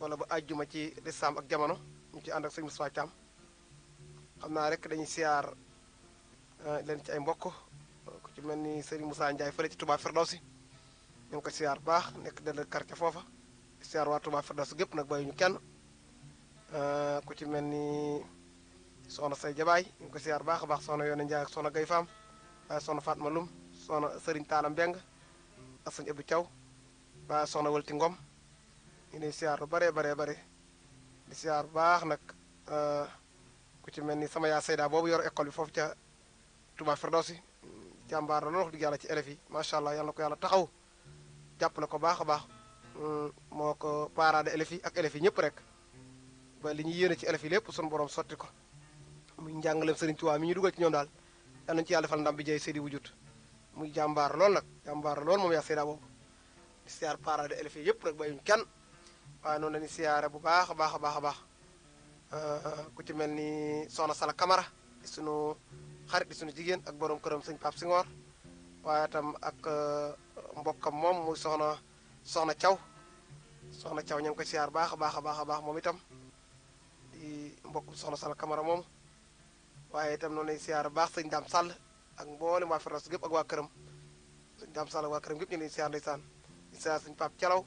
wala ba àjjuma ci lislaam ak jamono ci ànd ak sëñ Moussa Thiam naa rek dañuy siyaar eh, leen ci ay mbokk ku ci mel ni sëriñ Moussa Ndiaye fële ci ko siyaar baax nekk del quartier foofa siyaar waa Touba Firdawsi gépp nag bàyyi ñu kenn eh, ku ci mel ni soxna say jabaay ñu ngi ko siyaar baax a baax soxna Yoone Ndiaye ak Gay Faam waaye soxna Fatma Lum soxna sëriñ Taala Mbeng ak sëñ Abdou Thiaw baa soxna Walti Ngom ñu ne siyaar lu baree baree bare di siyaar baax nag euh, ku ci mel ni sama yaa Seyda boobu yor école bi foofu ca Touba Firdawsi jàmbaar la loolu wax dëgg yàlla ci élèves yi macha allah yàlla na ko yàlla taxaw jàppale ko baax a baax mm, moo ko paaraade élèves ak élèves yi rek ba li ñu yéene ci élèves yi lépp suñu borom sotti ko mu muy njàngaleem Sëriñ Tuubaa mi ñu dugal ci ñoom daal yal nañu ci yàlla defal ndam bi jëy Seydi wujut mu jàmbaar lool nag jàmbaar lool moom yaa Seyda boobu di siyaar parents d'élèves yëpp rek bayuñ kenn waaye noonu lañuy siyaare bu baax a baax a baax baax euh, ku ci mel ni Soxna Sala kamara di sunu xarit di sunu jigéen ak borom këram sëñ Pape Singor waaye itam ak euh, mbokkam moom muy Soxna Soxna Thiaw Soxna caw ña ngi koy siyaar baax a baax a baax a baax moom itam di mbokkum Soxna Sala kamara moom waaye itam noonu lay siyaar baax sëñ Dame Sall ak mboolem waa Firdaws gépp ak waa këram sëñ Dame Sall ak waa këram gépp ñu ngi leen siyaar ndeysaan di siyaar sëñ Pape Calaw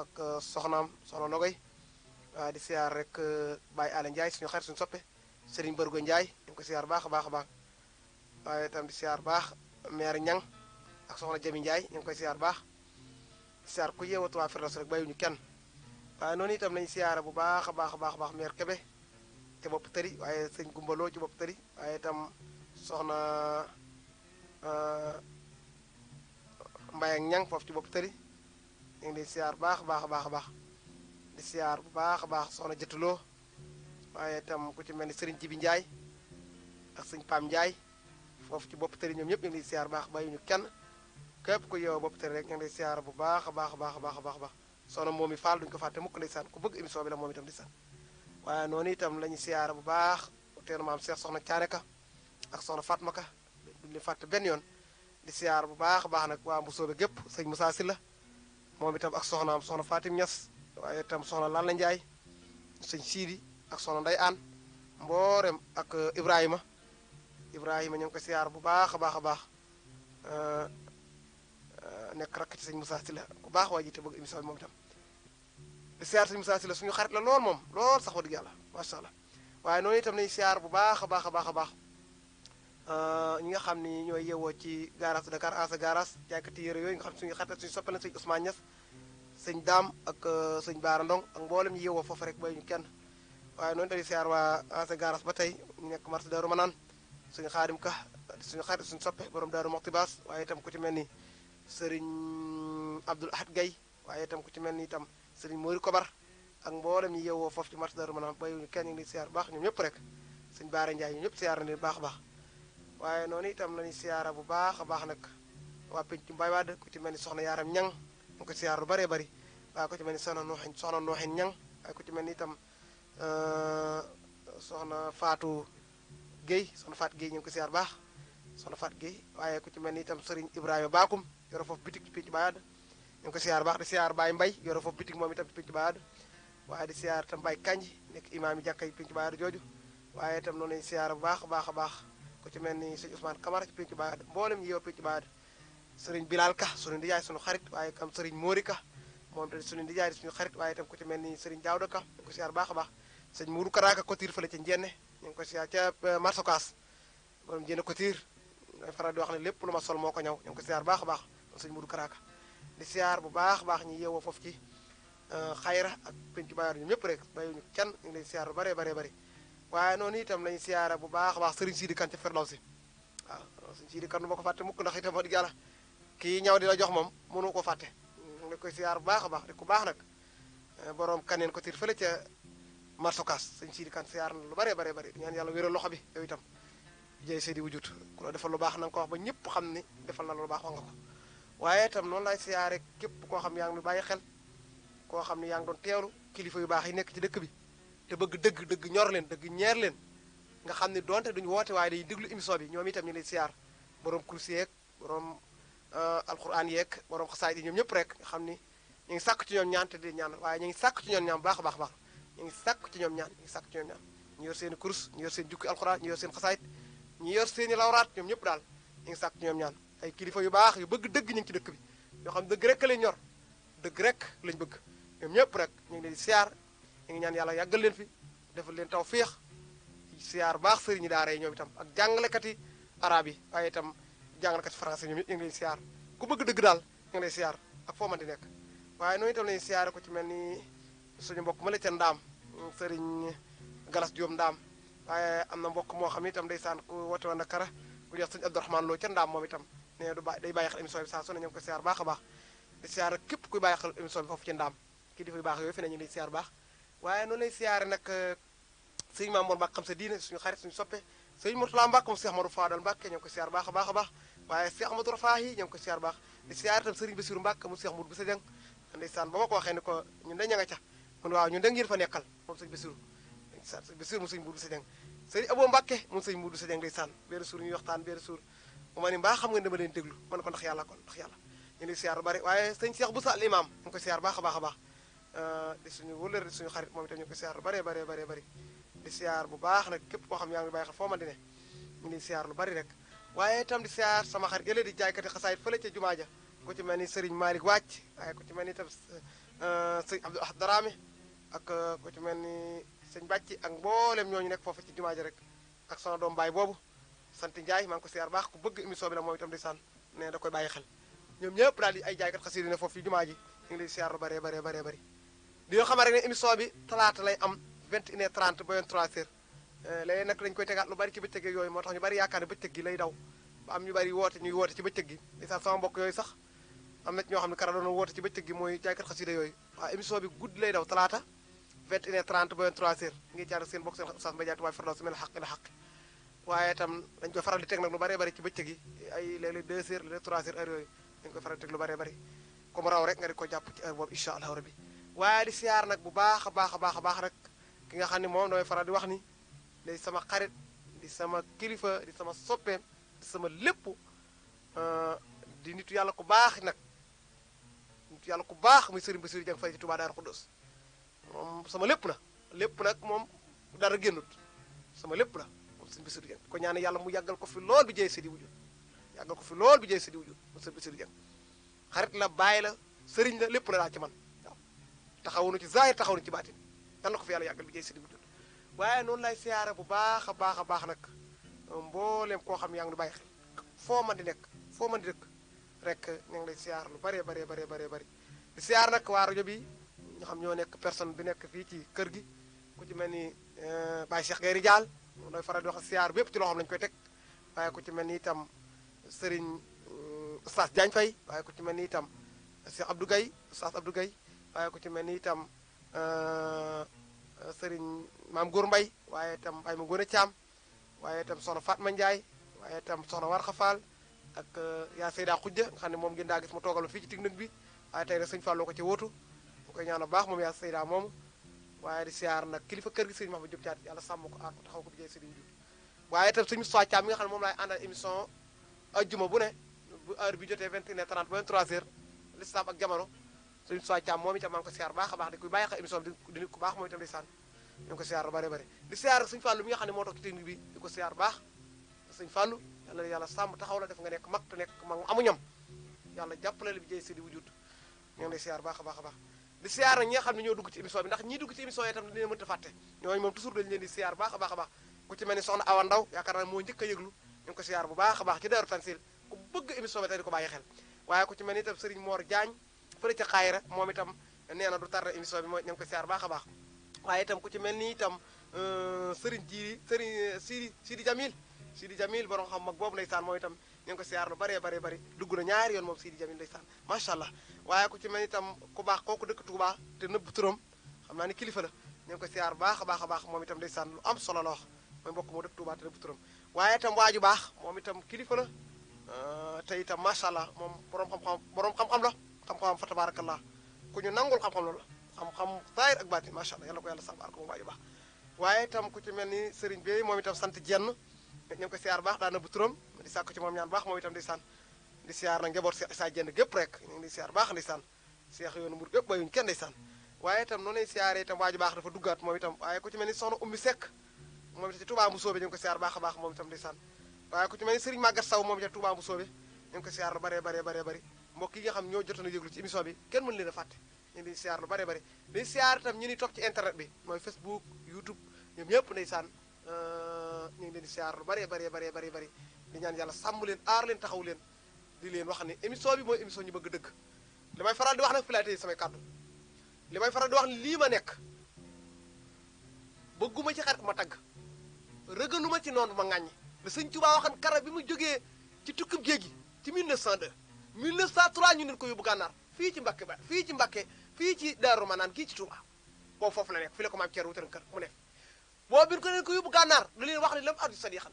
ak euh, soxnaam soxna Nogoy waaye di siyaar rek euh, Baye Alé Ndiaye suñu xarit suñu soppe Serigne Bërgo Ndiaye ñu ngi ko siyaar baax a baax a baax itam di siyaar baax maire Ñang ak soxna Jami ñu ngi koy siyaar baax siyaar ku yeewatu waa Firdaws rek kenn waaye noonu itam nañu siyaara bu baax a baax a baax a baax maire Kébé te bopp tëri waaye sëñ Gumbaloo ci bopp tëri waaye itam soxna euh, Mbaye ak ñang foofu ci bopp tëri ñu ngi di siyaar baax baax baax baax di siyaar bu baax baax soxna jëtuloo waaye itam ku ci mel ni sëriñ Jibi Njaay ak sëñ Paam Njaay foofu ci bopp tëri ñoom ñëpp ñu ngi di siyaar baax bàyyi ñu kenn képp ku yow bopp tëri rek ñu ngi di siyaar bu baax baax baax baax baax baax soxna moom i faal duñu ko fàtte mukk ndeysaan ku bëgg émission bi la moom itam ndeysaan waaye noonu itam la ñu siyaara bu baax teenu maam Seex soxna caaneka ak soxna Fatma Ka duñ leen fàtte benn yoon di siyaar bu baax a baax nag bu Mbusoobe gépp sëñ Moussa Sylla moom itam ak soxnaam soxna Fatim ñas waaye itam soxna Lalla Ndiaye sëñ Siidi ak soxna Nday Aan mboorem ak euh, Ibrahima Ibrahima ñoo ngi ko siyaar bu baax a baax a baax euh, nekk rakk ci sëñ Moussa Sylla ku baax waa ji te bëgg émission bi moom itam di siyaar suñu xarit la lool moom lool sax wax dëgg yàlla macha allah waaye noonu itam nañ siyaar bu baax a baax a baax a baax Euh, ñi nga xam ni ñooy yeewoo ci garage Dakar Ansa garage jàkkati yére yooyu nga xam suñu xarit suñu soppane suñu sëñ daam ak euh, sëñ Baara Ndong ak mboolem ñu yeewoo foofu rek bay ñu kenn waaye noonu dañuy siyaar waa Ansa garage ba tey nekk marché Daaru Manaan suñu xaadim ka suñu xarit suñu soppe borom Daaru Moxti Baas waaye tam ku ci mel ni sëriñ Abdoul Ahad Gaye waaye itam ku ci mel ni itam sëriñ Mori Kobar ak mboolem ñu yeewoo foofu ci marché Daaru Manaan bay ñu kenn ñu ngi siyaar baax ñoom ñëpp rek sëñ Baara Ndiaye ñu ñëpp siyaar na leen baax baax waaye noonu itam la ñuy siyaara bu baax a baax nag waa pénc mbay waad ko ci mel ni soxna yaaram ñang mu ko siyaar lu bëree bari waaye ku ci mel ni soxna nuuxin soxna nuuxin ñang waaye ku ci mel ni itam euh, soxna faatu géy soxna faat géy ñu ko siyaar baax soxna faat géy waaye ku ci mel ni itam sëriñ ibrahima baakum yoro foofu bitig ñu ko siyaar baax di siyaar baay mbay yoro foofu bitig moom itam ci pénc mbay waad waaye di siyaar itam baay kanj nekk imaam yi jàkka yi pénc mbay waad jooju waaye itam noonu lañ siyaar bu baax a baax a baax ku ci mel ni sëñ Ousmane Camara ci péncu Baay Aada mboolem ñi Ka sunu nijaay sunu xarit waaye itam sëriñ Mori Ka moom tamit sunu nijaay suñu xarit waaye itam ku ci mel ni sëriñ Daawda Ka ñu ko siyaar baax a baax sëñ Mourou Karaka Kotiir fële ca Njenne ñu ngi ko siyaar ca euh, Marsokaas borom Njenne ne lépp lu ma sol moo ko ñëw ñu ko siyaar baax a baax sëñ Mourou Karaka di siyaar bu baax baax ñu yeewoo foofu ci euh, xayra ak péncu Baay Aada ñoom ñëpp rek bàyyiwuñu kenn ñu ngi lay siyaar lu bare bare waaye noonu itam lañ siyaara bu baax a baax sëriñ Sidi Kan ca Firdawsi waaw sëriñ Sidi Kan du ma ko fàtte mukk ndax itam wax dëgg ñaw di la jox moom mënu ko fàtte nga koy siyaar bu baax a baax di ku baax nag eh, borom kaneen ko tiir fële ca marsokaas sëriñ Sidi Kan lu bare bare bare ñaan yàlla wéral loxo bi yow itam jëy Seydi wujut ku la defal lu baax na nga ko wax ba ñëpp xam ni defal na lu baax wax nga ko waaye itam noonu laay siyaare képp koo xam yaa ngi bàyyi xel koo xam ne yaa ngi doon teewlu kilifa yu baax yi nekk ci dëkk bi te bëgg dëgg dëgg ñor leen dëgg ñeer leen nga xam ne donte duñu woote waaye day déglu émission bi ñoom itam ñu lay siyaar borom kursi yeeg borom euh, alquran yeeg borom xasaayid yi ñoom ñëpp rek nga xam ni ñu ngi sàkk ci ñoom ñaan te di ñaan waaye ñu ngi sàkk ci ñoom ñaan baax a baax baax ñu ngi sàkk ci ñoom ñaan ñu yor seeni kurus ñu yor seen jukki alquran ñu yor seen xasaayid ñu yor seeni i lawraat ñoom ñëpp daal ñu ngi sàkk ñoom ñaan ay kilifa yu baax yu bëgg dëgg ñu ci dëkk bi yoo xam dëgg rek lañ ñor dëgg rek lañ bëgg ñëpp rek ñu ngi leen siyaar ñu ñaan yàlla yàggal leen fi defal leen taw féex siyaar baax sëriñu daara yi ñoom itam ak jàngalekat yi arab yi waaye itam jàngalekat français ñoom it ñu siyaar ku bëgg dëgg daal ñu lay siyaar foo mën di nekk waaye noonu itam lañuy siyaare ko ci mel ni suñu mbokk ma la ca ndaam sëriñ galas Diop ndaam waaye am na mbokk moo xam ne itam ndeysaan ku woote woon na kara ku jox sëñ Abdourahmane Lo ca ndaam moom itam ne du bàyyi day bàyyi xel saa su ne ñu ngi siyaar baax a baax di siyaar képp kuy bàyyi xel émission bi foofu ci ndaam kii di baax yooyu fi ne ñu di lay siyaar baax waaye noonu lay siyaare nag euh, sëñ Maam Mor Mbacke xam sa diine suñu xarit suñu soppe sëñ Mourtala Mbacke moom Cheikh Amadou Fadal Mbacke a baax a baax waaye Cheikh Amadou Rafahi ñoo ngi koy siyaar baax mu Cheikh Moudou Bissa waxee ni ko ñun dañ ña nga ca mun waaw ñun da ngeen fa nekkal moom sëñ Bassirou ndeysaan sëñ Bassirou mu sëñ Moudou Bissa Dieng sëriñ Abo Mbacke moom sëñ Moudou Bissa Dieng ndeysaan benn suur mu ma ni mbaa xam nga ko ndax yàlla kon ndax siyaar bari waaye sëñ Euh, di suñu wëlër di suñu xarit moom itam ñu ko siyaar lu bëree baree baree bëri di siyaar bu baax nag képp koo xam yaa ngi bàyyi foo man di ne lu bëri rek waaye itam di siyaar sama xarit yële di jaaykati xasaayit fële ca jumaa ja ku ci mel ni Serigne Malick Wàcc waaye ci mel ni itam euh, sëñ Abdou Ahad Daraame ak euh, ku ci mel ni sëñ Bàcci ak mboolem ñooñu nekk foofu ci jumaa ja rek ak sama doom baay boobu sant Ndiaye maa ko siyaar baax ku bëgg émission bi itam di sànn ne da koy bàyyi xel ñoom ñëpp daal di ay jaaykat xasida ne foofu ci jumaa ji ñu ngi lay siyaar lu bëree di nga xamal rek ne émission bi talaata lay am 21h30 ba 23h euh, léeg-léeg nag lu bari ci bëccëg yooyu moo tax ñu bari yaakaar ne bëccëg gi lay daw ba am ñu bari gi mbokk yooyu sax na ñoo xam ne kara doon ci bëccëg gi mooy jaaykat xasida yooyu waaw émission bi guddi lay ngi jaar seen bokk seen oustaz Mbaye Diagne Touba dañ koy faral teg lu bari bari ci bëccëg gi ay léeg-léeg 2h léeg-léeg 3h heure yooyu comme raw rek nga di ko jàpp ci heure boobu waaye di siyaar nag bu baax a baax a baax a baax rek ki nga xam ne moom damay faral di wax ni day sama xarit di sama kilifa di sama soppeem di sama lépp eh, di nitu yàlla ku baax nag yàlla ku baax muy sëriñ Bassirou Dieng Faye ci Touba Darou Khoudoss sama lépp la lépp nag moom dara génnut sama lépp la moom sëriñ Bassirou Dieng ko ñaane yàlla mu yàggal ko fi lool bi jëy sëdi wujud yàggal ko fi lool bi jëy sëdi wujud moom sëriñ Bassirou Dieng xarit la bàyyi la sëriñ la lépp la daal ci man taxawu na ci zaahir taxaw na ci baatin dan na fi yàlla yàggal bi jay sëriñ bi dund waaye noonu lay siyaara bu baax a baax a baax nag euh, mbooleem koo xam yaa ngi lu bàyyi foo man di nekk foo man di dëkk rek ña ngi lay siyaar lu bëree bëree bëree bëree bëri di siyaar nag waa rajo bi ñoo xam ñoo nekk personne bi nekk fii ci kër gi ku ci mel ni euh, Baye Cheikh Gueye Ridial looy faral di wax siyaar bépp ci loxoom lañu koy teg waaye ku ci mel ni itam euh, Serigne Oustaz Diagne Faye waaye ku ci mel ni itam Cheikh Abdou Gueye Oustaz waaye ko ci mel ni itam euh, euh, sëriñ maam góor mbay waaye tam mbay ma gën a caam waaye itam soxna Fatma Ndiaye waaye itam soxna Warxa Fall ak euh, yaa Seyda Xujja nga xam ne moom ngeen daa gis mu toogal fii ci technique bi waaye tey nag sëñ Fallou ko ci mu koy ñaan moom yaa Seyda moomu waaye di kilifa kër gi sëriñ Mahmoud Diop Thiat yàlla sàmm ko aar ko ko bi jëy sëriñ bi waaye itam sëñ Moussa mi nga xam ne moom laay àndal émission juma bu ne bu heure bi jotee 21h30 ba 23h l'islam ak jamono suñu soi càmm moom itam maa ko siyaar baax a baax di ku bàyyi xel siyaar lu bëri xam ne moo toog ci technique bi di ko siyaar baax taxaw la def nga nekk mag te nekk mag amu ñam yàlla la bi a a baax di siyaar ñi nga xam ne ñoo ñi moom toujours dañu leen di siyaar baax a baax a baax ku ci a yëglu ñu ngi a baax ci daaru tansil waaye ku ci ni itam sëriñ moor jaañ fële ca xaayira moom itam nee na du tardé émission bi mooy ña ngi koy siyaar baax a baax waaye itam ku ci mel ni itam sëriñ ji sëriñ Sidi Sidi Jamil Sidi Jamil borom xam mag boobu ndeysaan moom itam ñu ngi ko siyaar lu baree baree bari dugg na ñaari yoon moom Sidi Jamil ndeysaan macha allah waaye ku ci mel itam ku baax kooku dëkk Touba te nëbb turam xam naa ni kilifa la ñu ngi ko siyaar baax a baax a baax moom itam ndeysaan lu am solo la wax mbokk moo dëkk Touba te nëbb turam waaye itam waaju baax moom itam kilifa la euh, te itam moom borom xam borom xam-xam la xam-xamam fa tabarakallah ku ñu nangul xam-xam loolu xam-xam zaahir ak baatin macha allah yàlla ko baax waaye itam ku mel ni Serigne Bey moom itam sant jenn ñu ngi ko siyaar baax turam di sàkku ci moom ñaan baax moom di saan di siyaar nag njaboot saa jenn gépp rek ñu ngi di siyaar baax di saan seex yoonu mur gépp bayuñ kenn day saan waaye itam noonu lay siyaaree itam waaju baax dafa ku ci mel ni soxna ummi sekk moom itam ci soobe ñu ko siyaar baax a baax moom itam di ku ci mel ni Serigne Maguette Saw moom itam Touba lu baree baree baree bëri mbokk yi nga xam ñoo jotoon a yëglu ci émission bi kenn mën leen a fàtte ñu ngi siyaar lu bare bare di siyaar itam ñu ni topp ci internet bi mooy Facebook YouTube ñoom ñëpp ndeysaan euh, ñu ngi leen di siyaar lu bare bare bare bare bare di ñaan yàlla sàmm leen aar leen taxaw leen di leen wax ne émission bi mooy émission ñu bëgg dëgg li may faral di wax nag filaate yi samay kàddu li may faral di wax ne lii ma nekk bëgguma ci xarit ma tagg rëgganuma ci noonu ma ŋàññi la sëñ Tuubaa waxan kara bi mu jógee ci tukkib géej gi ci 1902 1903 ñu leen ko yóbbu gànnaar fii ci Mbacke ba fii ci Mbacke fii ci Daaru Manaan kii ci Touba boobu foofu la nekk fi la ko maam Thierno wutal kër mu nekk boo bin ko leen ko yóbbu gànnaar lu leen wax ne lam addu sadiqan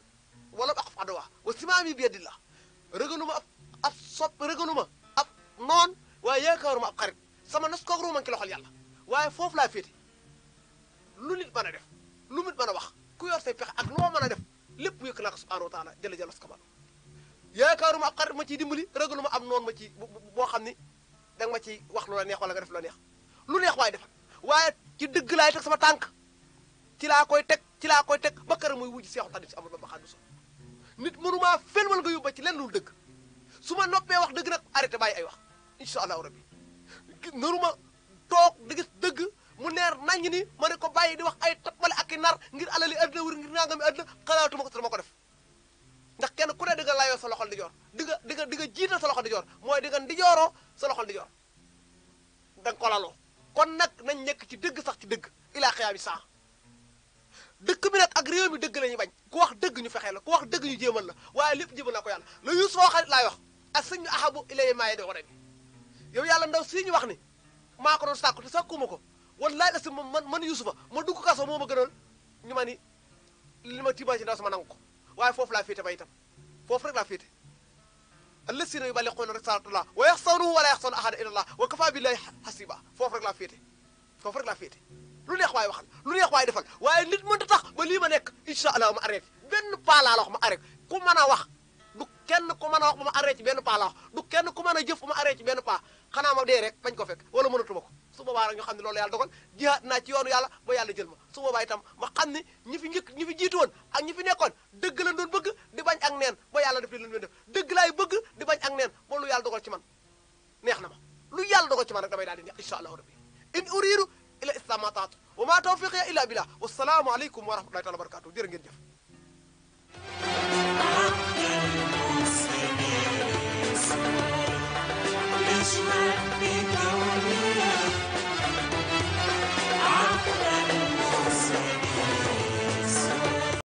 wala ak af adowa wa simaami bi am rëganuma ab ab sopp rëganuma ab noon waaye yaakaaruma ab xarit sama nas koog ruuma ki loxol yàlla waaye foofu laa féete lu nit mën def lu nit mën a wax ku yor say pexe ak loo mën a def lépp yëkk naa ko subhanahu wa ko man yaakaaruma ab xarit ma ciy dimbali ragaluma am noonu ma ci boo xam ni danga ma ci wax lu la neex wala nga def lu la neex lu neex waaye defal waaye ci dëgg laay teg tànk ci laa koy teg ci laa koy teg ba këram muy wujj seexul xadim si amul ba ma xaddu so nit mënumaa felwal nga yóbba ci lenn lu dëgg su ma noppee wax dëgg nag arrêté bàyyi ay wax incha allahu rabbi mënuma toog di dëgg mu neer naññ ni ma ne ko bàyyi di wax ay tappale ak i nar ngir alali adduna wër ngir nangami adduna xalaatuma ko te dama ko def ndax kenn ku ne di nga layoo sa loxol ndijoor di nga nga di nga jiital sa loxol ndijoor mooy di nga ndijooroo sa loxol ndijoor da nga ko laloo kon nag nañ nekk ci dëgg sax ci dëgg ilaa xiyaami saa dëkk bi nag ak réew dëgg la ñuy bañ ku wax dëgg ñu fexee la ku wax dëgg ñu jéemal la waaye lépp jéemal na ko yàlla la Yuusuf wax laay wax ak sëñ ñu ahabu ilay maaye di wara bi yow yàlla ndaw si ñu wax ni maa ko doon sàkku te sàkkuma ko wallaay la si man man Yuusufa ma dugg kaso moo ma gënal ñu ma ni li ma tiimaan ci ndaw sama nangu ko waaye foofu laa féete ba itam foofu rek laa féete allazina yuballighuna risalatullah wa yaxsanuhu wala yaxsanu ahada illallah wa kafa billahi hasiba foofu rek laa féete foofu rek laa féete lu neex waay waxal lu neex waay defal waaye nit mënta tax ba lii ma nekk incha allah ma arrêté benn paa laa la wax ma arrêté ku mën a wax du kenn ku mën a wax ba ma arrêté benn paa la wax du kenn ku mën a jëf ba ma arrêté benn paa xanaa ma dee rek ko fekk wala mënatu ma ko su boobaa rek ñu xam ne loolu yàlla naa ci yoonu yàlla ba yàlla jël ma su boobaa itam ma xam ne ñi fi njëkk ñi fi jiitu woon ak ñi fi nekkoon dëgg lañ bëgg di bañ ak neen ba yàlla def li leen def dëgg laay bëgg di bañ ak neen ba lu yàlla dogal ci man neex na ma lu yàlla dogal ci man rek damay daal di neex incha allahu rabbi in uridu ila islam ma taatu wa ma tawfiqiya illa billah wasalaamu aleykum wa rahmatullahi taala wa barakatuh jërë ngeen